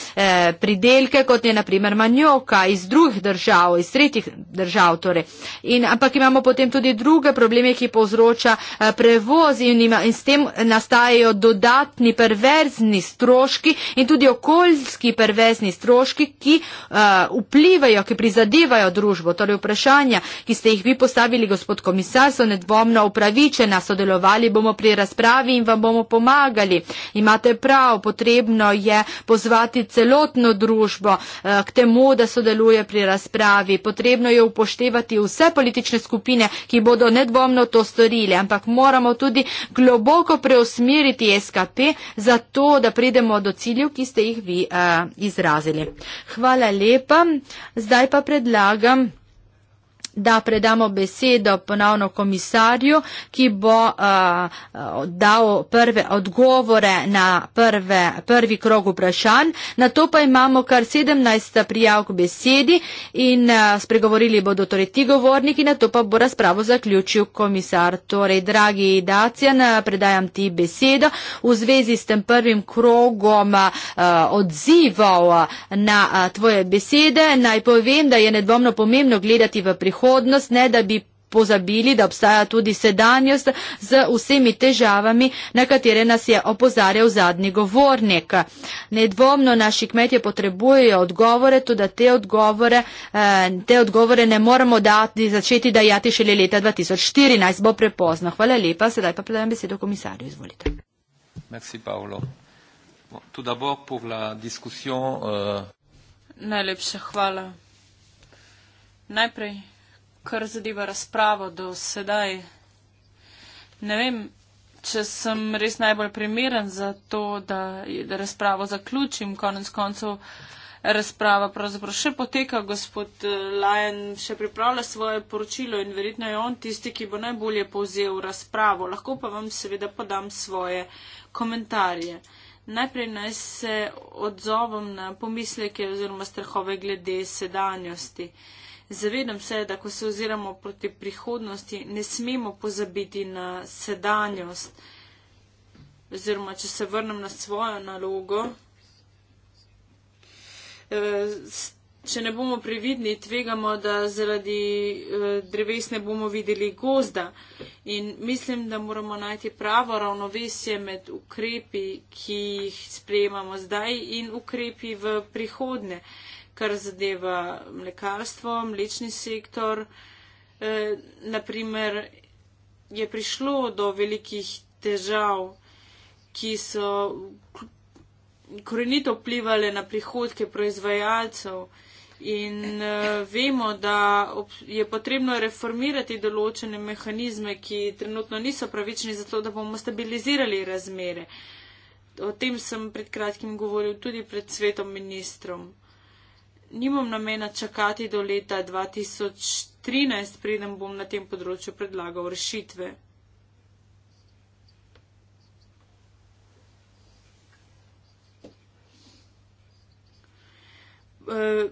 pridelke, kot je naprimer manjoka iz drugih držav, iz tretjih držav torej. In, ampak imamo potem tudi druge probleme, ki povzroča prevoz in, ima, in s tem nas nastajajo dodatni perverzni stroški in tudi okoljski perverzni stroški, ki uh, vplivajo, ki prizadevajo družbo. Torej vprašanja, ki ste jih vi postavili, gospod komisar, so nedvomno upravičena. Sodelovali bomo pri razpravi in vam bomo pomagali. Imate prav, potrebno je pozvati celotno družbo uh, k temu, da sodeluje pri razpravi. Potrebno je upoštevati vse politične skupine, ki bodo nedvomno to storili, ampak moramo tudi globoko preosvetljati usmeriti SKP za to, da pridemo do ciljev, ki ste jih vi uh, izrazili. Hvala lepa. Zdaj pa predlagam da predamo besedo ponovno komisarju, ki bo uh, dal prve odgovore na prve, prvi krog vprašanj. Na to pa imamo kar 17 prijav k besedi in uh, spregovorili bodo torej ti govorniki, na to pa bo razpravo zaključil komisar. Torej, dragi Dacijan, predajam ti besedo v zvezi s tem prvim krogom uh, odzival na uh, tvoje besede. Naj povem, da je nedvomno pomembno gledati v prihodnost prihodnost, ne da bi pozabili, da obstaja tudi sedanjost z vsemi težavami, na katere nas je opozarjal zadnji govornik. Nedvomno naši kmetje potrebujejo odgovore, tudi te odgovore, eh, te odgovore ne moramo dati, začeti dajati šele leta 2014, bo prepozno. Hvala lepa, sedaj pa predajam besedo komisarju, izvolite. Merci, Paolo. Tudi bo povla diskusijo. Uh... Najlepša hvala. Najprej kar zadeva razpravo do sedaj. Ne vem, če sem res najbolj primeren za to, da, da razpravo zaključim. Konec koncev razprava pravzaprav še poteka. Gospod eh, Lajen še pripravlja svoje poročilo in verjetno je on tisti, ki bo najbolje povzel razpravo. Lahko pa vam seveda podam svoje komentarje. Najprej naj se odzovem na pomisleke oziroma strahove glede sedanjosti. Uh, Zavedam se, da ko se oziramo proti prihodnosti, ne smemo pozabiti na sedanjost. Oziroma, če se vrnem na svojo nalogo, eh, če ne bomo previdni, tvegamo, da zaradi eh, dreves ne bomo videli gozda. In mislim, da moramo najti pravo ravnovesje med ukrepi, ki jih sprejemamo zdaj in ukrepi v prihodnje kar zadeva mlekarstvo, mlečni sektor. E, naprimer je prišlo do velikih težav, ki so korenito vplivali na prihodke proizvajalcev. In uh, vemo, da je potrebno reformirati določene mehanizme, ki trenutno niso pravični za to, da bomo stabilizirali razmere. O tem sem pred kratkim govoril tudi pred svetom ministrom nimam namena čakati do leta 2013, preden bom na tem področju predlagal rešitve. Uh,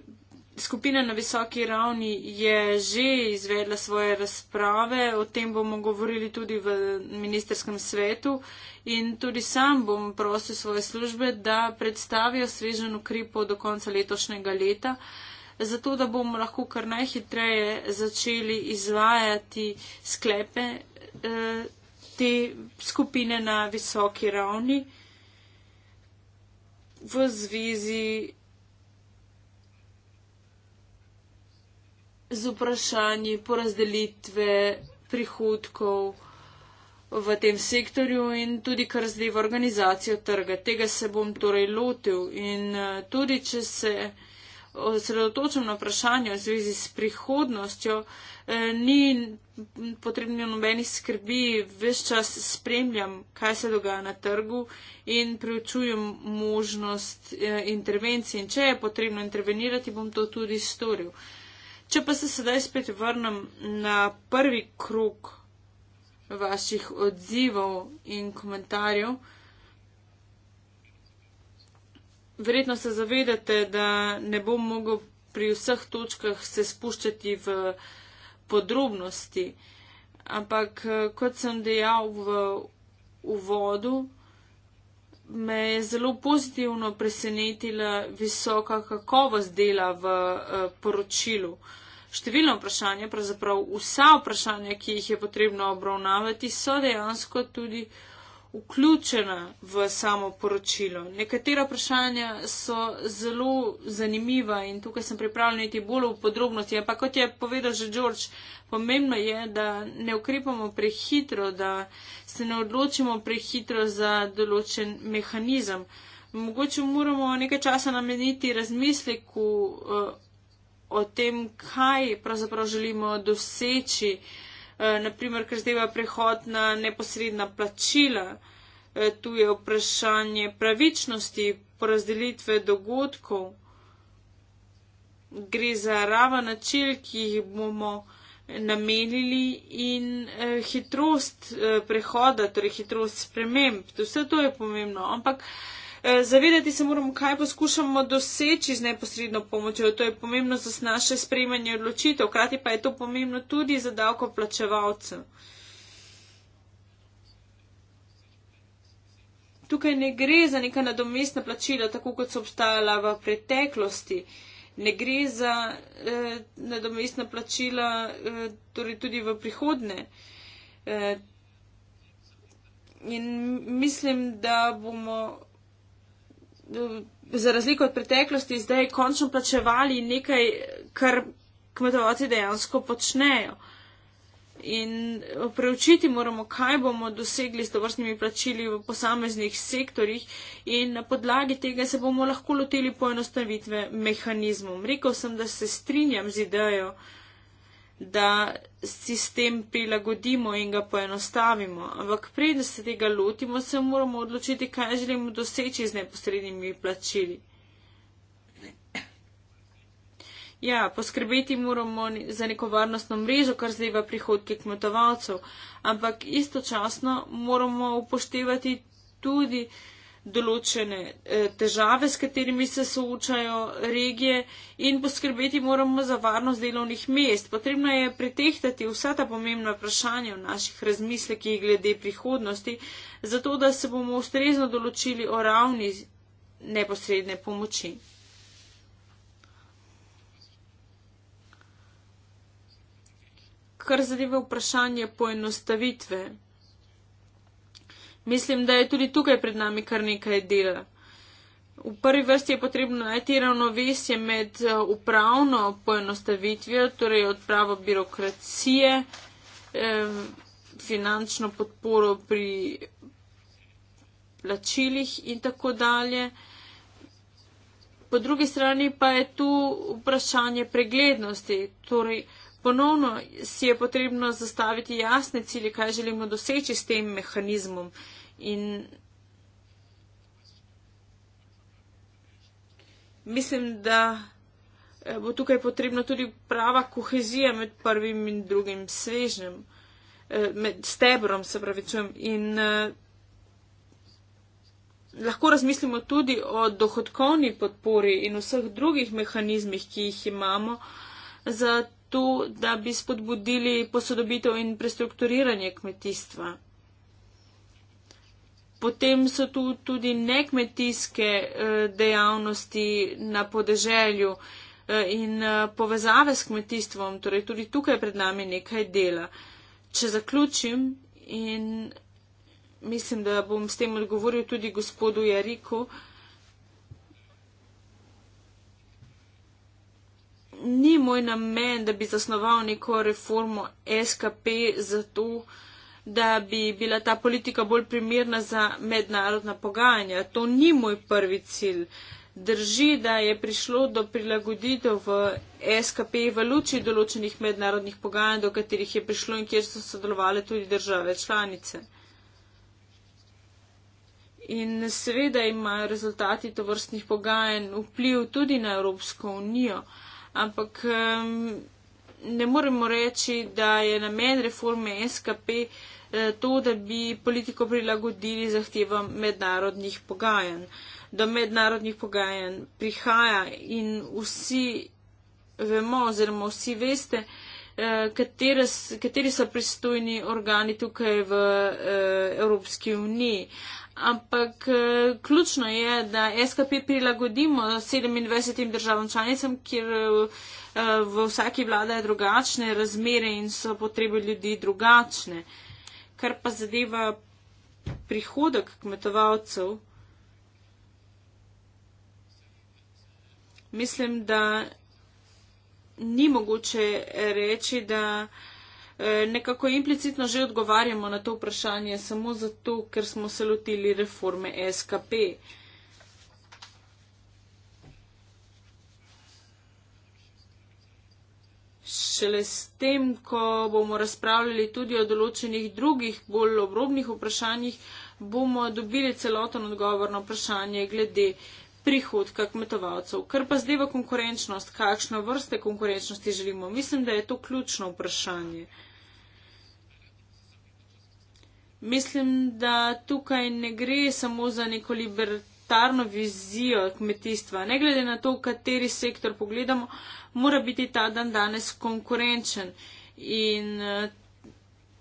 skupina na visoki ravni je že izvedla svoje razprave, o tem bomo govorili tudi v ministerskem svetu in tudi sam bom prosil svoje službe, da predstavijo svežen ukrepo do konca letošnjega leta, zato da bomo lahko kar najhitreje začeli izvajati sklepe eh, te skupine na visoki ravni v zvezi z vprašanji porazdelitve prihodkov v tem sektorju in tudi kar zdaj organizacijo trga. Tega se bom torej lotil in eh, tudi, če se osredotočam na vprašanje v zvezi s prihodnostjo, eh, ni potrebno nobenih skrbi, ves čas spremljam, kaj se dogaja na trgu in preučujem možnost eh, intervencij in če je potrebno intervenirati, bom to tudi storil. Če pa se sedaj spet vrnem na prvi krok vaših odzivov in komentarjev, verjetno se zavedate, da ne bom mogel pri vseh točkah se spuščati v podrobnosti, ampak eh, kot sem dejal v uvodu, me je zelo pozitivno presenetila visoka kakovost dela v eh, poročilu. Številno vprašanje, pravzaprav vsa vprašanja, ki jih je potrebno obravnavati, so dejansko tudi vključena v samo poročilo. Nekatera vprašanja so zelo zanimiva in tukaj sem pripravljen iti bolj v podrobnosti, ampak kot je povedal že Đorđ, pomembno je, da ne ukrepamo prehitro, da se ne odločimo prehitro za določen mehanizem. Mogoče moramo nekaj časa nameniti razmisleku eh, o tem, kaj pravzaprav želimo doseči. Eh, naprimer, kar zdaj prehod na neposredna plačila, eh, tu je vprašanje pravičnosti porazdelitve dogodkov. Gre za raven načel, ki jih bomo namenili in eh, hitrost eh, prehoda, torej hitrost sprememb. To vse to je pomembno, ampak eh, Eh, zavedati se moramo, kaj poskušamo doseči z neposredno pomočjo. To je pomembno za naše sprejemanje odločitev, krati pa je to pomembno tudi za davkoplačevalce. Tukaj ne gre za neka nadomestna plačila, tako kot so obstajala v preteklosti. Ne gre za eh, nadomestna plačila eh, torej tudi v prihodne. Eh, in mislim, da bomo Eh, za razliko od preteklosti zdaj končno plačevali nekaj, kar kmetovci dejansko počnejo. In eh, preučiti moramo, kaj bomo dosegli s tovrstnimi plačili v posameznih sektorjih in na podlagi tega se bomo lahko lotili poenostavitve mehanizmom. Rekel sem, da se strinjam z idejo, uh, da sistem prilagodimo in ga poenostavimo. Ampak prej, da se tega lotimo, se moramo odločiti, kaj želimo doseči z neposrednimi plačili. Ja, poskrbeti moramo za neko varnostno mrežo, kar zdaj v prihodke kmetovalcev, ampak istočasno moramo upoštevati tudi, določene eh, težave, s katerimi se soočajo regije in poskrbeti moramo za varnost delovnih mest. Potrebno je pretehtati vsa ta pomembna vprašanja v naših razmislekih glede prihodnosti, zato da se bomo ustrezno določili o ravni neposredne pomoči. Kar zadeva vprašanje poenostavitve. Mislim, da je tudi tukaj pred nami kar nekaj dela. V prvi vrsti je potrebno najti ravnovesje med eh, upravno poenostavitvijo, torej odpravo birokracije, eh, finančno podporo pri plačilih in tako dalje. Po drugi strani pa je tu vprašanje preglednosti, torej Ponovno si je potrebno zastaviti jasne cilje, kaj želimo doseči s tem mehanizmom. In mislim, da eh, bo tukaj potrebna tudi prava kohezija med prvim in drugim svežnjem, eh, med stebrom, se pravi, čujem. In eh, lahko razmislimo tudi o dohodkovni podpori in vseh drugih mehanizmih, ki jih imamo. Za tu, da bi spodbudili posodobitev in prestrukturiranje kmetijstva. Potem so tu tudi nekmetijske eh, dejavnosti na podeželju eh, in eh, povezave s kmetijstvom, torej tudi tukaj pred nami nekaj dela. Če zaključim in mislim, da bom s tem odgovoril tudi gospodu Jariku, ni moj namen, da bi zasnoval neko reformo SKP zato, da bi bila ta politika bolj primerna za mednarodna pogajanja. To ni moj prvi cilj. Drži, da je prišlo do prilagoditev v SKP v luči določenih mednarodnih pogajanj, do katerih je prišlo in kjer so sodelovali tudi države članice. In seveda ima rezultati tovrstnih pogajanj vpliv tudi na Evropsko unijo. Uh, ampak um, ne moremo reči, da je namen reforme SKP eh, to, da bi politiko prilagodili zahtevam mednarodnih pogajanj. Do mednarodnih pogajanj prihaja in vsi vemo oziroma vsi veste, eh, Katere, kateri so pristojni organi tukaj v uh, Evropski uniji. Ampak eh, ključno je, da SKP prilagodimo 27 državam članicam, kjer eh, v vsaki vlada je drugačne razmere in so potrebe ljudi drugačne. Kar pa zadeva prihodek kmetovalcev, mislim, da ni mogoče reči, da. Eh, nekako implicitno že odgovarjamo na to vprašanje, samo zato, ker smo se lotili reforme SKP. Šele s tem, ko bomo razpravljali tudi o določenih drugih, bolj obrobnih vprašanjih, bomo dobili celoten odgovor na vprašanje glede uh, prihodka kmetovalcev. Kar pa zdeva konkurenčnost, kakšno vrste konkurenčnosti želimo, mislim, da je to ključno vprašanje. Mislim, da tukaj ne gre samo za neko libertarno vizijo kmetijstva. Ne glede na to, kateri sektor pogledamo, mora biti ta dan danes konkurenčen. In eh,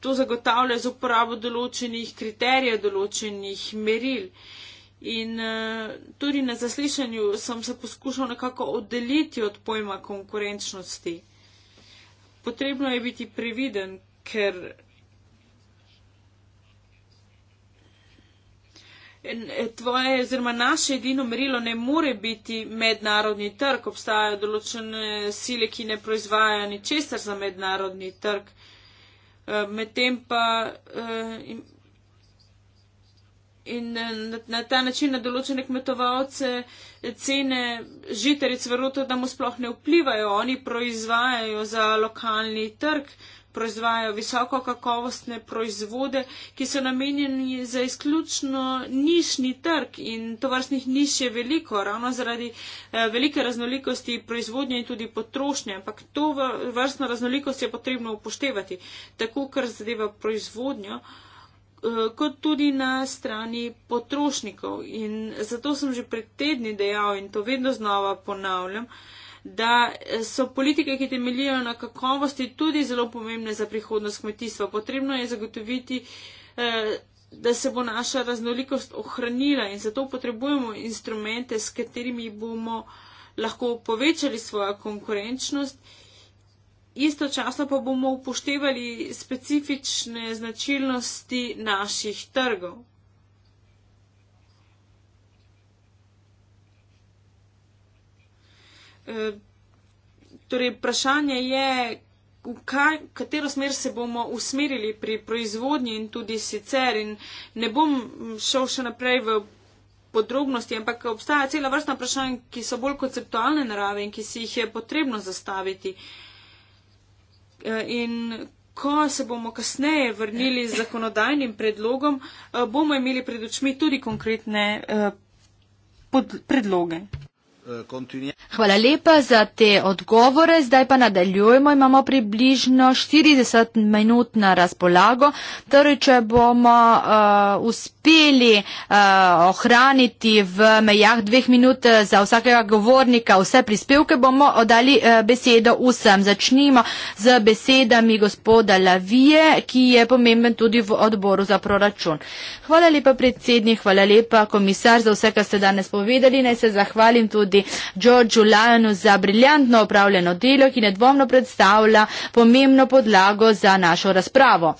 to zagotavlja z uporabo določenih kriterijev, določenih meril. In uh, tudi na zaslišanju sem se poskušal nekako oddeliti od pojma konkurenčnosti. Potrebno je biti previden, ker. Eh, tvoje, oziroma naše edino merilo ne more biti mednarodni trg. Obstajajo določene sile, ki ne proizvajajo ničesar za mednarodni trg. Eh, medtem pa in eh, na, na ta način na določene kmetovalce cene žitaric veruto, da mu sploh ne vplivajo. Oni proizvajajo za lokalni trg, proizvajajo visoko kakovostne proizvode, ki so namenjeni za izključno nišni trg in to vrstnih niš je veliko, ravno zaradi eh, velike raznolikosti proizvodnje in tudi potrošnje. Ampak to vrstno raznolikost je potrebno upoštevati, tako kar zadeva proizvodnjo. Eh, Eh, kot tudi na strani potrošnikov. In zato sem že pred tedni dejal in to vedno znova ponavljam, da so politike, ki temeljijo na kakovosti, tudi zelo pomembne za prihodnost kmetijstva. Potrebno je zagotoviti, eh, da se bo naša raznolikost ohranila in zato potrebujemo instrumente, s katerimi bomo lahko povečali svojo konkurenčnost istočasno pa bomo upoštevali specifične značilnosti naših trgov. E, torej, vprašanje je, v kaj, katero smer se bomo usmerili pri proizvodnji in tudi sicer. In ne bom šel še naprej v podrobnosti, ampak obstaja cela vrsta vprašanj, ki so bolj konceptualne narave in ki si jih je potrebno zastaviti. Uh, Eh, in ko se bomo kasneje vrnili z zakonodajnim predlogom, eh, bomo imeli pred očmi tudi konkretne eh, predloge. Hvala lepa za te odgovore. Zdaj pa nadaljujemo. Imamo približno 40 minut na razpolago. Torej, če bomo uh, uspeli uh, ohraniti v mejah dveh minut eh, za vsakega govornika vse prispevke, bomo odali uh, besedo vsem. Začnimo z besedami gospoda Lavije, ki je pomemben tudi v odboru za proračun. Hvala lepa predsednik, hvala lepa komisar za vse, kar ste danes povedali. Naj se zahvalim tudi nagradi. Giorgio Lajonu za briljantno opravljeno delo, ki nedvomno predstavlja pomembno podlago za našo razpravo.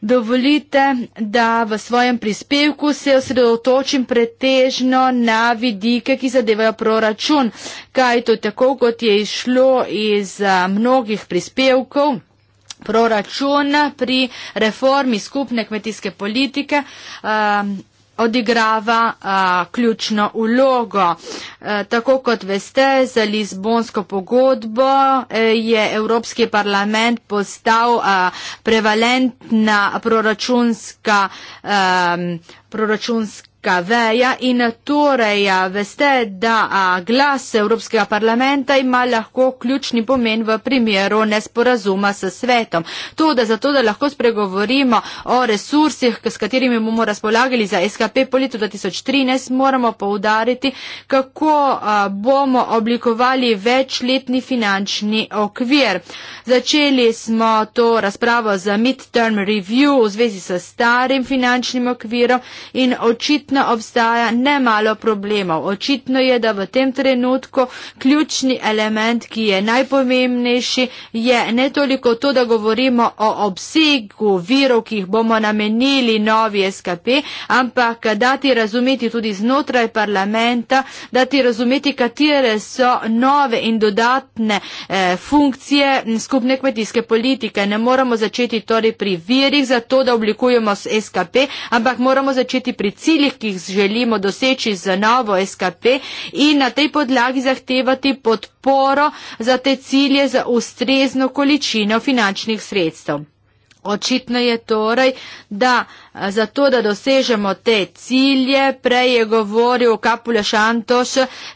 Dovolite, da v svojem prispevku se osredotočim pretežno na vidike, ki zadevajo proračun, kaj to tako, kot je išlo iz eh, mnogih prispevkov. Proračun pri reformi skupne kmetijske politike um, odigrava a, ključno ulogo. E, tako kot veste, za Lizbonsko pogodbo e, je Evropski parlament postal a, prevalentna proračunska, a, proračunska Marka Veja in torej veste, da a, glas Evropskega parlamenta ima lahko ključni pomen v primeru nesporazuma s svetom. To, da zato, da lahko spregovorimo o resursih, s katerimi bomo razpolagali za SKP po letu 2013, moramo poudariti, kako a, bomo oblikovali večletni finančni okvir. Začeli smo to razpravo za midterm review v zvezi s starim finančnim okvirom in očitno očitno obstaja nemalo problemov. Očitno je, da v tem trenutku ključni element, ki je najpomembnejši, je ne toliko to, da govorimo o obsegu virov, ki jih bomo namenili novi SKP, ampak dati razumeti tudi znotraj parlamenta, dati razumeti, katere so nove in dodatne eh, funkcije skupne kmetijske politike. Ne moramo začeti torej pri virih, zato da oblikujemo SKP, ampak moramo začeti pri ciljih, ki jih želimo doseči z novo SKP in na tej podlagi zahtevati podporo za te cilje za ustrezno količino finančnih sredstev. Očitno je torej, da za to, da dosežemo te cilje, prej je govoril Kapula Šantoš,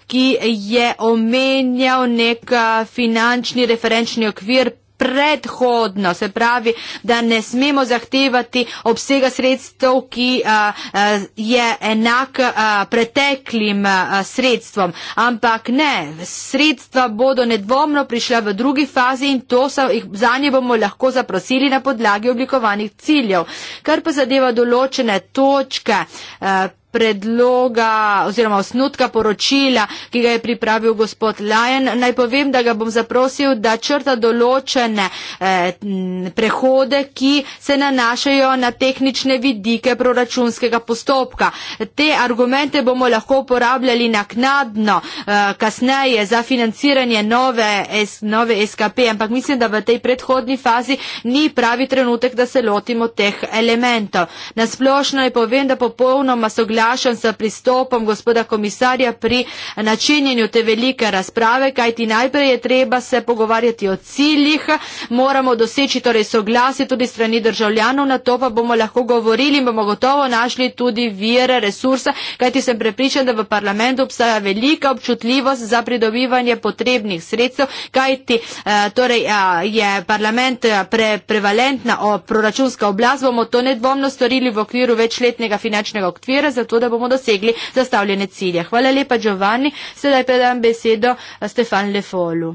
ki je omenjal nek finančni referenčni okvir predhodno. Se pravi, da ne smemo zahtevati obsega sredstev, ki a, a, je enak a, preteklim a, sredstvom. Ampak ne, sredstva bodo nedvomno prišla v drugi fazi in to so, jih, za nje bomo lahko zaprosili na podlagi oblikovanih ciljev. Kar pa zadeva določene točke. A, predloga oziroma osnutka poročila, ki ga je pripravil gospod Lajen. Naj povem, da ga bom zaprosil, da črta določene eh, prehode, ki se nanašajo na tehnične vidike proračunskega postopka. Te argumente bomo lahko uporabljali naknadno, eh, kasneje za financiranje nove, es, nove SKP, ampak mislim, da v tej predhodni fazi ni pravi trenutek, da se lotimo teh elementov. Nasplošno je povem, da popolnoma soglasno vprašan s pristopom gospoda komisarja pri načinjenju te velike razprave, kajti najprej je treba se pogovarjati o ciljih, moramo doseči torej soglasje tudi strani državljanov, na to pa bomo lahko govorili in bomo gotovo našli tudi vire, resursa, kajti sem prepričan, da v parlamentu obstaja velika občutljivost za pridobivanje potrebnih sredstev, kajti eh, torej, eh, je parlament eh, pre, prevalentna o proračunska oblast, bomo to nedvomno storili v okviru večletnega finančnega okvira. Zato zato, da bomo dosegli zastavljene cilje. Hvala lepa, Giovanni. Sedaj predam besedo eh, Stefan Lefolu.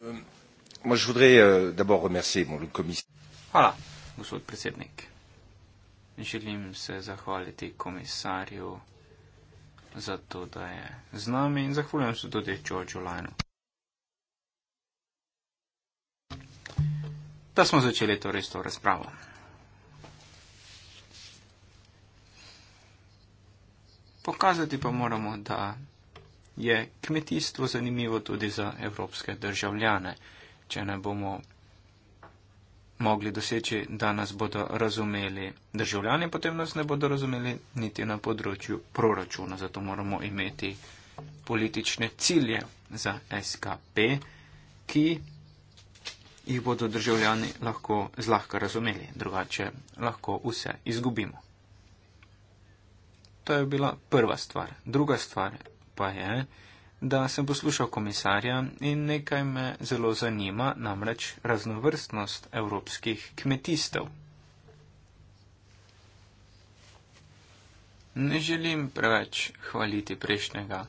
Um, euh, Hvala, gospod predsednik. Želim se zahvaliti komisarju za to, da je z nami in zahvaljujem se tudi Čočo Lajnu. Da smo začeli torej s to razpravo. Pokazati pa moramo, da je kmetijstvo zanimivo tudi za evropske državljane, če ne bomo mogli doseči, da nas bodo razumeli državljani, potem nas ne bodo razumeli niti na področju proračuna. Zato moramo imeti politične cilje za SKP, ki jih bodo državljani lahko zlahka razumeli, drugače lahko vse izgubimo. To je bila prva stvar. Druga stvar pa je, da sem poslušal komisarja in nekaj me zelo zanima, namreč raznovrstnost evropskih kmetijstev. Ne želim preveč hvaliti prejšnjega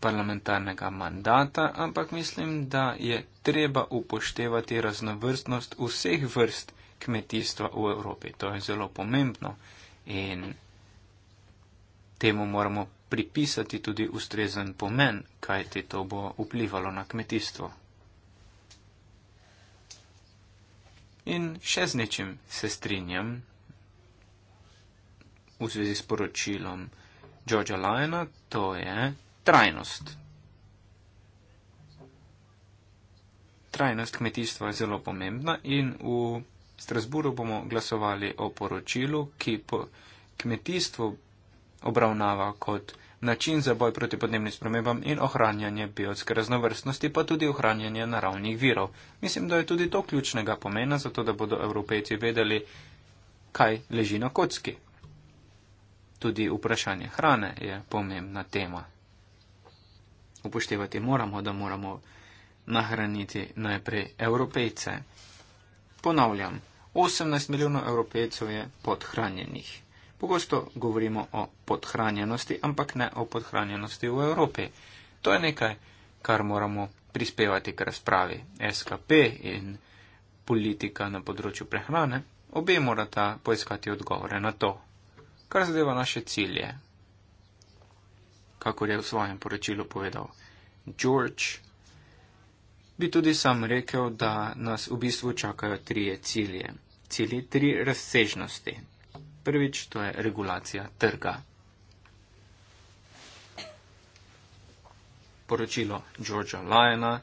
parlamentarnega mandata, ampak mislim, da je treba upoštevati raznovrstnost vseh vrst kmetijstva v Evropi. To je zelo pomembno. In temu moramo pripisati tudi ustrezen pomen, kaj ti to bo vplivalo na kmetijstvo. In še z nečim se strinjam v zvezi s poročilom Georgea Lyona, to je trajnost. Trajnost kmetijstva je zelo pomembna in v Strasburu bomo glasovali o poročilu, ki po kmetijstvu obravnava kot način za boj proti podnebnim spremembam in ohranjanje biotske raznovrstnosti, pa tudi ohranjanje naravnih virov. Mislim, da je tudi to ključnega pomena, zato da bodo evropejci vedeli, kaj leži na kocki. Tudi vprašanje hrane je pomembna tema. Upoštevati moramo, da moramo nahraniti najprej evropejce. Ponavljam, 18 milijonov evropejcev je podhranjenih. Pogosto govorimo o podhranjenosti, ampak ne o podhranjenosti v Evropi. To je nekaj, kar moramo prispevati k razpravi. SKP in politika na področju prehrane, obe morata poiskati odgovore na to, kar zadeva naše cilje. Kakor je v svojem poročilu povedal George, bi tudi sam rekel, da nas v bistvu čakajo trije cilje. Cilji tri razsežnosti. Prvič, to je regulacija trga. Poročilo Georgea Lyona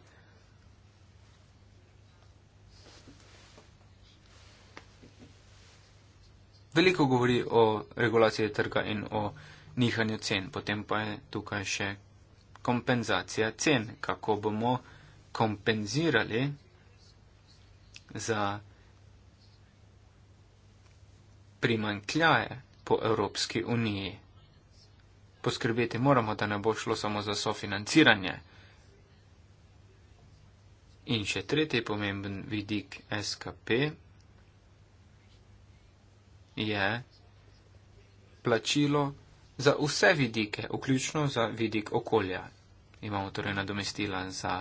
veliko govori o regulaciji trga in o nihanju cen, potem pa je tukaj še kompenzacija cen, kako bomo kompenzirali za primankljaje po Evropski uniji. Poskrbeti moramo, da ne bo šlo samo za sofinanciranje. In še tretji pomemben vidik SKP je plačilo za vse vidike, vključno za vidik okolja. Imamo torej nadomestila za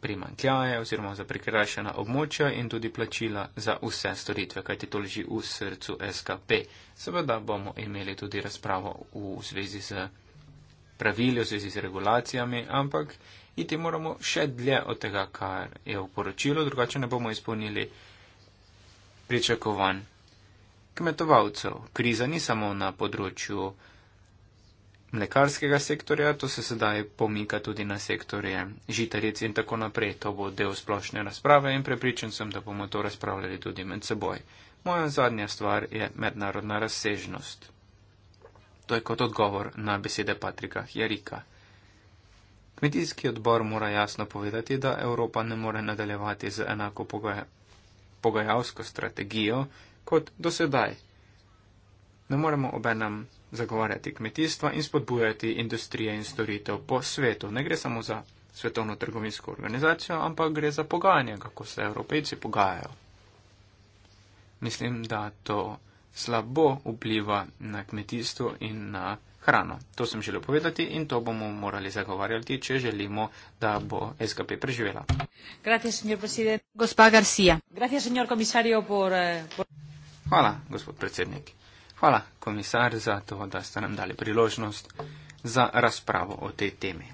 primankljaje oziroma za prikrajšana območja in tudi plačila za vse storitve, kajti to leži v srcu SKP. Seveda bomo imeli tudi razpravo v zvezi z pravili, v zvezi z regulacijami, ampak iti moramo še dlje od tega, kar je v poročilu, drugače ne bomo izpolnili pričakovanj kmetovalcev. Kriza ni samo na področju mlekarskega sektorja, to se sedaj pomika tudi na sektorje žitaric in tako naprej. To bo del splošne razprave in prepričan sem, da bomo to razpravljali tudi med seboj. Moja zadnja stvar je mednarodna razsežnost. To je kot odgovor na besede Patrika Jarika. Kmetijski odbor mora jasno povedati, da Evropa ne more nadaljevati z enako pogaja, pogajalsko strategijo kot do sedaj. Ne moremo obenem zagovarjati kmetijstva in spodbujati industrije in storitev po svetu. Ne gre samo za svetovno trgovinsko organizacijo, ampak gre za pogajanje, kako se evropejci pogajajo. Mislim, da to slabo vpliva na kmetijstvo in na hrano. To sem želel povedati in to bomo morali zagovarjati, če želimo, da bo SKP preživela. Gracias, eh, Hvala, gospod predsednik. Hvala, komisar, za to, da ste nam dali priložnost za razpravo o tej temi.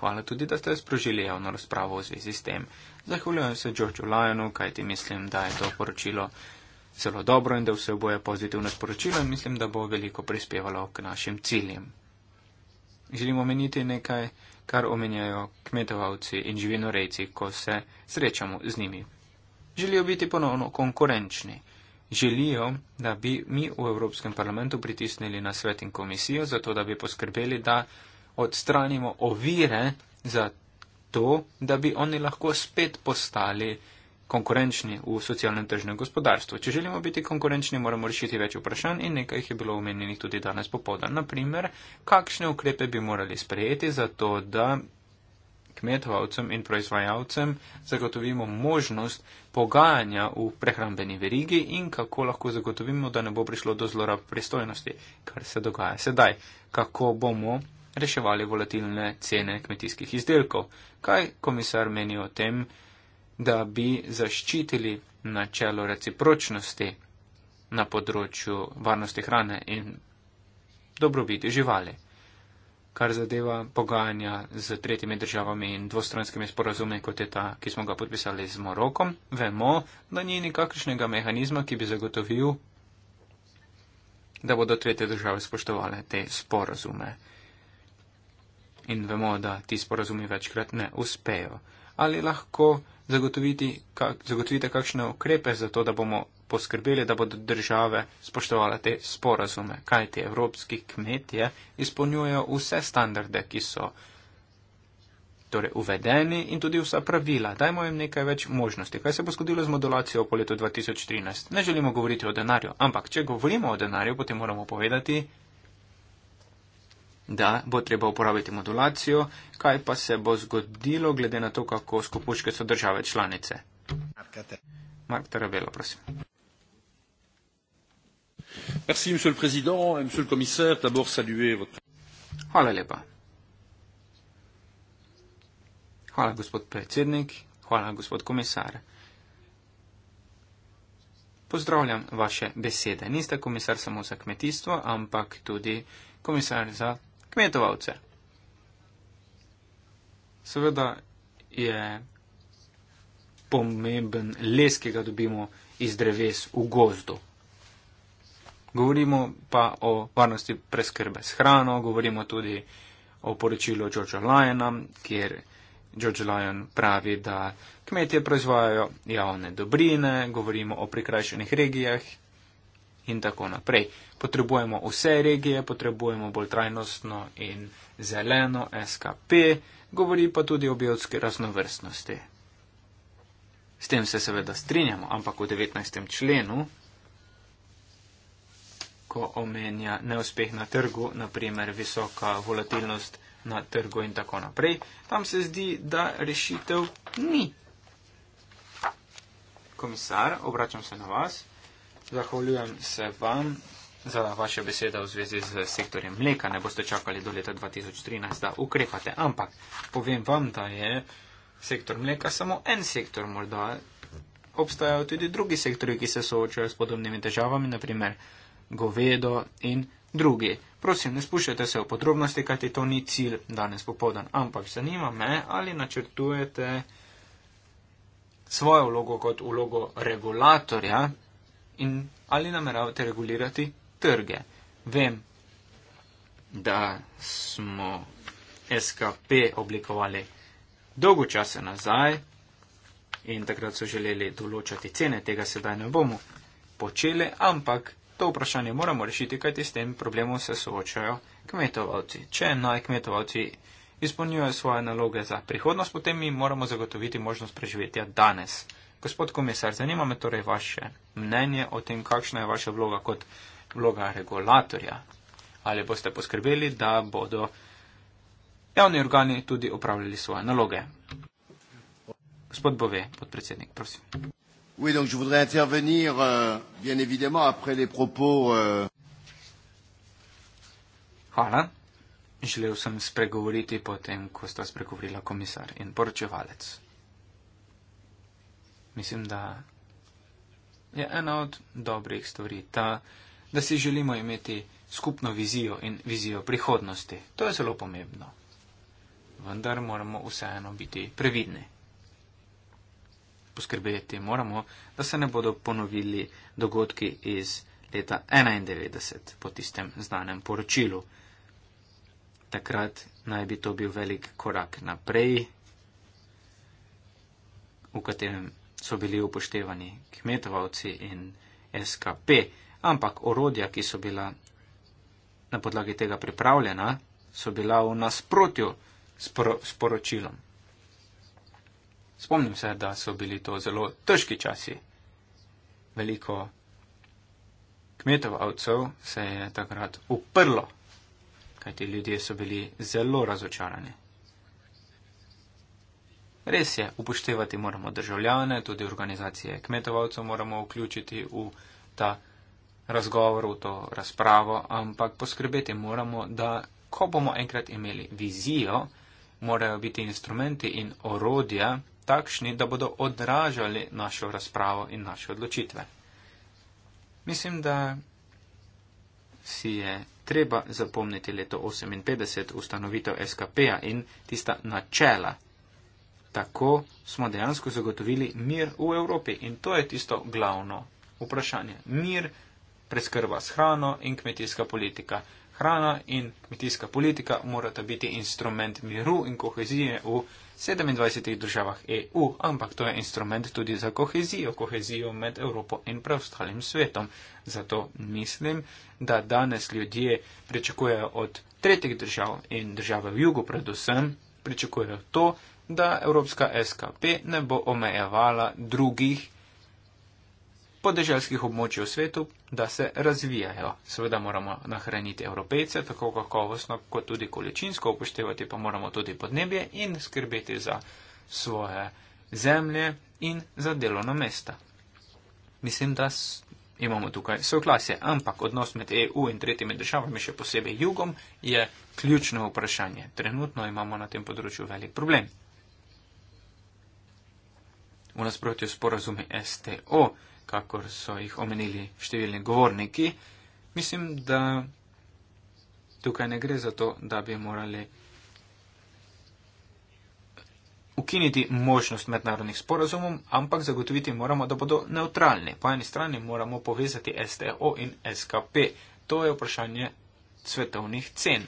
Hvala tudi, da ste sprožili javno razpravo v zvezi s tem. Zahvaljujem se Georgeu Lyonu, kajti mislim, da je to poročilo zelo dobro in da vse boje pozitivno sporočilo in mislim, da bo veliko prispevalo k našim ciljem. Želim omeniti nekaj, kar omenjajo kmetovalci in živinorejci, ko se srečamo z njimi. Želijo biti ponovno konkurenčni želijo, da bi mi v Evropskem parlamentu pritisnili na svet in komisijo, zato da bi poskrbeli, da odstranimo ovire za to, da bi oni lahko spet postali konkurenčni v socialnem tržnem gospodarstvu. Če želimo biti konkurenčni, moramo rešiti več vprašanj in nekaj jih je bilo omenjenih tudi danes popoldan. Naprimer, kakšne ukrepe bi morali sprejeti za to, da kmetovalcem in proizvajalcem zagotovimo možnost pogajanja v prehrambeni verigi in kako lahko zagotovimo, da ne bo prišlo do zlorab pristojnosti, kar se dogaja sedaj, kako bomo reševali volatilne cene kmetijskih izdelkov. Kaj komisar meni o tem, da bi zaščitili načelo recipročnosti na področju varnosti hrane in dobrobiti živali? kar zadeva pogajanja z tretjimi državami in dvostranskimi sporazumi, kot je ta, ki smo ga podpisali z Morokom, vemo, da ni nikakršnega mehanizma, ki bi zagotovil, da bodo tretje države spoštovale te sporazume. In vemo, da ti sporazumi večkrat ne uspejo. Ali lahko zagotovite kakšne ukrepe za to, da bomo poskrbeli, da bodo države spoštovale te sporazume, kaj ti evropski kmetje izpolnjujejo vse standarde, ki so torej, uvedeni in tudi vsa pravila. Dajmo jim nekaj več možnosti. Kaj se bo zgodilo z modulacijo po letu 2013? Ne želimo govoriti o denarju, ampak če govorimo o denarju, potem moramo povedati, da bo treba uporabiti modulacijo, kaj pa se bo zgodilo glede na to, kako skupučke so države članice. Mark Tarabello, prosim monsieur le président monsieur le commissaire d'abord saluer votre Hvala lepa. Hvala, gospod predsednik, hvala, gospod komisar. Pozdravljam vaše besede. Niste komisar samo za kmetijstvo, ampak tudi komisar za kmetovalce. Seveda je pomemben les, ki ga dobimo iz dreves v gozdu. Govorimo pa o varnosti preskrbe s hrano, govorimo tudi o poročilu George'a Lyona, kjer George Lyon pravi, da kmetje proizvajajo javne dobrine, govorimo o prikrajšenih regijah in tako naprej. Potrebujemo vse regije, potrebujemo bolj trajnostno in zeleno SKP, govori pa tudi o biotski raznovrstnosti. S tem se seveda strinjamo, ampak v 19. členu ko omenja neuspeh na trgu, naprimer visoka volatilnost na trgu in tako naprej, tam se zdi, da rešitev ni. Komisar, obračam se na vas, zahvaljujem se vam za vaše besede v zvezi z sektorjem mleka. Ne boste čakali do leta 2013, da ukrepate, ampak povem vam, da je sektor mleka samo en sektor morda. Obstajajo tudi drugi sektori, ki se soočajo s podobnimi težavami, naprimer govedo in drugi. Prosim, ne spuščajte se v podrobnosti, kajti to ni cilj danes popoldan, ampak zanima me, ali načrtujete svojo vlogo kot vlogo regulatorja in ali nameravate regulirati trge. Vem, da smo SKP oblikovali dolgo časa nazaj in takrat so želeli določati cene, tega sedaj ne bomo počeli, ampak To vprašanje moramo rešiti, kajti s tem problemom se soočajo kmetovalci. Če naj kmetovalci izpolnjujejo svoje naloge za prihodnost, potem mi moramo zagotoviti možnost preživetja danes. Gospod komisar, zanima me torej vaše mnenje o tem, kakšna je vaša vloga kot vloga regulatorja. Ali boste poskrbeli, da bodo javni organi tudi upravljali svoje naloge? Gospod Bove, podpredsednik, prosim. Oui, donc je voudrais intervenir, euh, bien évidemment, après les propos. Euh... Voilà. Želel sem spregovoriti potem, ko sta spregovorila komisar in poročevalec. Mislim, da je ena od dobrih stvari ta, da si želimo imeti skupno vizijo in vizijo prihodnosti. To je zelo pomembno. Vendar moramo vseeno biti previdni poskrbeti moramo, da se ne bodo ponovili dogodki iz leta 1991 po tistem znanem poročilu. Takrat naj bi to bil velik korak naprej, v katerem so bili upoštevani kmetovalci in SKP, ampak orodja, ki so bila na podlagi tega pripravljena, so bila v nasprotju s poročilom. Spomnim se, da so bili to zelo težki časi. Veliko kmetov avcev se je takrat uprlo, kajti ljudje so bili zelo razočarani. Res je, upoštevati moramo državljane, tudi organizacije kmetovalcev moramo vključiti v ta razgovor, v to razpravo, ampak poskrbeti moramo, da ko bomo enkrat imeli vizijo, morajo biti instrumenti in orodja, takšni, da bodo odražali našo razpravo in naše odločitve. Mislim, da si je treba zapomniti leto 1958 ustanovitev SKP-ja in tista načela. Tako smo dejansko zagotovili mir v Evropi in to je tisto glavno vprašanje. Mir, preskrba s hrano in kmetijska politika. Hrana in kmetijska politika morata biti instrument miru in kohezije v Evropi. 27 državah EU, ampak to je instrument tudi za kohezijo, kohezijo med Evropo in preostalim svetom. Zato mislim, da danes ljudje pričakujejo od tretjih držav in države v jugu predvsem, pričakujejo to, da Evropska SKP ne bo omejevala drugih podeželskih območij v svetu, da se razvijajo. Seveda moramo nahraniti evropejce tako kakovostno, kot tudi količinsko upoštevati, pa moramo tudi podnebje in skrbeti za svoje zemlje in za delovna mesta. Mislim, da imamo tukaj soglasje, ampak odnos med EU in tretjimi državami, še posebej jugom, je ključno vprašanje. Trenutno imamo na tem področju velik problem. V nasprotju s porazumi STO kakor so jih omenili številni govorniki. Mislim, da tukaj ne gre za to, da bi morali ukiniti možnost mednarodnih sporazumov, ampak zagotoviti moramo, da bodo neutralni. Po eni strani moramo povezati STO in SKP. To je vprašanje svetovnih cen.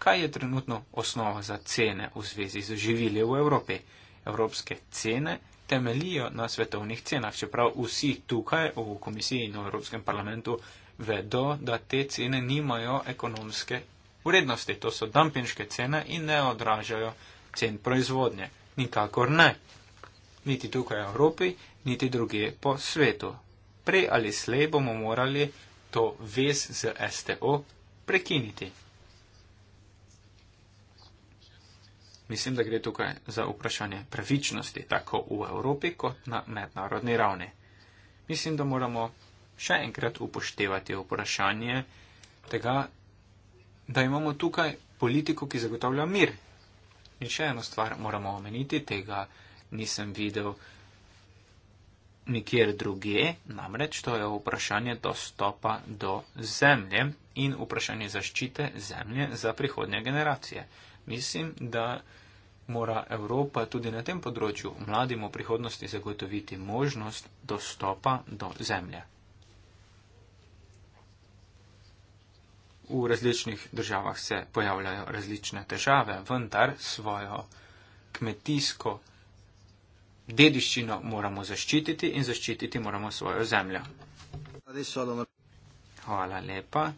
Kaj je trenutno osnova za cene v zvezi z živili v Evropi? Evropske cene temelijo na svetovnih cenah, čeprav vsi tukaj v komisiji in v Evropskem parlamentu vedo, da te cene nimajo ekonomske vrednosti. To so dampinške cene in ne odražajo cen proizvodnje. Nikakor ne. Niti tukaj v Evropi, niti druge po svetu. Prej ali slej bomo morali to vez z STO prekiniti. Mislim, da gre tukaj za vprašanje pravičnosti, tako v Evropi kot na mednarodni ravni. Mislim, da moramo še enkrat upoštevati vprašanje tega, da imamo tukaj politiko, ki zagotavlja mir. In še eno stvar moramo omeniti, tega nisem videl nikjer druge, namreč to je vprašanje dostopa do zemlje in vprašanje zaščite zemlje za prihodnje generacije. Mislim, da mora Evropa tudi na tem področju mladim v prihodnosti zagotoviti možnost dostopa do zemlje. V različnih državah se pojavljajo različne težave, vendar svojo kmetijsko dediščino moramo zaščititi in zaščititi moramo svojo zemljo. Hvala lepa.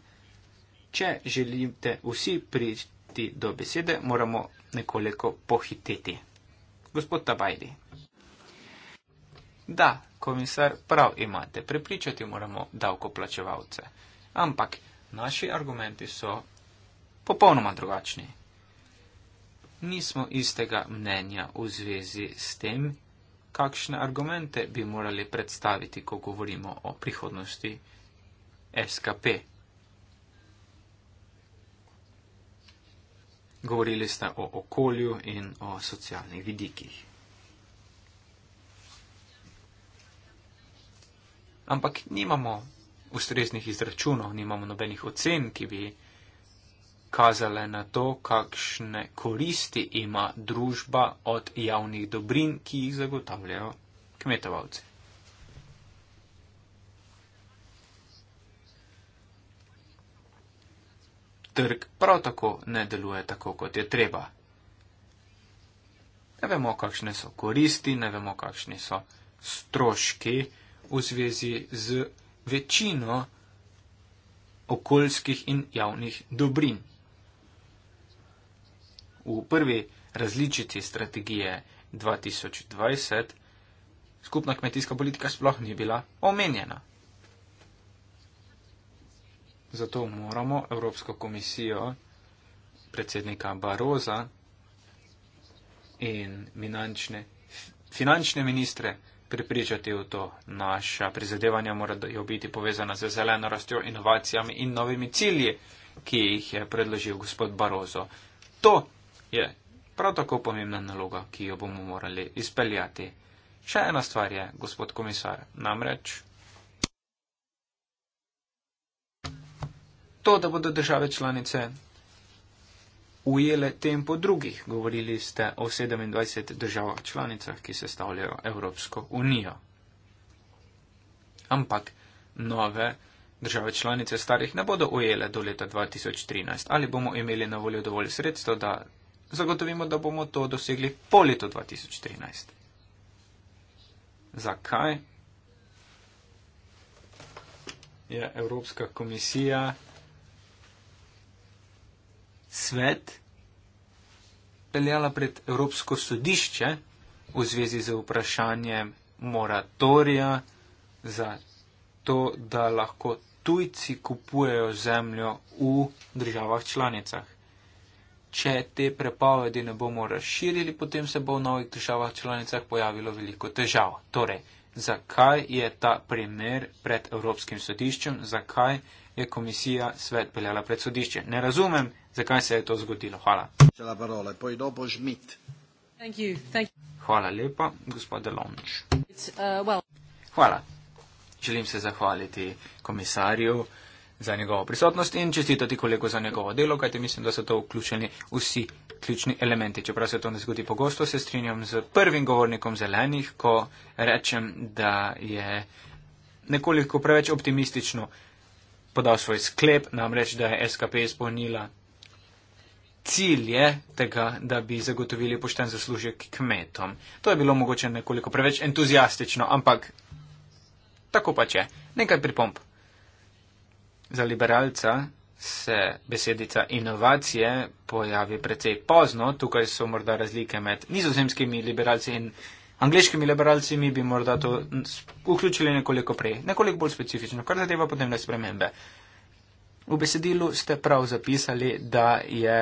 Če želite vsi priti priti do besede, moramo nekoliko pohititi. Gospod Tabajdi. Da, komisar, prav imate, prepričati moramo davkoplačevalce. Ampak naši argumenti so popolnoma drugačni. Nismo istega mnenja v zvezi s tem, kakšne argumente bi morali predstaviti, ko govorimo o prihodnosti SKP. Govorili ste o okolju in o socialnih vidikih. Ampak nimamo ustreznih izračunov, nimamo nobenih ocen, ki bi kazale na to, kakšne koristi ima družba od javnih dobrin, ki jih zagotavljajo kmetovalci. trg prav tako ne deluje tako, kot je treba. Ne vemo, kakšne so koristi, ne vemo, kakšni so stroški v zvezi z večino okoljskih in javnih dobrin. V prvi različici strategije 2020 skupna kmetijska politika sploh ni bila omenjena. Zato moramo Evropsko komisijo, predsednika Baroza in finančne, finančne ministre pripričati v to. Naša prizadevanja morajo biti povezana z zeleno rastjo, inovacijami in novimi cilji, ki jih je predložil gospod Barozo. To je prav tako pomembna naloga, ki jo bomo morali izpeljati. Še ena stvar je, gospod komisar, namreč. to, da bodo države članice ujele tempo drugih. Govorili ste o 27 državah članicah, ki sestavljajo Evropsko unijo. Ampak nove države članice starih ne bodo ujele do leta 2013. Ali bomo imeli na voljo dovolj sredstva, da zagotovimo, da bomo to dosegli po letu 2013? Zakaj je Evropska komisija svet peljala pred Evropsko sodišče v zvezi z vprašanjem moratorija za to, da lahko tujci kupujejo zemljo v državah članicah. Če te prepovedi ne bomo razširili, potem se bo v novih državah članicah pojavilo veliko težav. Torej, zakaj je ta primer pred Evropskim sodiščem, zakaj je komisija svet peljala pred sodiščem? Ne razumem, zakaj se je to zgodilo. Hvala. Hvala lepa, gospod Lonč. Uh, Hvala. Želim se zahvaliti komisarju za njegovo prisotnost in čestitati kolegu za njegovo delo, kajte mislim, da so to vključeni vsi ključni elementi. Čeprav se to ne zgodi pogosto, se strinjam z prvim govornikom zelenih, ko rečem, da je nekoliko preveč optimistično podal svoj sklep, namreč, da je SKP izpolnila cilje tega, da bi zagotovili pošten zaslužek kmetom. To je bilo mogoče nekoliko preveč entuzijastično, ampak tako pač je. Nekaj pripomp. Za liberalca se besedica inovacije pojavi precej pozno, tukaj so morda razlike med nizozemskimi liberalci in angliškimi liberalci, mi bi morda to vključili nekoliko prej, nekoliko bolj specifično, kar zadeva potem le spremembe. V besedilu ste prav zapisali, da je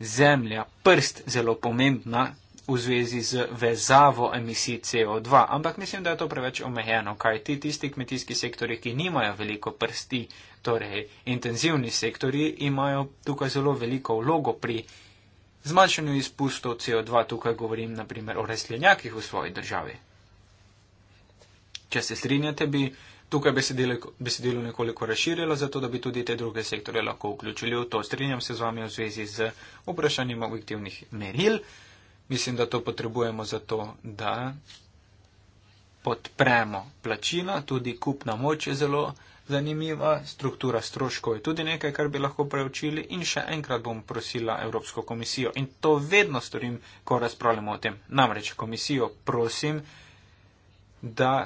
zemlja, prst zelo pomembna v zvezi z vezavo emisij CO2, ampak mislim, da je to preveč omejeno, kaj ti tisti kmetijski sektori, ki nimajo veliko prsti, torej intenzivni sektori, imajo tukaj zelo veliko vlogo pri zmanjšanju izpustov CO2, tukaj govorim naprimer o rastlinjakih v svoji državi. Če se strinjate, bi Tukaj bi se, delo, bi se delo nekoliko razširilo, zato da bi tudi te druge sektore lahko vključili v to. Strinjam se z vami v zvezi z vprašanjem objektivnih meril. Mislim, da to potrebujemo zato, da podpremo plačila, tudi kupna moč je zelo zanimiva, struktura stroškov je tudi nekaj, kar bi lahko preučili in še enkrat bom prosila Evropsko komisijo. In to vedno storim, ko razpravljamo o tem. Namreč komisijo prosim, da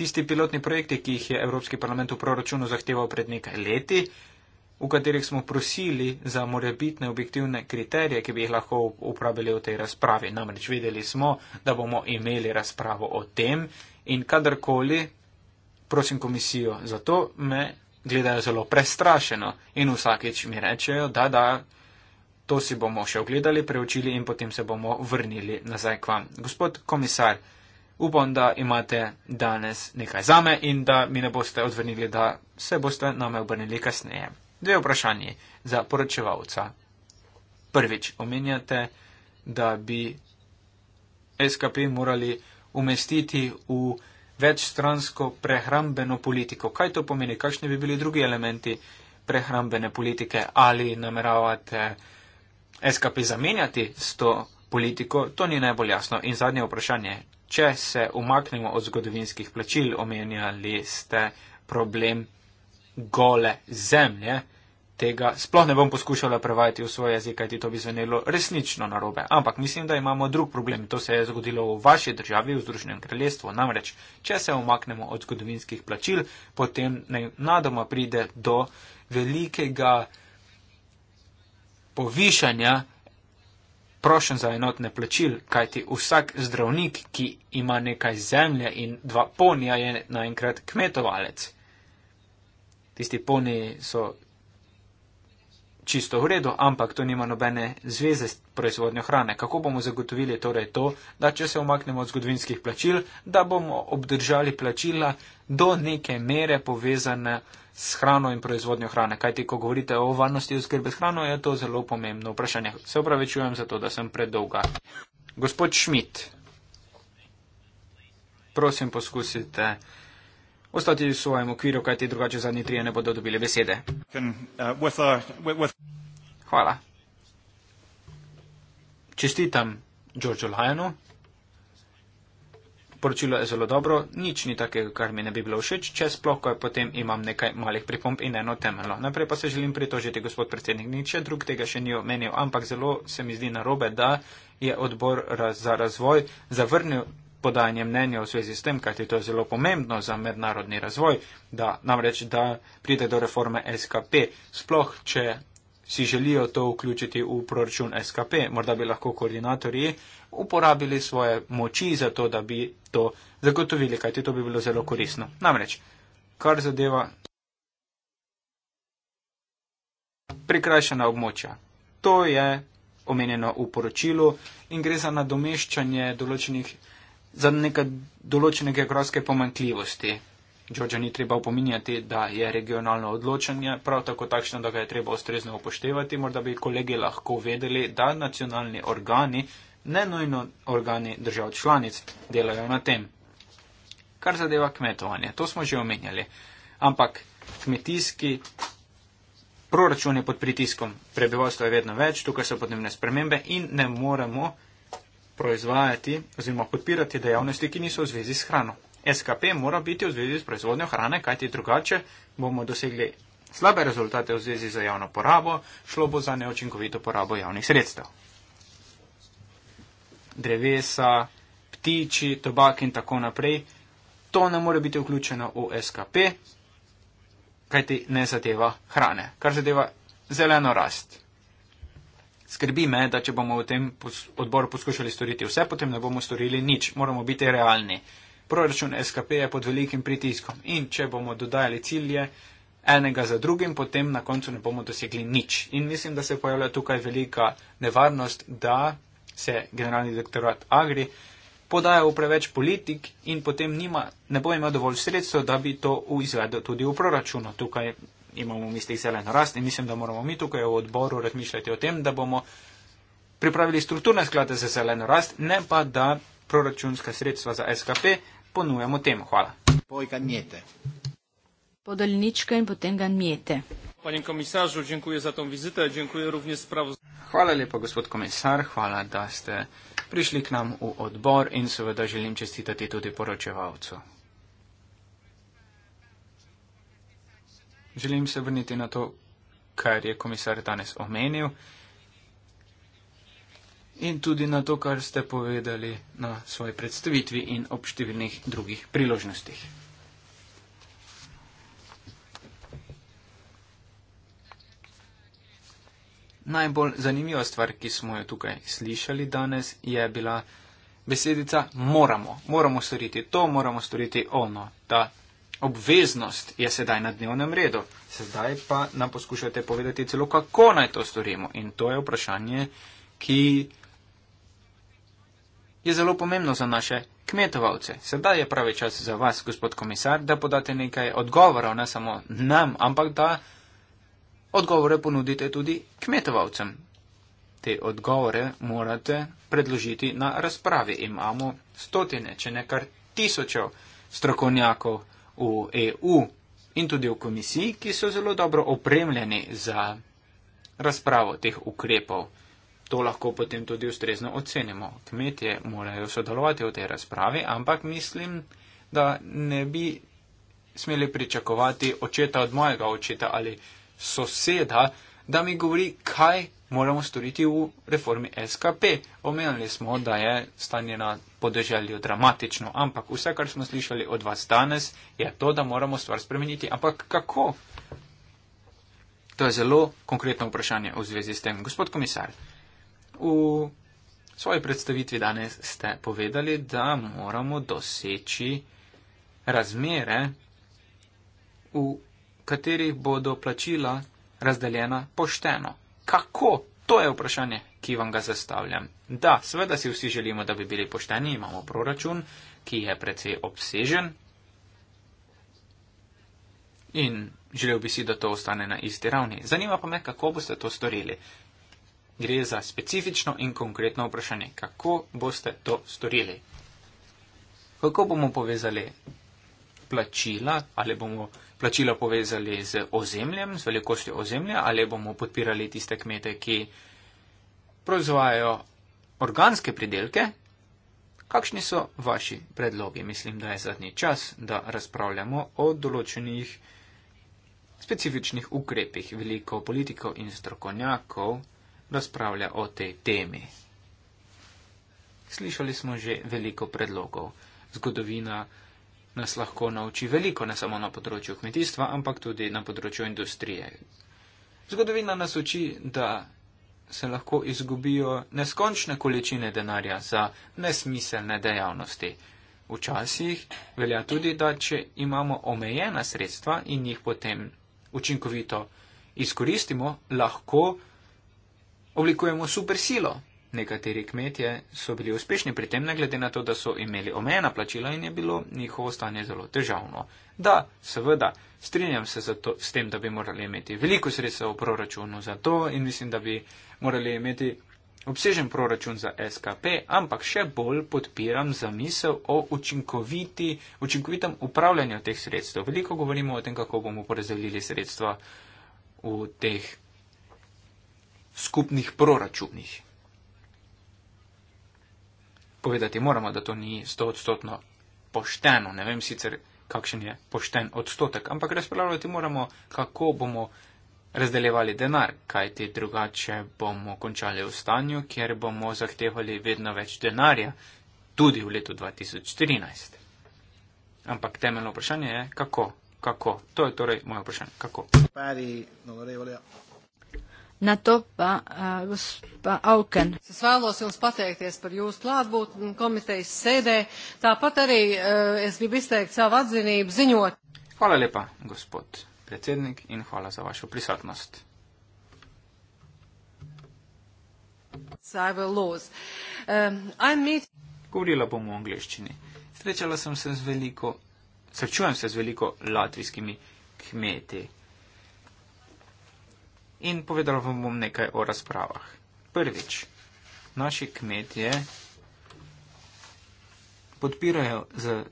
tisti pilotni projekti, ki jih je Evropski parlament v proračunu zahteval pred nekaj leti, v katerih smo prosili za morebitne objektivne kriterije, ki bi jih lahko uporabili v tej razpravi. Namreč vedeli smo, da bomo imeli razpravo o tem in kadarkoli, prosim komisijo, zato me gledajo zelo prestrašeno in vsakeč mi rečejo, da, da, to si bomo še ogledali, preučili in potem se bomo vrnili nazaj k vam. Gospod komisar, upam, da imate danes nekaj zame in da mi ne boste odvrnili, da se boste name obrnili kasneje. Dve vprašanje za poročevalca. Prvič, omenjate, da bi SKP morali umestiti v večstransko prehrambeno politiko. Kaj to pomeni? Kakšni bi bili drugi elementi prehrambene politike? Ali nameravate SKP zamenjati s to politiko? To ni najbolj jasno. In zadnje vprašanje, Če se umaknemo od zgodovinskih plačil, omenjali ste problem gole zemlje. Tega sploh ne bom poskušala prevajati v svoj jezik, kajti to bi zvenelo resnično narobe. Ampak mislim, da imamo drug problem. To se je zgodilo v vaši državi, v Združenem kraljestvu. Namreč, če se omaknemo od zgodovinskih plačil, potem nadoma pride do velikega povišanja prošen za enotne plačil, kajti vsak zdravnik, ki ima nekaj zemlje in dva ponija, je naenkrat kmetovalec. Tisti poniji so čisto v redu, ampak to nima nobene zveze s proizvodnjo hrane. Kako bomo zagotovili torej to, da če se omaknemo od zgodovinskih plačil, da bomo obdržali plačila do neke mere povezane s hrano in proizvodnjo hrane. Kaj ti, ko govorite o varnosti oskrbe s hrano, je to zelo pomembno vprašanje. Se upravičujem za to, da sem predolga. Gospod Šmit, prosim poskusite ostati v svojem okviru, kaj ti drugače zadnji trije ne bodo dobili besede. Hvala. Čestitam Džordžu Lajanu poročilo je zelo dobro, nič ni takega, kar mi ne bi bilo všeč, če sploh, ko je potem imam nekaj malih pripomb in eno temeljno. Naprej pa se želim pritožiti, gospod predsednik, nič drug tega še ni omenil, ampak zelo se mi zdi narobe, da je odbor raz, za razvoj zavrnil podajanje mnenja v zvezi s tem, kajti to je zelo pomembno za mednarodni razvoj, da namreč, da pride do reforme SKP, sploh, če si želijo to vključiti v proračun SKP. Morda bi lahko koordinatorji uporabili svoje moči za to, da bi to zagotovili, kajti to bi bilo zelo korisno. Namreč, kar zadeva prikrajšana območja. To je omenjeno v poročilu in gre za nadomeščanje določenih, za neke določene geografske pomankljivosti. Đorđa ni treba opominjati, da je regionalno odločanje prav tako takšno, da ga je treba ustrezno upoštevati. Morda bi kolegi lahko vedeli, da nacionalni organi, ne nujno organi držav članic, delajo na tem. Kar zadeva kmetovanje, to smo že omenjali. Ampak kmetijski proračun je pod pritiskom, prebivalstvo je vedno več, tukaj so podnebne spremembe in ne moremo proizvajati oziroma podpirati dejavnosti, ki niso v zvezi s hrano. SKP mora biti v zvezi s proizvodnjo hrane, kajti drugače bomo dosegli slabe rezultate v zvezi za javno porabo, šlo bo za neočinkovito porabo javnih sredstev. Drevesa, ptiči, tobak in tako naprej, to ne more biti vključeno v SKP, kajti ne zadeva hrane, kar zadeva zeleno rast. Skrbi me, da če bomo v tem odboru poskušali storiti vse, potem ne bomo storili nič. Moramo biti realni. Proračun SKP je pod velikim pritiskom in če bomo dodajali cilje enega za drugim, potem na koncu ne bomo dosegli nič. In mislim, da se pojavlja tukaj velika nevarnost, da se generalni direktorat Agri podaja v preveč politik in potem nima, ne bo imel dovolj sredstva, da bi to izvedel tudi v proračunu. Tukaj imamo v mislih zeleno rast in mislim, da moramo mi tukaj v odboru razmišljati o tem, da bomo pripravili strukturne sklade za zeleno rast, ne pa da proračunska sredstva za SKP ponujamo temu. Hvala. Podaljnička in potem ga njete. Hvala lepa, gospod komisar, hvala, da ste prišli k nam v odbor in seveda želim čestitati tudi poročevalcu. Želim se vrniti na to, kar je komisar danes omenil in tudi na to, kar ste povedali na svoji predstavitvi in ob številnih drugih priložnostih. Najbolj zanimiva stvar, ki smo jo tukaj slišali danes, je bila besedica moramo. Moramo storiti to, moramo storiti ono. Ta obveznost je sedaj na dnevnem redu. Sedaj pa nam poskušate povedati celo, kako naj to storimo. In to je vprašanje, ki je zelo pomembno za naše kmetovalce. Sedaj je pravi čas za vas, gospod komisar, da podate nekaj odgovorov, ne samo nam, ampak da odgovore ponudite tudi kmetovalcem. Te odgovore morate predložiti na razpravi. Imamo stotine, če ne kar tisočev strokovnjakov v EU in tudi v komisiji, ki so zelo dobro opremljeni za razpravo teh ukrepov. To lahko potem tudi ustrezno ocenimo. Kmetje morajo sodelovati v tej razpravi, ampak mislim, da ne bi smeli pričakovati očeta od mojega očeta ali soseda, da mi govori, kaj moramo storiti v reformi SKP. Omenili smo, da je stanje na podeželju dramatično, ampak vse, kar smo slišali od vas danes, je to, da moramo stvar spremeniti. Ampak kako? To je zelo konkretno vprašanje v zvezi s tem, gospod komisar. V svoji predstavitvi danes ste povedali, da moramo doseči razmere, v katerih bodo plačila razdeljena pošteno. Kako? To je vprašanje, ki vam ga zastavljam. Da, seveda si vsi želimo, da bi bili pošteni, imamo proračun, ki je precej obsežen. In želel bi si, da to ostane na isti ravni. Zanima pa me, kako boste to storili gre za specifično in konkretno vprašanje, kako boste to storili. Kako bomo povezali plačila, ali bomo plačila povezali z ozemljem, z velikostjo ozemlja, ali bomo podpirali tiste kmete, ki proizvajajo organske pridelke. Kakšni so vaši predlogi? Mislim, da je zadnji čas, da razpravljamo o določenih specifičnih ukrepih. Veliko politikov in strokovnjakov razpravlja o tej temi. Slišali smo že veliko predlogov. Zgodovina nas lahko nauči veliko, ne samo na področju kmetijstva, ampak tudi na področju industrije. Zgodovina nas uči, da se lahko izgubijo neskončne količine denarja za nesmiselne dejavnosti. Včasih velja tudi, da če imamo omejena sredstva in jih potem učinkovito izkoristimo, lahko oblikujemo supersilo. Nekateri kmetje so bili uspešni pri tem, ne glede na to, da so imeli omejena plačila in je bilo njihovo stanje zelo težavno. Da, seveda, strinjam se to, s tem, da bi morali imeti veliko sredstev v proračunu za to in mislim, da bi morali imeti obsežen proračun za SKP, ampak še bolj podpiram zamisel o učinkovitem upravljanju teh sredstev. Veliko govorimo o tem, kako bomo porazdelili sredstva v teh skupnih proračunih. Povedati moramo, da to ni stoodstotno pošteno, ne vem sicer, kakšen je pošten odstotek, ampak razpravljati moramo, kako bomo razdeljevali denar, kajti drugače bomo končali v stanju, kjer bomo zahtevali vedno več denarja, tudi v letu 2014. Ampak temeljno vprašanje je, kako? Kako? To je torej moje vprašanje. Kako? Pari, no, Na to pa gospa Auken. Svēlos jums pateikties par jūsu klātbūtni komitejas sēdē. Tāpat arī uh, es gribu izteikt savu atzinību ziņot. Hvala lepa, gospod predsēdnik, un hvala za vašu prisatnost. Um, meet... Govorila bom v angliščini. Srečala sem se z veliko, srečujem se z veliko latvijskimi kmeti in povedal vam bom nekaj o razpravah. Prvič, naši kmetje podpirajo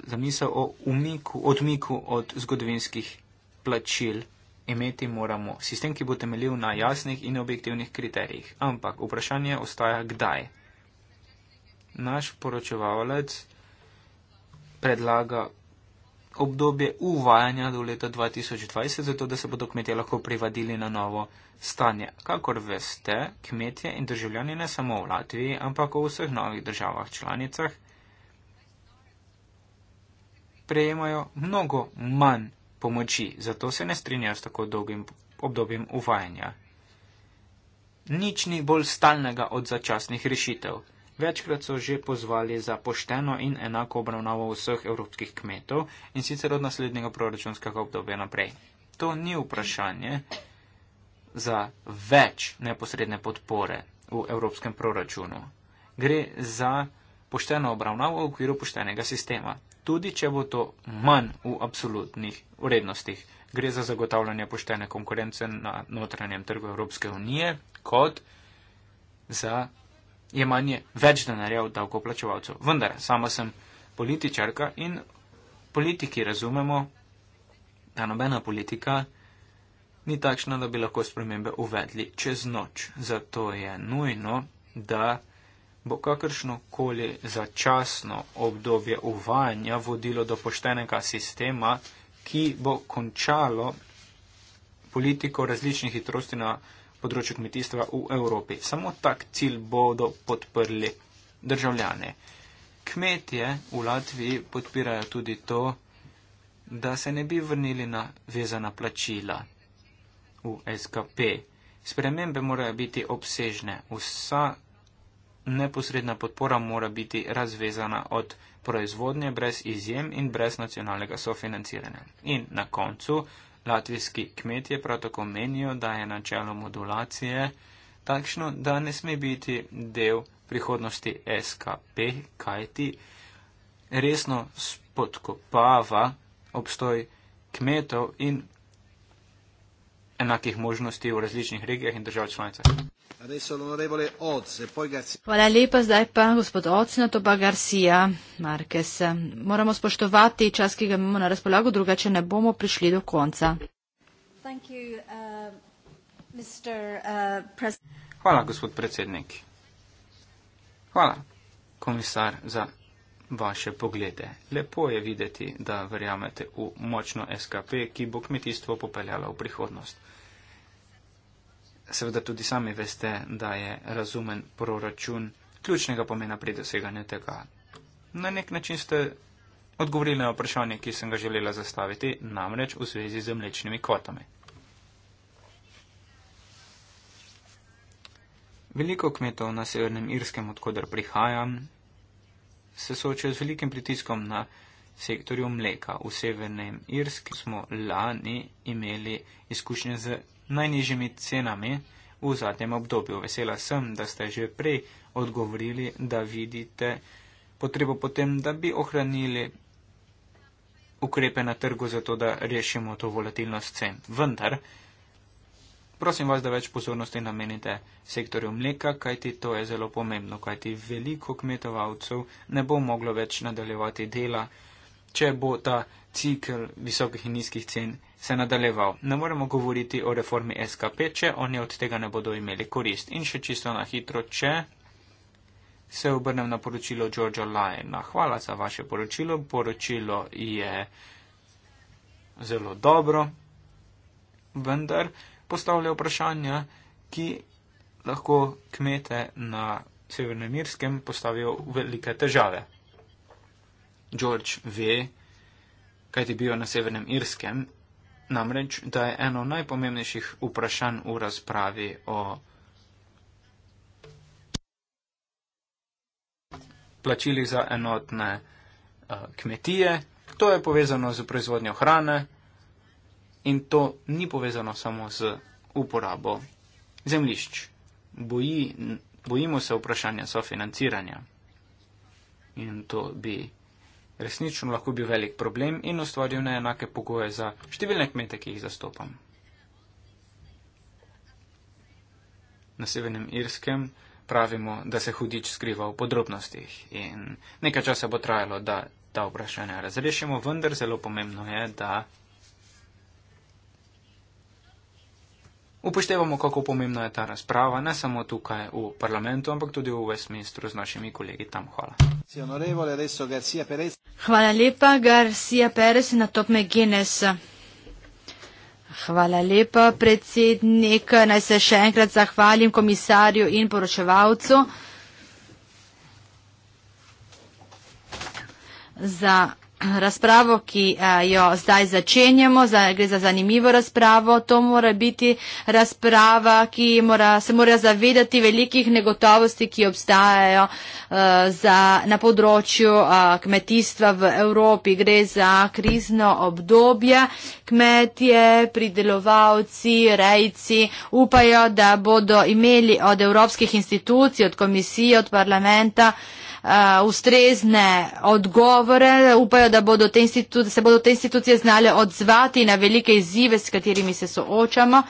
zamisel o umiku, odmiku od zgodovinskih plačil. Imeti moramo sistem, ki bo temeljil na jasnih in objektivnih kriterijih. Ampak vprašanje ostaja, kdaj. Naš poročevalec predlaga obdobje uvajanja do leta 2020, zato da se bodo kmetje lahko privadili na novo stanje. Kakor veste, kmetje in državljani ne samo v Latviji, ampak v vseh novih državah članicah prejemajo mnogo manj pomoči, zato se ne strinjajo s tako dolgim obdobjem uvajanja. Nič ni bolj stalnega od začasnih rešitev. Večkrat so že pozvali za pošteno in enako obravnavo vseh evropskih kmetov in sicer od naslednjega proračunskega obdobja naprej. To ni vprašanje za več neposredne podpore v evropskem proračunu. Gre za pošteno obravnavo v okviru poštenega sistema, tudi če bo to manj v absolutnih vrednostih. Gre za zagotavljanje poštene konkurence na notranjem trgu Evropske unije kot za je manje več denarja od davkoplačevalcev. Vendar, sama sem političarka in politiki razumemo, da nobena politika ni takšna, da bi lahko spremembe uvedli čez noč. Zato je nujno, da bo kakršno koli začasno obdobje uvajanja vodilo do poštenega sistema, ki bo končalo politiko različnih hitrosti na področju kmetijstva v Evropi. Samo tak cilj bodo podprli državljane. Kmetje v Latviji podpirajo tudi to, da se ne bi vrnili na vezana plačila v SKP. Spremembe morajo biti obsežne. Vsa neposredna podpora mora biti razvezana od proizvodnje brez izjem in brez nacionalnega sofinanciranja. In na koncu Latvijski kmetje prav tako menijo, da je načelo modulacije takšno, da ne sme biti del prihodnosti SKP, kajti resno spodkopava obstoj kmetov in enakih možnosti v različnih regijah in držav članicah. E Hvala lepa, zdaj pa gospod Ocnato pa Garcia Marques. Moramo spoštovati čas, ki ga imamo na razpolago, drugače ne bomo prišli do konca. Uh, uh, Hvala, gospod predsednik. Hvala, komisar, za vaše poglede. Lepo je videti, da verjamete v močno SKP, ki bo kmetijstvo popeljala v prihodnost seveda tudi sami veste, da je razumen proračun ključnega pomena pri doseganju tega. Na nek način ste odgovorili na vprašanje, ki sem ga želela zastaviti, namreč v zvezi z mlečnimi kvotami. Veliko kmetov na severnem Irskem, odkudar prihajam, se soočajo z velikim pritiskom na sektorju mleka. V severnem Irskem smo lani imeli izkušnje z najnižjimi cenami v zadnjem obdobju. Vesela sem, da ste že prej odgovorili, da vidite potrebo potem, da bi ohranili ukrepe na trgu za to, da rešimo to volatilnost cen. Vendar, prosim vas, da več pozornosti namenite sektorju mleka, kajti to je zelo pomembno, kajti veliko kmetovalcev ne bo moglo več nadaljevati dela če bo ta cikl visokih in nizkih cen se nadaljeval. Ne moremo govoriti o reformi SKP, če oni od tega ne bodo imeli korist. In še čisto na hitro, če se obrnem na poročilo Georgea Lyona. Hvala za vaše poročilo. Poročilo je zelo dobro, vendar postavlja vprašanja, ki lahko kmete na severnem irskem postavijo velike težave. George ve, kaj ti bil na severnem Irskem, namreč, da je eno najpomembnejših vprašanj v razpravi o plačili za enotne uh, kmetije. To je povezano z proizvodnjo hrane in to ni povezano samo z uporabo zemlišč. Boji, bojimo se vprašanja sofinanciranja. In to bi resnično lahko bil velik problem in ustvaril neenake pogoje za številne kmete, ki jih zastopam. Na severnem Irskem pravimo, da se hudič skriva v podrobnostih in nekaj časa bo trajalo, da ta vprašanja razrešimo, vendar zelo pomembno je, da Upoštevamo, kako pomembna je ta razprava, ne samo tukaj v parlamentu, ampak tudi v Westminsteru z našimi kolegi tam. Hvala. Hvala lepa, Garcia Perez na Top McGuinness. Hvala lepa, predsednik. Naj se še enkrat zahvalim komisarju in poročevalcu za razpravo, ki eh, jo zdaj začenjamo, gre za zanimivo razpravo. To mora biti razprava, ki mora, se mora zavedati velikih negotovosti, ki obstajajo eh, za, na področju eh, kmetijstva v Evropi. Gre za krizno obdobje. Kmetje, pridelovalci, rejci upajo, da bodo imeli od evropskih institucij, od komisije, od parlamenta Eh, ustrezne odgovore. Upajo, da bodo se bodo te institucije znale odzvati na velike izzive, s katerimi se soočamo. Uh,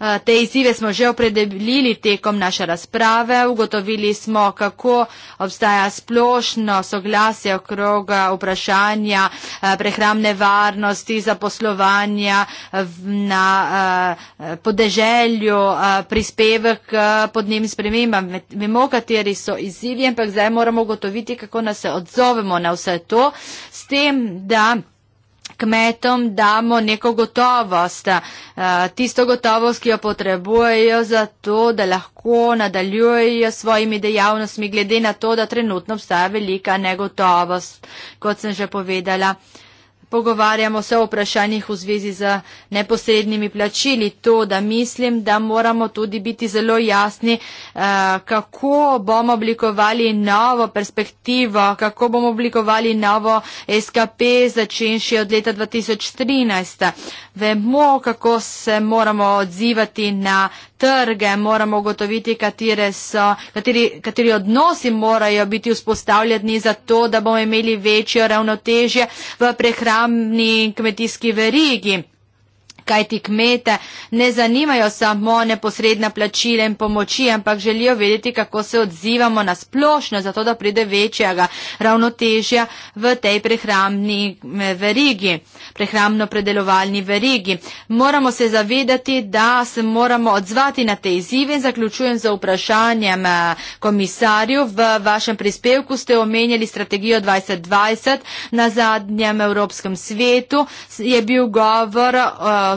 Eh, te izzive smo že opredelili tekom naše razprave, ugotovili smo, kako obstaja splošno soglasje okrog eh, vprašanja eh, prehramne varnosti, zaposlovanja na podeželju, prispevek pod njim spremembam. Vemo, kateri so izzivi, ampak zdaj moramo ugotoviti, kako nas se odzovemo na vse to, s tem, da kmetom damo neko gotovost, eh, tisto gotovost, ki jo potrebujejo za to, da lahko nadaljujejo svojimi dejavnostmi, glede na to, da trenutno obstaja velika negotovost, kot sem že povedala pogovarjamo se o vprašanjih v zvezi z neposrednimi plačili, to, da mislim, da moramo tudi biti zelo jasni, eh, kako bomo oblikovali novo perspektivo, kako bomo oblikovali novo SKP začenši od leta 2013. Vemo, kako se moramo odzivati na trge, moramo ugotoviti, katere so, kateri, kateri odnosi morajo biti vzpostavljeni za to, da bomo imeli večjo ravnotežje v prehrani ramni kmetijski verigi kaj ti kmete ne zanimajo samo neposredna plačila in pomoči, ampak želijo vedeti, kako se odzivamo na splošno, zato da pride večjega ravnotežja v tej prehrambni verigi, prehrambno-predelovalni verigi. Moramo se zavedati, da se moramo odzvati na te izzive in zaključujem z vprašanjem eh, komisarju. V vašem prispevku ste omenjali strategijo 2020 na zadnjem Evropskem svetu. Je bil govor eh,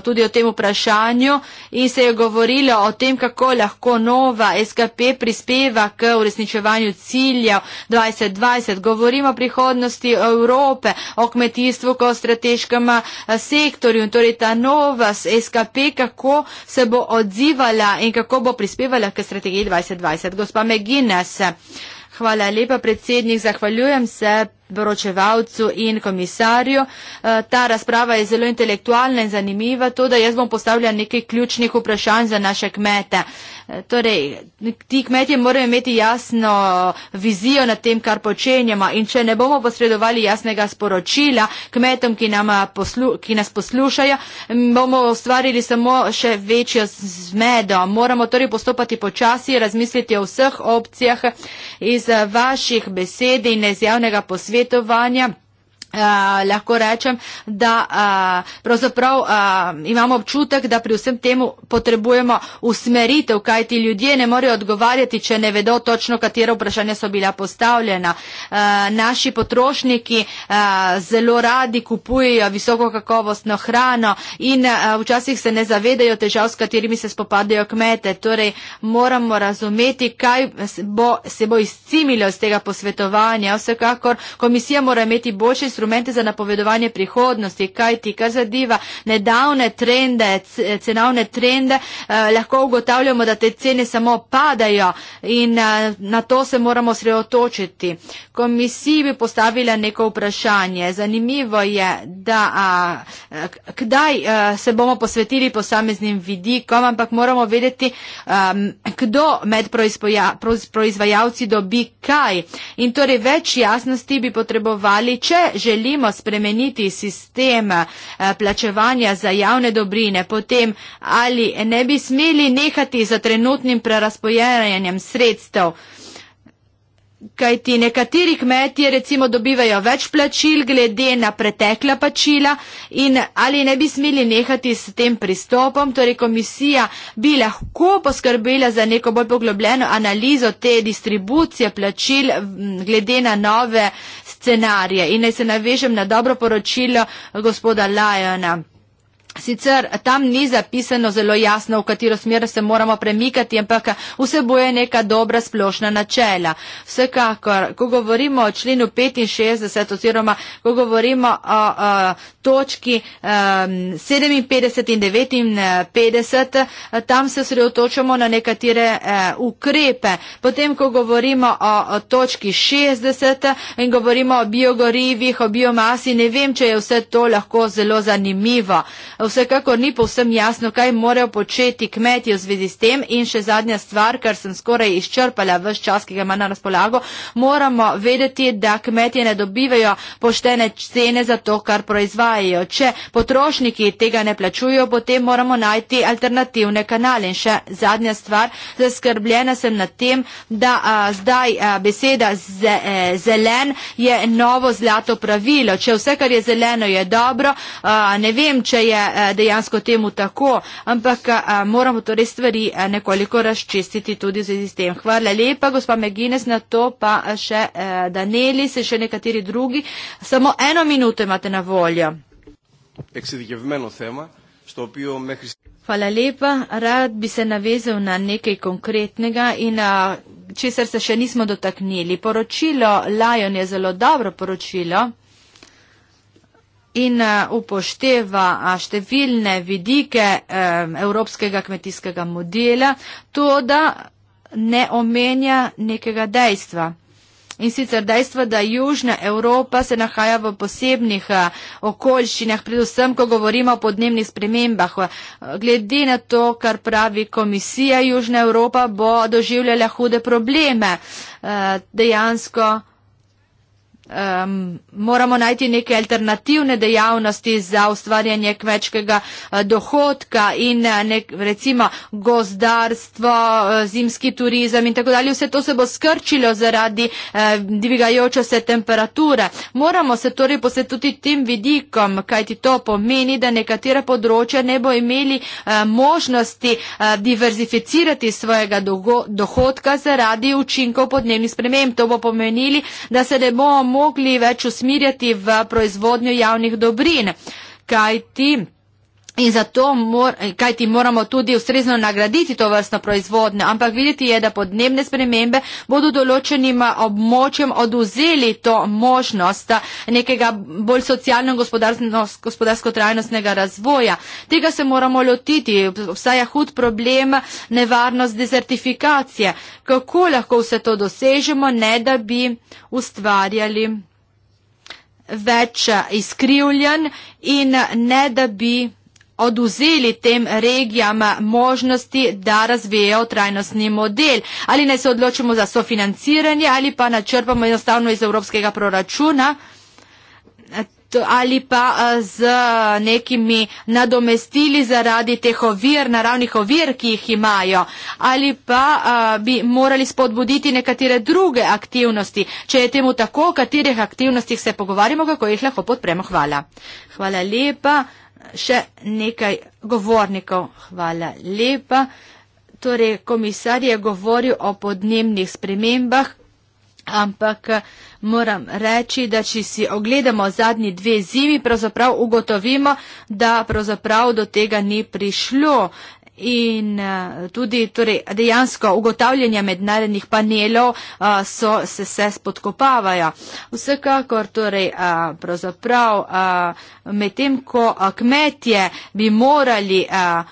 tudi o tem vprašanju in se je govorilo o tem, kako lahko nova SKP prispeva k uresničevanju ciljev 2020. Govorimo o prihodnosti Evrope, o kmetijstvu kot strateškem eh, sektorju. Torej ta nova SKP, kako se bo odzivala in kako bo prispevala k strategiji 2020. Gospa McGuinness, hvala lepa predsednik, zahvaljujem se poročevalcu in komisarju. Eh, ta razprava je zelo intelektualna in zanimiva, to da jaz bom postavljal nekaj ključnih vprašanj za naše kmete. Eh, torej, ti kmetje morajo imeti jasno vizijo na tem, kar počenjamo in če ne bomo posredovali jasnega sporočila kmetom, ki, poslu, ki nas poslušajo, bomo ustvarili samo še večjo zmedo. Moramo torej postopati počasi, razmisliti o vseh opcijah iz eh, vaših besed in iz javnega posveta svetovanja. Eh, lahko rečem, da eh, pravzaprav eh, imamo občutek, da pri vsem temu potrebujemo usmeritev, kaj ti ljudje ne morejo odgovarjati, če ne vedo točno, katera vprašanja so bila postavljena. Naši potrošniki zelo radi kupujejo visoko kakovostno hrano in včasih se ne zavedajo težav, s katerimi se spopadajo kmete. Torej, moramo razumeti, kaj bo, se bo izcimilo iz tega posvetovanja. Vsekakor, komisija mora imeti boljše instrumente, instrumente za napovedovanje prihodnosti, kajti kar zadeva nedavne trende, cenovne trende, eh, lahko ugotavljamo, da te cene samo padajo in eh, na to se moramo sreotočiti. Komisiji bi postavila neko vprašanje. Zanimivo je, da a, eh, kdaj a, se bomo posvetili posameznim vidikom, ampak moramo vedeti, a, ehm, kdo med proizvajalci dobi kaj. In torej več jasnosti bi potrebovali, če že želimo spremeniti sistem eh, plačevanja za javne dobrine, potem ali ne bi smeli nehati za trenutnim prerasporejanjem sredstev. Kaj ti nekateri kmetje recimo dobivajo več plačil glede na pretekla plačila in ali ne bi smeli nehati s tem pristopom, torej komisija bi lahko poskrbela za neko bolj poglobljeno analizo te distribucije plačil glede na nove uh, scenarije. In naj se navežem na dobro poročilo gospoda Lajona. Sicer tam ni zapisano zelo jasno, v katero smer se moramo premikati, ampak vseboje neka dobra splošna načela. Vsekakor, ko govorimo o členu 65 oziroma ko govorimo o, o točki o, 57 in 59, tam se sredotočamo na nekatere o, e, ukrepe. Potem, ko govorimo o, o točki 60 in govorimo o biogorivih, o biomasi, ne vem, če je vse to lahko zelo zanimivo vsekakor ni povsem jasno, kaj morajo početi kmetje v zvezi s tem. In še zadnja stvar, kar sem skoraj izčrpala v čas, ki ga ima na razpolago, moramo vedeti, da kmetje ne dobivajo poštene cene za to, kar proizvajajo. Če potrošniki tega ne plačujo, potem moramo najti alternativne kanale. In še zadnja stvar, zaskrbljena sem nad tem, da a, zdaj a, beseda z, e, zelen je novo zlato pravilo. Če vse, kar je zeleno, je dobro, a, ne vem, če je Eh, dejansko temu tako, ampak eh, moramo torej stvari eh, nekoliko razčistiti tudi z sistem. Hvala lepa, gospa Megines, na to pa še Daneli, se še nekateri drugi. Samo eno minuto imate na voljo. Hvala lepa, rad bi se navezal na nekaj konkretnega in česar se še nismo dotaknili. Poročilo Lajon je zelo dobro poročilo in eh, upošteva številne vidike eh, evropskega kmetijskega modela, to da ne omenja nekega dejstva. In sicer dejstvo, da Južna Evropa se nahaja v posebnih eh, okoljščinah, predvsem, ko govorimo o podnebnih spremembah. Glede na to, kar pravi komisija, Južna Evropa bo doživljala hude probleme. Dejansko um, moramo najti neke alternativne dejavnosti za ustvarjanje kmečkega eh, dohodka in eh, nek, recimo gozdarstvo, eh, zimski turizem in tako dalje. Vse to se bo skrčilo zaradi eh, dvigajoče se temperature. Moramo se torej posvetiti tem vidikom, kajti to pomeni, da nekatera področja ne bo imeli eh, možnosti eh, diverzificirati svojega dohodka zaradi učinkov podnebnih sprememb. To bo pomenili, da se ne bomo mogli več usmirjati v proizvodnjo javnih dobrin, kajti In zato mor, kajti moramo tudi ustrezno nagraditi to vrstno proizvodnjo, ampak videti je, da podnebne spremembe bodo določenim območjem oduzeli to možnost nekega bolj socialno-gospodarsko-trajnostnega razvoja. Tega se moramo lotiti. Obstaja hud problem nevarnost dezertifikacije. Kako lahko vse to dosežemo, ne da bi ustvarjali več izkrivljen in ne da bi oduzeli tem regijam možnosti, da razvijajo trajnostni model. Ali naj se odločimo za sofinanciranje ali pa načrpamo enostavno iz evropskega proračuna ali pa z nekimi nadomestili zaradi teh ovir, naravnih ovir, ki jih imajo, ali pa bi morali spodbuditi nekatere druge aktivnosti. Če je temu tako, o katerih aktivnostih se pogovarjamo, kako jih lahko podpremo. Hvala. Hvala lepa še nekaj govornikov. Hvala lepa. Torej, komisar je govoril o podnebnih spremembah, ampak eh, moram reči, da če si ogledamo zadnji dve zimi, pravzaprav ugotovimo, da pravzaprav do tega ni prišlo. In uh, tudi torej, dejansko ugotavljanja mednarodnih panelov uh, so, se vse spodkopavajo. Vsekakor torej, uh, pravzaprav uh, medtem, ko uh, kmetje bi morali uh,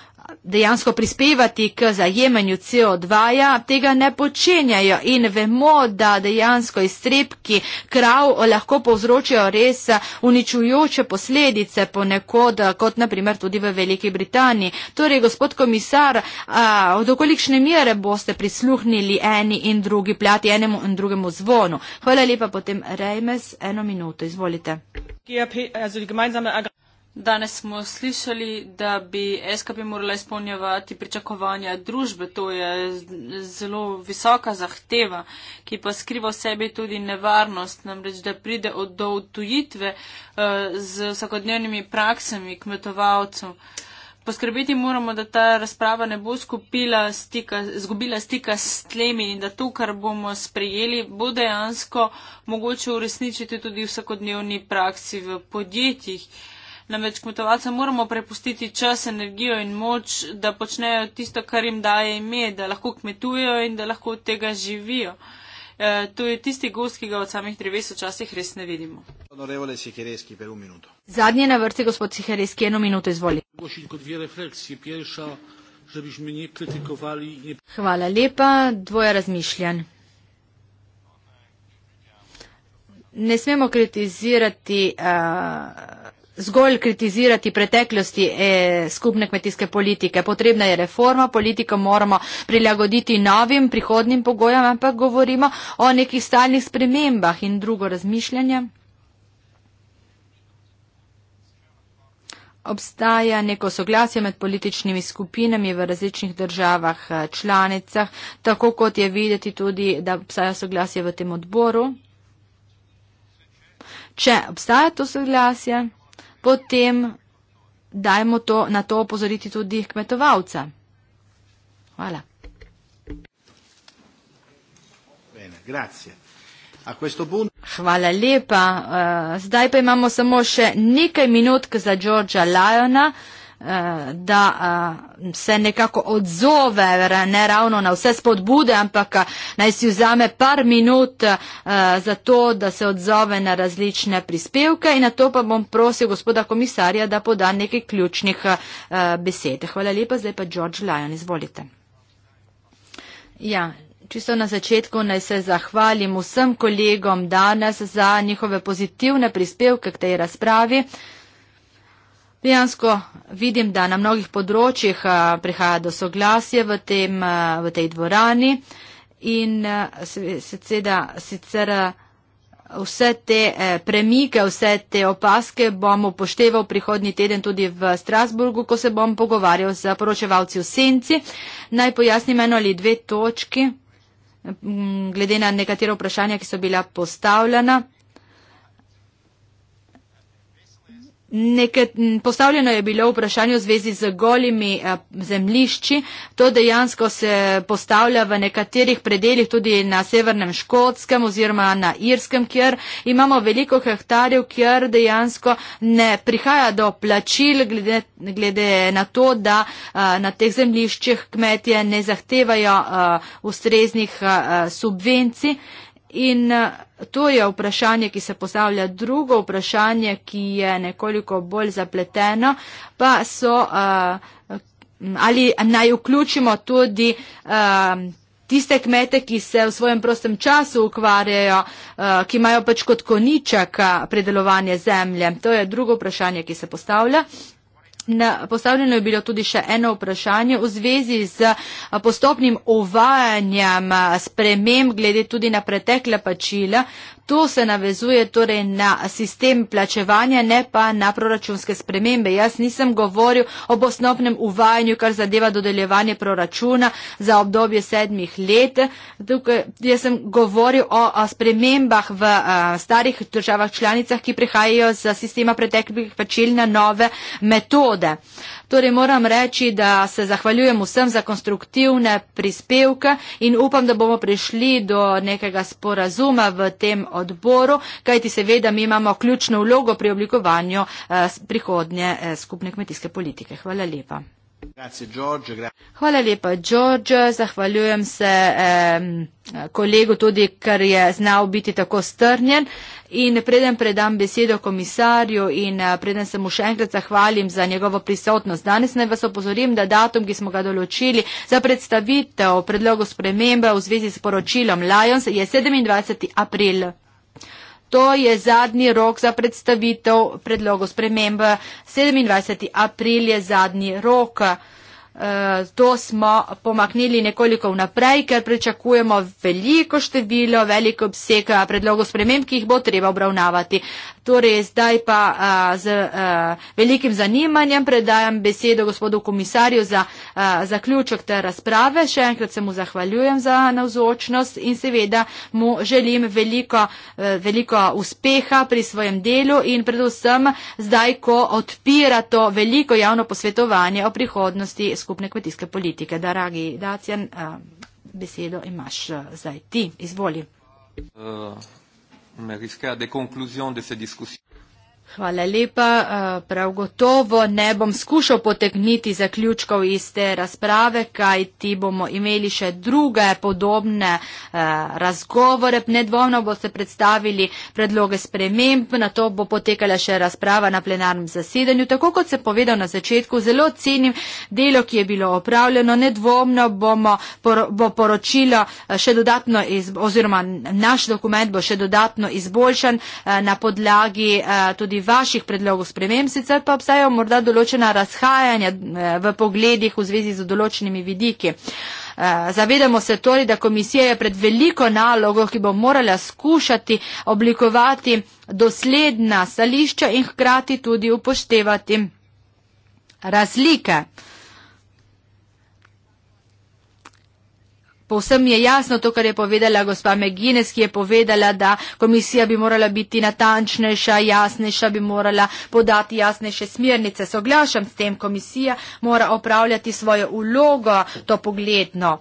dejansko prispevati k zajemanju CO2, -ja, tega ne počenjajo in vemo, da dejansko iztrebki krav lahko povzročajo res uničujoče posledice ponekod, kot naprimer tudi v Veliki Britaniji. Torej, gospod komisar, v dokolikšne mere boste prisluhnili eni in drugi plati, enemu in drugemu zvonu. Hvala lepa, potem Rejmes, eno minuto, izvolite. GAP, Danes smo slišali, da bi SKP morala izpolnjevati pričakovanja družbe. To je zelo visoka zahteva, ki pa skriva v sebi tudi nevarnost, namreč da pride od do tujitve eh, z vsakodnevnimi praksami kmetovalcev. Poskrbeti moramo, da ta razprava ne bo stika, zgubila stika s tlemi in da to, kar bomo sprejeli, bo dejansko mogoče uresničiti tudi v vsakodnevni praksi v podjetjih. Namreč kmetovalcem moramo prepustiti čas, energijo in moč, da počnejo tisto, kar jim daje ime, da lahko kmetujejo in da lahko od tega živijo. E, to je tisti gost, ki ga od samih dreves včasih res ne vidimo. Zadnje na vrsti gospod Sihereski, eno minuto izvoli. Hvala lepa, dvoje razmišljanj. Ne smemo kritizirati. Uh, zgolj kritizirati preteklosti eh, skupne kmetijske politike. Potrebna je reforma, politiko moramo prilagoditi novim prihodnim pogojem, ampak govorimo o nekih stalnih spremembah in drugo razmišljanje. Obstaja neko soglasje med političnimi skupinami v različnih državah eh, članicah, tako kot je videti tudi, da obstaja soglasje v tem odboru. Če obstaja to soglasje, potem dajmo to, na to opozoriti tudi kmetovalca. Hvala. Bene, grazie. A questo punto... Hvala lepa. Eh, zdaj pa imamo samo še nekaj minut za Georgia Lyona. Eh, da eh, se nekako odzove, ne ravno na vse spodbude, ampak eh, naj si vzame par minut za to, da se odzove na različne prispevke in na to pa bom prosil gospoda komisarja, da poda nekaj ključnih besed. Hvala lepa, zdaj pa George Lyon, izvolite. Ja. Čisto na začetku naj se zahvalim vsem kolegom danes za njihove pozitivne prispevke k tej razpravi. Uh, Dejansko vidim, da na mnogih področjih eh, prihaja do soglasje v, tem, eh, v tej dvorani in eh, seveda sicer vse te premike, vse te opaske bom upošteval prihodni teden tudi v Strasburgu, ko se bom pogovarjal z poročevalci v Senci. Naj pojasnim eno ali dve točki glede na nekatera vprašanja, ki so bila postavljena. Nekaj postavljeno je bilo vprašanje v zvezi z golimi zemlišči. To dejansko se postavlja v nekaterih predeljih tudi na severnem škotskem oziroma na irskem, kjer imamo veliko hektarjev, kjer dejansko ne prihaja do plačil glede, glede na to, da na teh zemliščih kmetje ne zahtevajo ustreznih subvencij. In eh, to je vprašanje, ki se postavlja drugo vprašanje, ki je nekoliko bolj zapleteno, pa so, eh, ali naj vključimo tudi eh, tiste kmete, ki se v svojem prostem času ukvarjajo, ki imajo pač kot koničak predelovanje zemlje. To je drugo vprašanje, ki se postavlja. Postavljeno je bilo tudi še eno vprašanje v zvezi z postopnim uvajanjem sprememb glede tudi na pretekla plačila. To se navezuje torej na sistem plačevanja, ne pa na proračunske spremembe. Jaz nisem govoril o osnovnem uvajanju, kar zadeva dodeljevanje proračuna za obdobje sedmih let. Tukaj, jaz sem govoril o spremembah v starih državah članicah, ki prihajajo z sistema preteklih plačil na nove metode. Uh, Torej moram reči, da se zahvaljujem vsem za konstruktivne prispevke in upam, da bomo prišli do nekega sporazuma v tem odboru, kajti seveda mi imamo ključno vlogo pri oblikovanju eh, prihodnje eh, skupne kmetijske politike. Hvala lepa. Hvala lepa, George. Zahvaljujem se eh, kolegu tudi, ker je znal biti tako strnjen. In preden predam besedo komisarju in eh, preden se mu še enkrat zahvalim za njegovo prisotnost, danes naj vas opozorim, da datum, ki smo ga določili za predstavitev predlogu spremembe v zvezi s poročilom Lions, je 27. april. To je zadnji rok za predstavitev predlogov spremembe. 27. april je zadnji rok. Eh, to smo pomaknili nekoliko vnaprej, ker pričakujemo veliko število, veliko obseg predlogov sprememb, ki jih bo treba obravnavati. Torej, zdaj pa eh, z eh, velikim zanimanjem predajam besedo gospodu komisarju za zaključek te razprave. Še enkrat se mu zahvaljujem za navzočnost in seveda mu želim veliko, veliko uspeha pri svojem delu in predvsem zdaj, ko odpira to veliko javno posvetovanje o prihodnosti skupaj skupne kmetijske politike. Dragi Dacijan, eh, besedo imaš eh, zdaj ti. Izvoli. Uh, Hvala lepa. Eh, prav gotovo ne bom skušal potegniti zaključkov iz te razprave, kaj ti bomo imeli še druge podobne eh, razgovore. Nedvomno boste predstavili predloge sprememb, na to bo potekala še razprava na plenarnem zasedanju. Tako kot sem povedal na začetku, zelo cenim delo, ki je bilo opravljeno. Nedvomno bomo, bo poročilo eh, še dodatno iz, oziroma naš dokument bo še dodatno izboljšan na podlagi tudi vaših predlogov sprememb, sicer pa obstajajo morda določena razhajanja eh, v pogledih v zvezi z določenimi vidiki. Eh, zavedamo se torej, da komisija je pred veliko nalogo, ki bo morala skušati oblikovati dosledna stališča in hkrati tudi upoštevati razlike. Povsem je jasno to, kar je povedala gospa McGuinness, ki je povedala, da komisija bi morala biti natančnejša, jasnejša, bi morala podati jasnejše smernice. Soglašam s tem, komisija mora opravljati svojo ulogo to pogledno.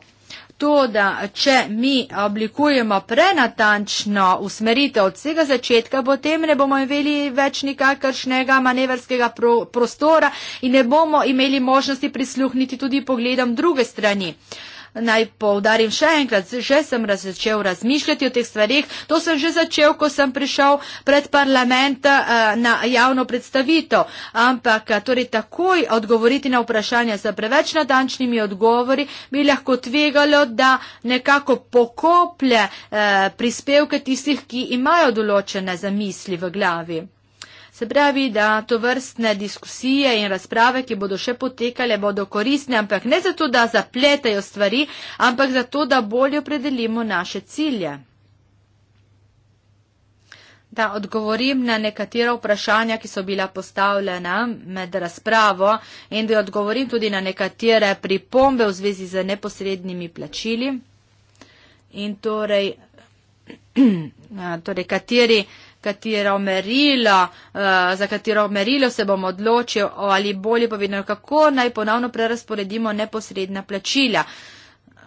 To, da če mi oblikujemo prenatančno usmeritev od vsega začetka, potem ne bomo imeli več nikakršnega manevrskega pro, prostora in ne bomo imeli možnosti prisluhniti tudi pogledom druge strani. Uh, naj povdarim še enkrat, že sem začel razmišljati o teh stvarih, to sem že začel, ko sem prišel pred parlament eh, na javno predstavitev, ampak eh, torej takoj odgovoriti na vprašanja za preveč nadančnimi odgovori bi lahko tvegalo, da nekako pokoplje eh, prispevke tistih, ki imajo določene zamisli v glavi. Se pravi, da to vrstne diskusije in razprave, ki bodo še potekale, bodo koristne, ampak ne zato, da zapletajo stvari, ampak zato, da bolje opredelimo naše cilje. Da odgovorim na nekatera vprašanja, ki so bila postavljena med razpravo in da odgovorim tudi na nekatere pripombe v zvezi z neposrednimi plačili. In torej, torej kateri katero merilo, eh, za katero merilo se bom odločil ali bolje povedano, kako naj ponovno prerasporedimo neposredna plačila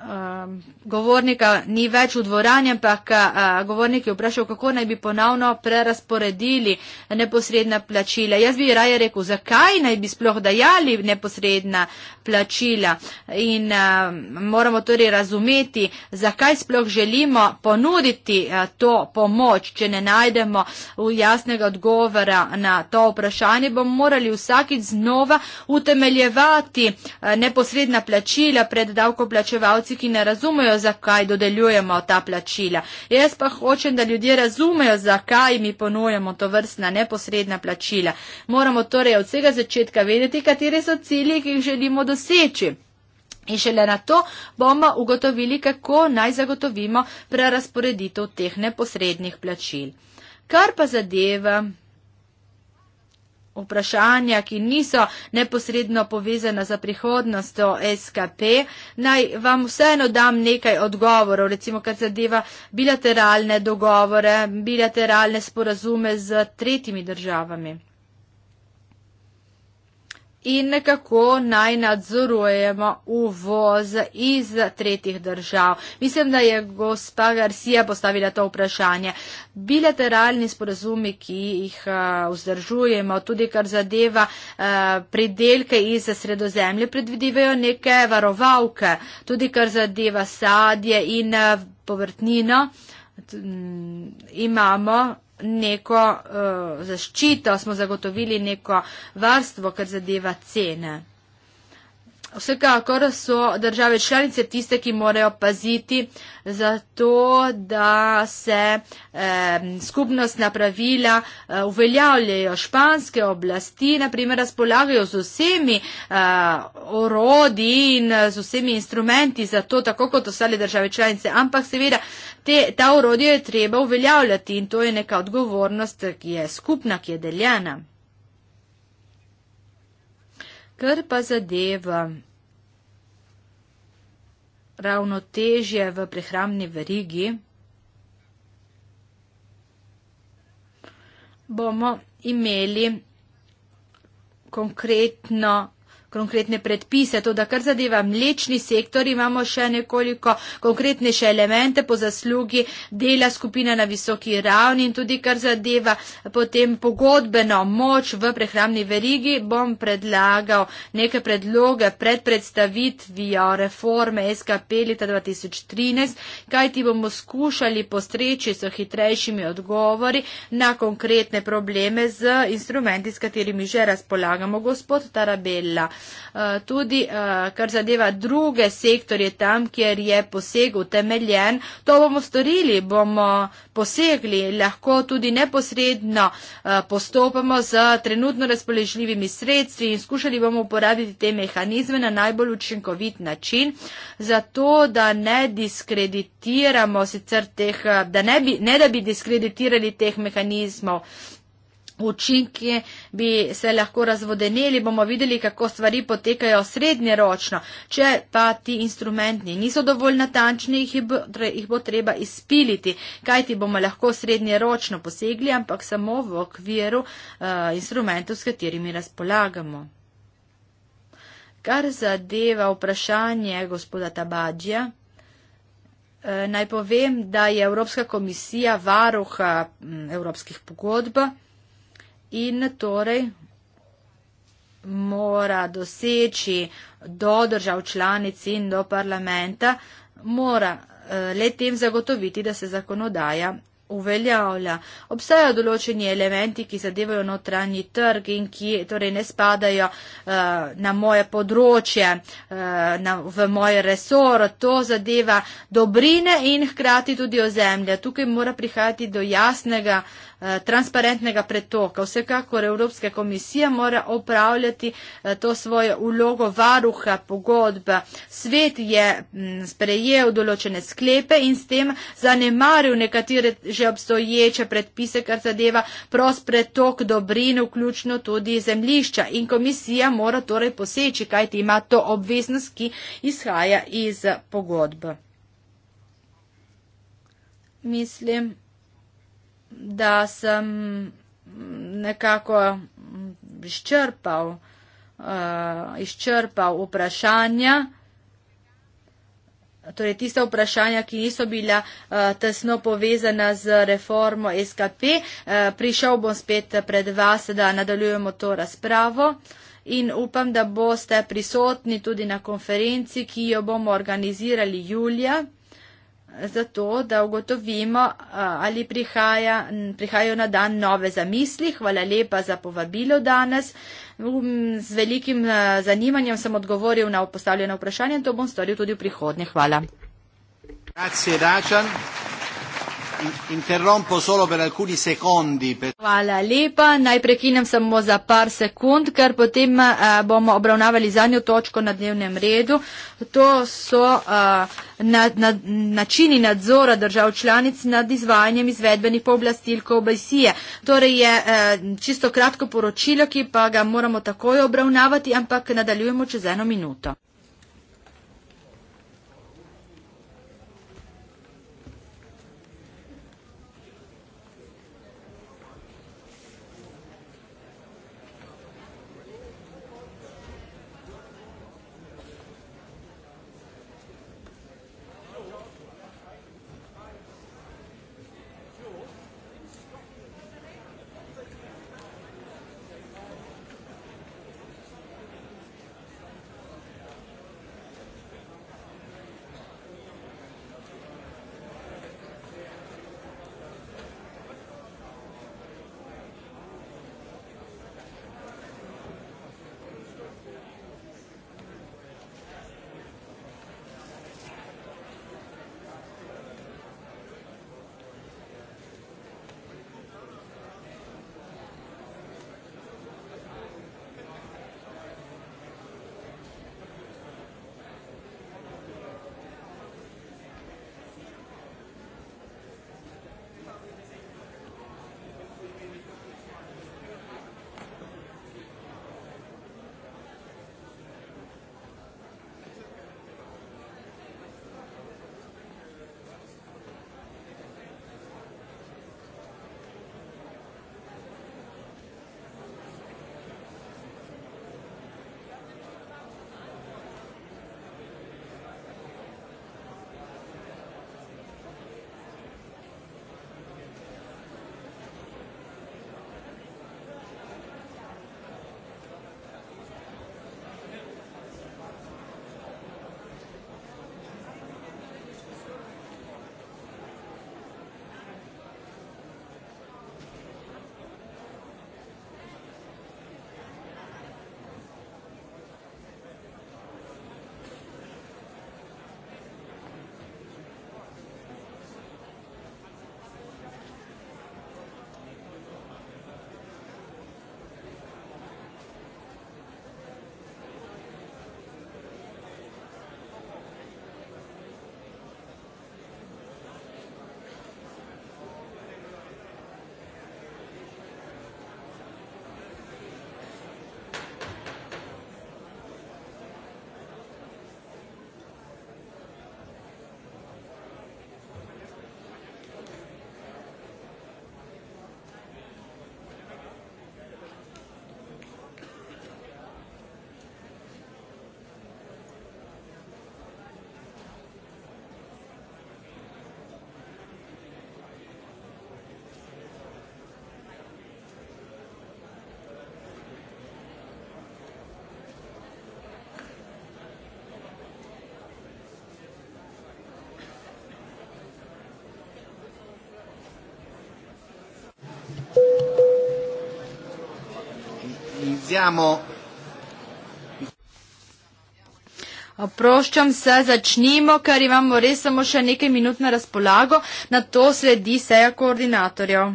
um, govornika ni več v dvorani, ampak uh, govornik je vprašal, kako naj bi ponovno prerasporedili neposredna plačila. Jaz bi raje rekel, zakaj naj bi sploh dajali neposredna plačila in uh, moramo torej razumeti, zakaj sploh želimo ponuditi uh, to pomoč, če ne najdemo jasnega odgovora na to vprašanje, bomo morali vsakič znova utemeljevati uh, neposredna plačila pred davkoplačevalci tisti, ki ne razumejo, zakaj dodeljujemo ta plačila. Jaz pa hočem, da ljudje razumejo, zakaj mi ponujemo to vrstna neposredna plačila. Moramo torej od vsega začetka vedeti, katere so cilje, ki jih želimo doseči. In šele na to bomo ugotovili, kako naj zagotovimo prerasporeditev teh neposrednih plačil. Kar pa zadeva vprašanja, ki niso neposredno povezana za prihodnost o SKP, naj vam vseeno dam nekaj odgovorov, recimo kar zadeva bilateralne dogovore, bilateralne sporazume z tretjimi državami in kako naj nadzorujemo uvoz iz tretjih držav. Mislim, da je gospa Garcia postavila to vprašanje. Bilateralni sporazumi, ki jih eh, vzdržujemo, tudi kar zadeva eh, predelke iz sredozemlje, predvidivajo neke varovalke, tudi kar zadeva sadje in eh, povrtnino. Imamo neko uh, zaščito, smo zagotovili neko varstvo, kar zadeva cene. Vsekakor so države članice tiste, ki morajo paziti za to, da se eh, skupnostna pravila eh, uveljavljajo. Španske oblasti, naprimer, razpolagajo z vsemi eh, orodi in eh, z vsemi instrumenti za to, tako kot ostale države članice, ampak seveda te, ta orodje je treba uveljavljati in to je neka odgovornost, ki je skupna, ki je deljena. Kar pa zadeva ravnotežje v prehrambni verigi, bomo imeli konkretno konkretne predpise. To, da kar zadeva mlečni sektor, imamo še nekoliko konkretnejše elemente po zaslugi dela skupina na visoki ravni in tudi kar zadeva potem pogodbeno moč v prehramni verigi, bom predlagal neke predloge pred predstavitvijo reforme SKP leta 2013, kaj ti bomo skušali postreči s hitrejšimi odgovori na konkretne probleme z instrumenti, s katerimi že razpolagamo. Gospod Tarabella, Eh, tudi eh, kar zadeva druge sektorje tam, kjer je poseg utemeljen. To bomo storili, bomo posegli, lahko tudi neposredno eh, postopamo z trenutno razpoložljivimi sredstvi in skušali bomo uporabiti te mehanizme na najbolj učinkovit način, zato da ne diskreditiramo sicer teh, da ne, bi, ne da bi diskreditirali teh mehanizmov učinki bi se lahko razvodenili, bomo videli, kako stvari potekajo srednjeročno. Če pa ti instrumenti niso dovolj natančni, jih bo, torej jih bo treba izpiliti, kaj ti bomo lahko srednjeročno posegli, ampak samo v okviru uh, instrumentov, s katerimi razpolagamo. Kar zadeva vprašanje gospoda Tabadžja, eh, naj povem, da je Evropska komisija varuha mm, evropskih pogodb in torej mora doseči do držav članic in do parlamenta, mora eh, le tem zagotoviti, da se zakonodaja uveljavlja. Obstajajo določeni elementi, ki zadevajo notranji trg in ki torej ne spadajo uh, na moje področje, uh, na, v moj resor. To zadeva dobrine in hkrati tudi ozemlja. Tukaj mora prihajati do jasnega uh, Eh, transparentnega pretoka. Vsekakor Evropska komisija mora upravljati eh, to svojo ulogo varuha pogodba. Svet je mm, sprejel določene sklepe in s tem zanemaril nekatere že obstoječe predpise, kar zadeva prost pretok dobrin, vključno tudi zemlišča. In komisija mora torej poseči, kajti ima to obveznost, ki izhaja iz pogodb. Mislim, da sem nekako izčrpal, uh, izčrpal vprašanja, torej tista vprašanja, ki niso bila uh, tesno povezana z reformo SKP. Uh, eh, prišel bom spet pred vas, da nadaljujemo to razpravo. In upam, da boste prisotni tudi na konferenci, ki jo bomo organizirali julija zato, da ugotovimo, ali prihaja, prihajajo na dan nove zamisli. Hvala lepa za povabilo danes. Um, z velikim zanimanjem sem odgovoril na postavljeno vprašanje in to bom storil tudi v prihodnje. Hvala. Grazie, interrompo solo per alcuni secondi. Per... Hvala lepa, naj prekinem samo za par sekund, ker potem uh, bomo obravnavali zadnjo točko na dnevnem redu. To so uh, na, na, načini nadzora držav članic nad izvajanjem izvedbenih pooblastil kobesije. Torej je uh, čisto kratko poročilo, ki pa ga moramo takoj obravnavati, ampak nadaljujemo čez eno minuto. siamo. Oproščam se, začnimo, ker imamo res samo še nekaj minut na razpolago, na to sledi seja koordinatorjev.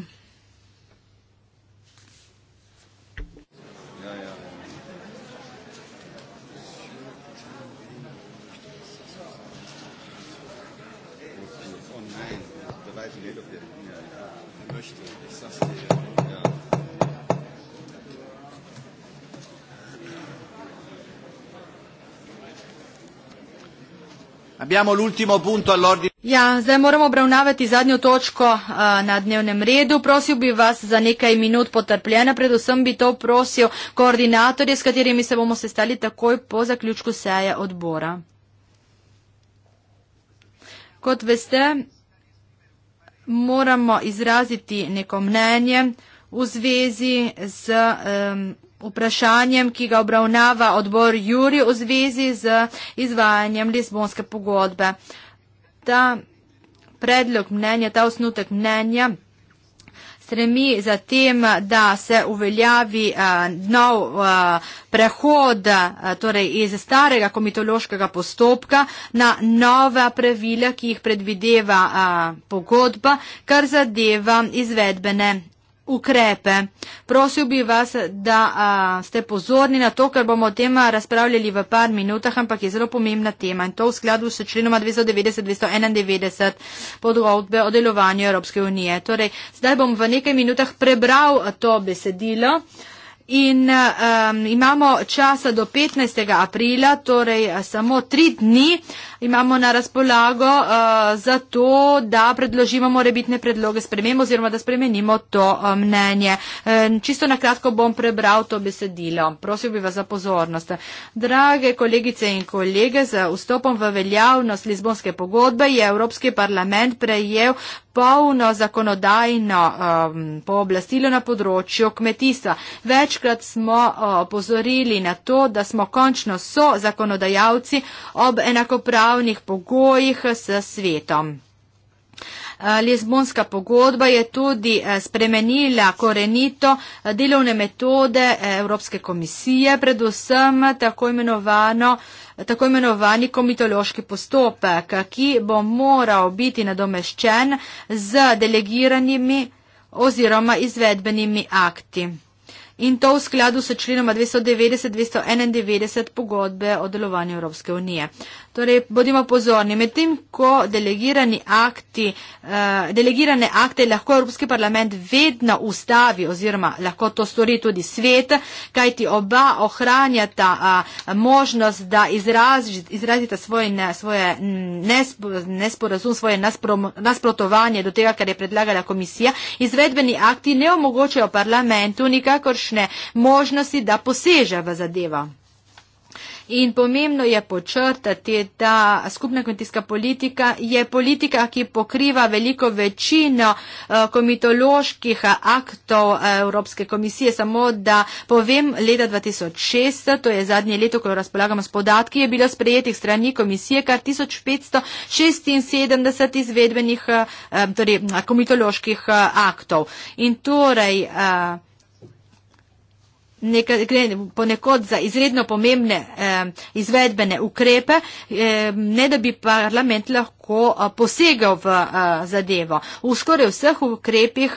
Abbiamo l'ultimo punto all'ordine. Ja, zdaj moramo obravnavati zadnjo točko uh, na dnevnem redu. Prosil bi vas za nekaj minut potrpljena, predvsem bi to prosil koordinatorje, s katerimi se bomo sestali takoj po zaključku seje odbora. Kot veste, moramo izraziti neko mnenje v zvezi z. Um, vprašanjem, ki ga obravnava odbor Juri v zvezi z izvajanjem Lizbonske pogodbe. Ta predlog mnenja, ta osnutek mnenja stremi za tem, da se uveljavi uh, nov uh, prehod uh, torej iz starega komitološkega postopka na nova pravila, ki jih predvideva uh, pogodba, kar zadeva izvedbene ukrepe. Prosil bi vas, da a, ste pozorni na to, ker bomo o tem razpravljali v par minutah, ampak je zelo pomembna tema in to v skladu s členoma 290-291 podgovbe o delovanju Evropske unije. Torej, zdaj bom v nekaj minutah prebral to besedilo. In um, imamo časa do 15. aprila, torej eh, samo tri dni imamo na razpolago uh, za to, da predložimo morebitne predloge spremembo oziroma da spremenimo to eh, mnenje. Um, čisto na kratko bom prebral to besedilo. Prosil bi vas za pozornost. Drage kolegice in kolege, z vstopom v veljavnost Lizbonske pogodbe je Evropski parlament prejel polno zakonodajno um, pooblastilo na področju kmetijstva. Večkrat smo uh, opozorili uh, na to, da smo končno so zakonodajalci ob enakopravnih pogojih s svetom. Eh, Lizbonska pogodba je tudi eh, spremenila korenito eh, delovne metode Evropske komisije, predvsem tako imenovano tako imenovani komitološki postopek, ki bo moral biti nadomeščen z delegiranimi oziroma izvedbenimi akti. In to v skladu s členoma 290-291 pogodbe o delovanju Evropske unije. Torej, bodimo pozorni, medtem ko akti, uh, delegirane akte lahko Evropski parlament vedno ustavi oziroma lahko to stori tudi svet, kajti oba ohranjata uh, možnost, da izrazita svoj ne, svoje nespo, nesporazum, svoje naspro, nasprotovanje do tega, kar je predlagala komisija. Izvedbeni akti ne omogočajo parlamentu nikakršne možnosti, da poseže v zadeva. In pomembno je počrtati, da skupna kmetijska politika je politika, ki pokriva veliko večino eh, komitoloških aktov eh, Evropske komisije. Samo da povem, leta 2006, to je zadnje leto, ko razpolagamo s podatki, je bilo sprejetih strani komisije kar 1576 izvedbenih eh, torej, komitoloških aktov. In torej, Neka, gre ponekod za izredno pomembne eh, izvedbene ukrepe, eh, ne da bi parlament lahko lahko posegel v zadevo. V skoraj vseh ukrepih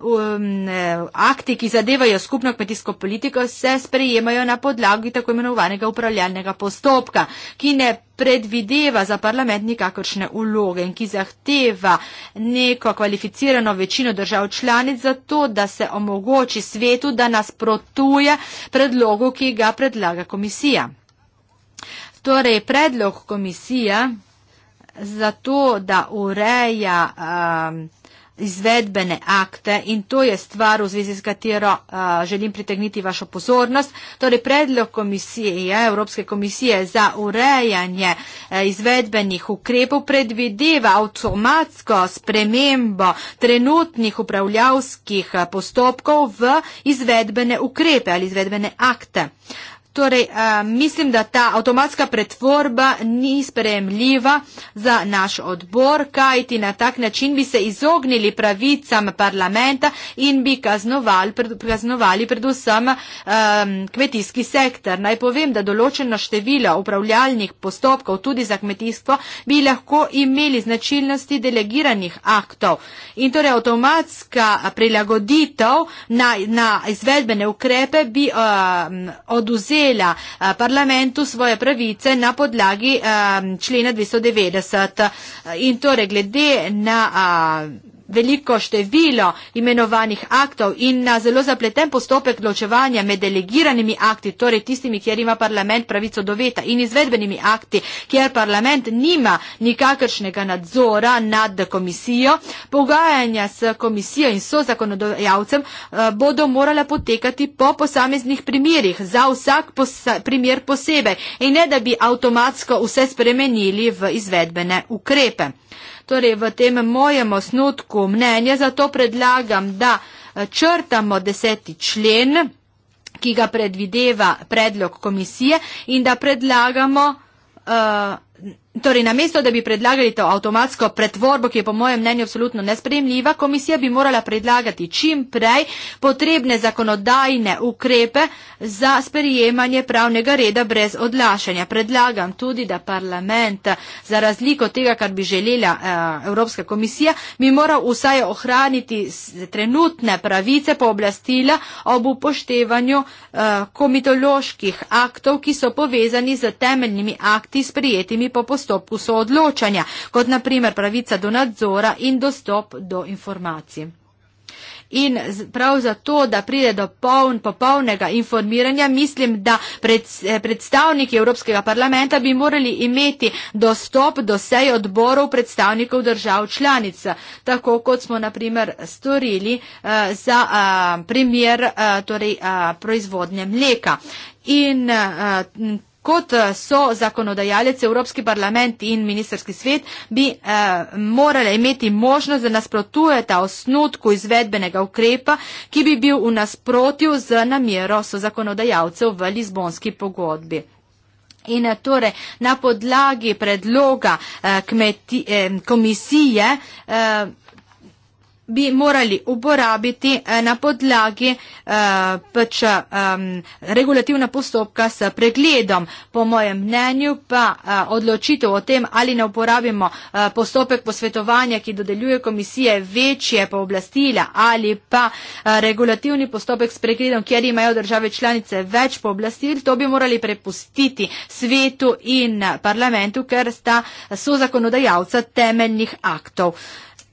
um, e, akti, ki zadevajo skupno kmetijsko politiko, se sprejemajo na podlagi tako imenovanega upravljalnega postopka, ki ne predvideva za parlament nikakršne uloge in ki zahteva neko kvalificirano večino držav članic za to, da se omogoči svetu, da nasprotuje predlogu, ki ga predlaga komisija. Torej, predlog komisije za to, da ureja um, izvedbene akte in to je stvar, v zvezi s katero uh, želim pritegniti vašo pozornost. Torej, predlog komisije, Evropske komisije za urejanje uh, izvedbenih ukrepov predvideva avtomatsko spremembo trenutnih upravljavskih eh, postopkov v izvedbene ukrepe ali izvedbene akte. Uh, Torej, uh, mislim, da ta avtomatska pretvorba ni sprejemljiva za naš odbor, kajti na tak način bi se izognili pravicam parlamenta in bi kaznovali, pred, kaznovali predvsem um, kmetijski sektor. Naj povem, da določeno število upravljalnih postopkov tudi za kmetijstvo bi lahko imeli značilnosti delegiranih aktov. In torej avtomatska prilagoditev na, na izvedbene ukrepe bi um, eh, oduzela vzela eh, parlamentu svoje pravice na podlagi eh, člena 290. Eh, in torej glede na veliko število imenovanih aktov in na zelo zapleten postopek ločevanja med delegiranimi akti, torej tistimi, kjer ima parlament pravico do veta in izvedbenimi akti, kjer parlament nima nikakršnega nadzora nad komisijo, pogajanja s komisijo in so zakonodajalcem eh, bodo morala potekati po posameznih primerjih, za vsak posa, primer posebej in ne da bi avtomatsko vse spremenili v izvedbene ukrepe. Torej, v tem mojem osnutku mnenja zato predlagam, da eh, črtamo deseti člen, ki ga predvideva predlog komisije in da predlagamo. Uh, Torej, namesto da bi predlagali to avtomatsko pretvorbo, ki je po mojem mnenju absolutno nesprejemljiva, komisija bi morala predlagati čim prej potrebne zakonodajne ukrepe za sprejemanje pravnega reda brez odlašanja. Predlagam tudi, da parlament za razliko tega, kar bi želela eh, Evropska komisija, bi moral vsaj ohraniti trenutne pravice pooblastila ob upoštevanju eh, komitoloških aktov, ki so povezani z temeljnimi akti sprijetimi po poslu dostopu soodločanja, kot naprimer pravica do nadzora in dostop do informacij. In prav zato, da pride do poln, popolnega informiranja, mislim, da eh, predstavniki Evropskega parlamenta bi morali imeti dostop do sej odborov predstavnikov držav članica, tako kot smo naprimer storili eh, za eh, primer eh, torej, eh, proizvodnje mleka. In, eh, Kot eh, so zakonodajalec Evropski parlament in ministerski svet, bi eh, morali imeti možnost, da nasprotujeta osnutku izvedbenega ukrepa, ki bi bil v nasprotju z namero so zakonodajalcev v Lizbonski pogodbi. In eh, torej na podlagi predloga eh, kmeti, eh, komisije. Eh, bi morali uporabiti eh, na podlagi eh, pač, regulativna postopka s pregledom. Po mojem mnenju pa eh, odločitev o tem, ali ne uporabimo postopek posvetovanja, ki dodeljuje komisije večje pooblastila ali pa regulativni postopek s pregledom, kjer imajo države članice več pooblastil, to bi morali prepustiti svetu in parlamentu, ker sta so zakonodajalca temeljnih aktov.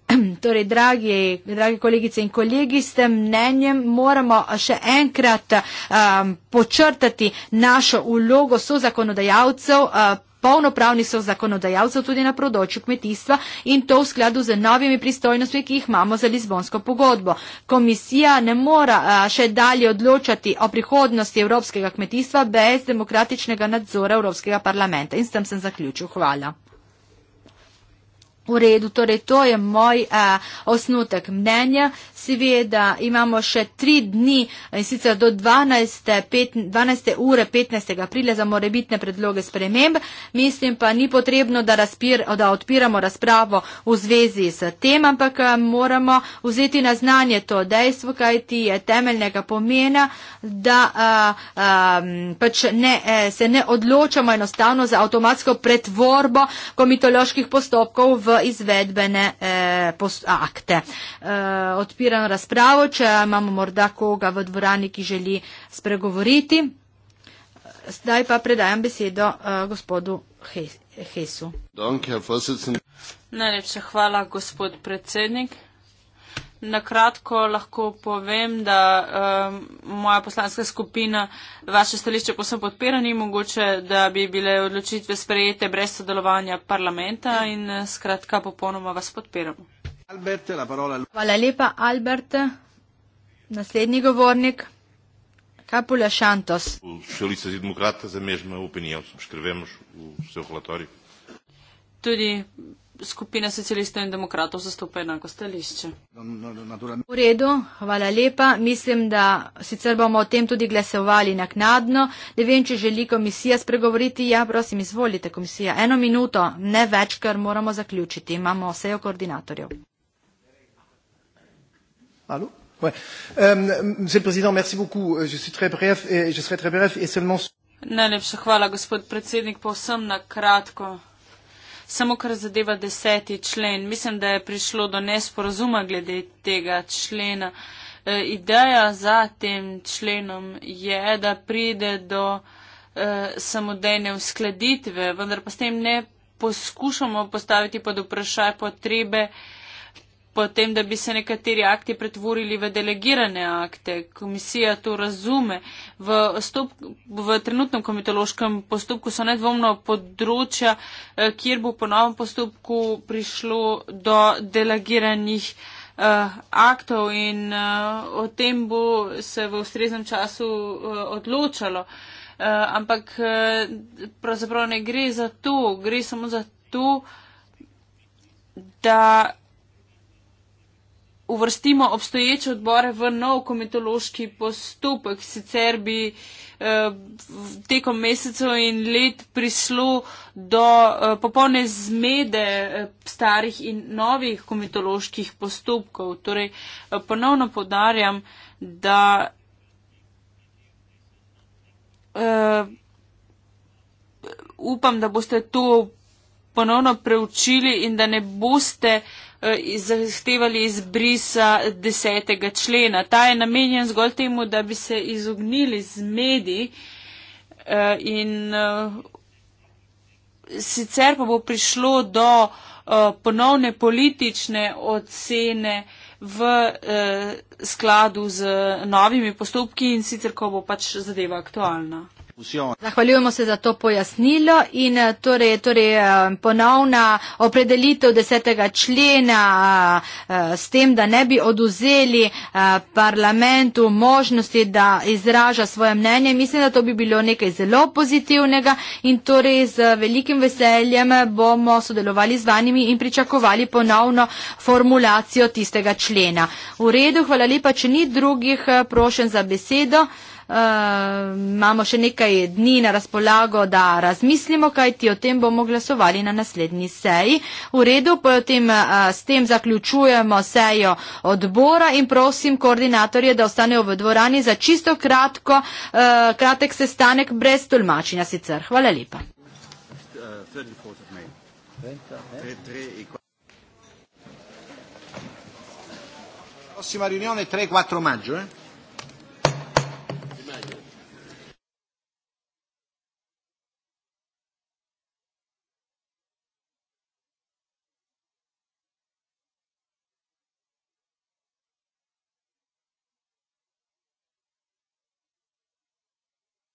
Torej, dragi, dragi kolegice in kolegi, s tem mnenjem moramo še enkrat um, počrtati našo ulogo so zakonodajalcev. Uh, Polnopravni so zakonodajalcev tudi na področju kmetijstva in to v skladu z novimi pristojnostmi, ki jih imamo za Lizbonsko pogodbo. Komisija ne mora uh, še dalje odločati o prihodnosti evropskega kmetijstva brez demokratičnega nadzora Evropskega parlamenta. In s tem sem zaključil. Hvala. V redu, torej to je moj a, osnutek mnenja. Seveda imamo še tri dni in sicer do 12. 5, 12. ure 15. aprila za morebitne predloge sprememb. Mislim pa ni potrebno, da, razpir, da odpiramo razpravo v zvezi s tem, ampak moramo vzeti na znanje to dejstvo, kaj ti je temeljnega pomena, da a, a, pač ne, e, se ne odločamo enostavno za avtomatsko pretvorbo komitoloških postopkov v izvedbene eh, akte. Eh, odpiram razpravo, če imamo morda koga v dvorani, ki želi spregovoriti. Zdaj pa predajam besedo eh, gospodu Hesu. Najlepša hvala, gospod predsednik. Na kratko lahko povem, da um, moja poslanska skupina vaše stališče posebno podpira, ni mogoče, da bi bile odločitve sprejete brez sodelovanja parlamenta in eh, skratka popolnoma vas podpiramo. Albert, Hvala lepa, Albert. Naslednji govornik. Kapula Šantos. E Tudi skupine socialistov in demokratov zastopa enako stališče. V redu, hvala lepa. Mislim, da sicer bomo o tem tudi glasovali naknadno. Ne vem, če želi komisija spregovoriti. Ja, prosim, izvolite komisija. Eno minuto, ne več, ker moramo zaključiti. Imamo sejo koordinatorjev. Alo? Ouais. Euh, monsieur le Président, merci beaucoup. Je suis très bref et je serai très bref et seulement. Najlepša hvala, gospod predsednik, povsem na kratko samo kar zadeva deseti člen. Mislim, da je prišlo do nesporazuma glede tega člena. E, ideja za tem členom je, da pride do e, samodejne uskladitve, vendar pa s tem ne poskušamo postaviti pod vprašaj potrebe potem, da bi se nekateri akti pretvorili v delegirane akte. Komisija to razume. V, stop, v trenutnem komitološkem postopku so nedvomno področja, eh, kjer bo po novem postopku prišlo do delegiranih uh, aktov in uh, o tem bo se v ustreznem času uh, odločalo. Uh, ampak pravzaprav ne gre za to, gre samo za to, da uvrstimo obstoječe odbore v nov komitološki postopek. Sicer bi eh, tekom mesecev in let prišlo do eh, popolne zmede eh, starih in novih komitoloških postopkov. Torej, eh, ponovno podarjam, da eh, upam, da boste to ponovno preučili in da ne boste eh, Eh, zahtevali izbrisa desetega člena. Ta je namenjen zgolj temu, da bi se izognili z mediji eh, in eh, sicer pa bo prišlo do ponovne politične ocene v skladu z novimi postopki in sicer, ko bo pač zadeva aktualna. Zahvaljujemo se za to pojasnilo in eh, torej, torej eh, ponovna opredelitev desetega člena eh, s tem, da ne bi oduzeli parlamentu možnosti, da izraža svoje mnenje. Mislim, da to bi bilo nekaj zelo pozitivnega in torej z velikim veseljem bomo sodelovali z vanimi in pričakovali ponovno formulacijo tistega člena. V redu, hvala lepa, če ni drugih, prošen za besedo. Eh, imamo še nekaj dni na razpolago, da razmislimo, kaj ti o tem bomo glasovali na naslednji seji. V redu, potem eh, s tem zaključujemo sejo odbora in prosim koordinatorje, da ostanejo v dvorani za čisto kratko, eh, kratek sestanek brez tolmačenja sicer. Hvala lepa. Prossima riunione 3-4 maggio. Eh?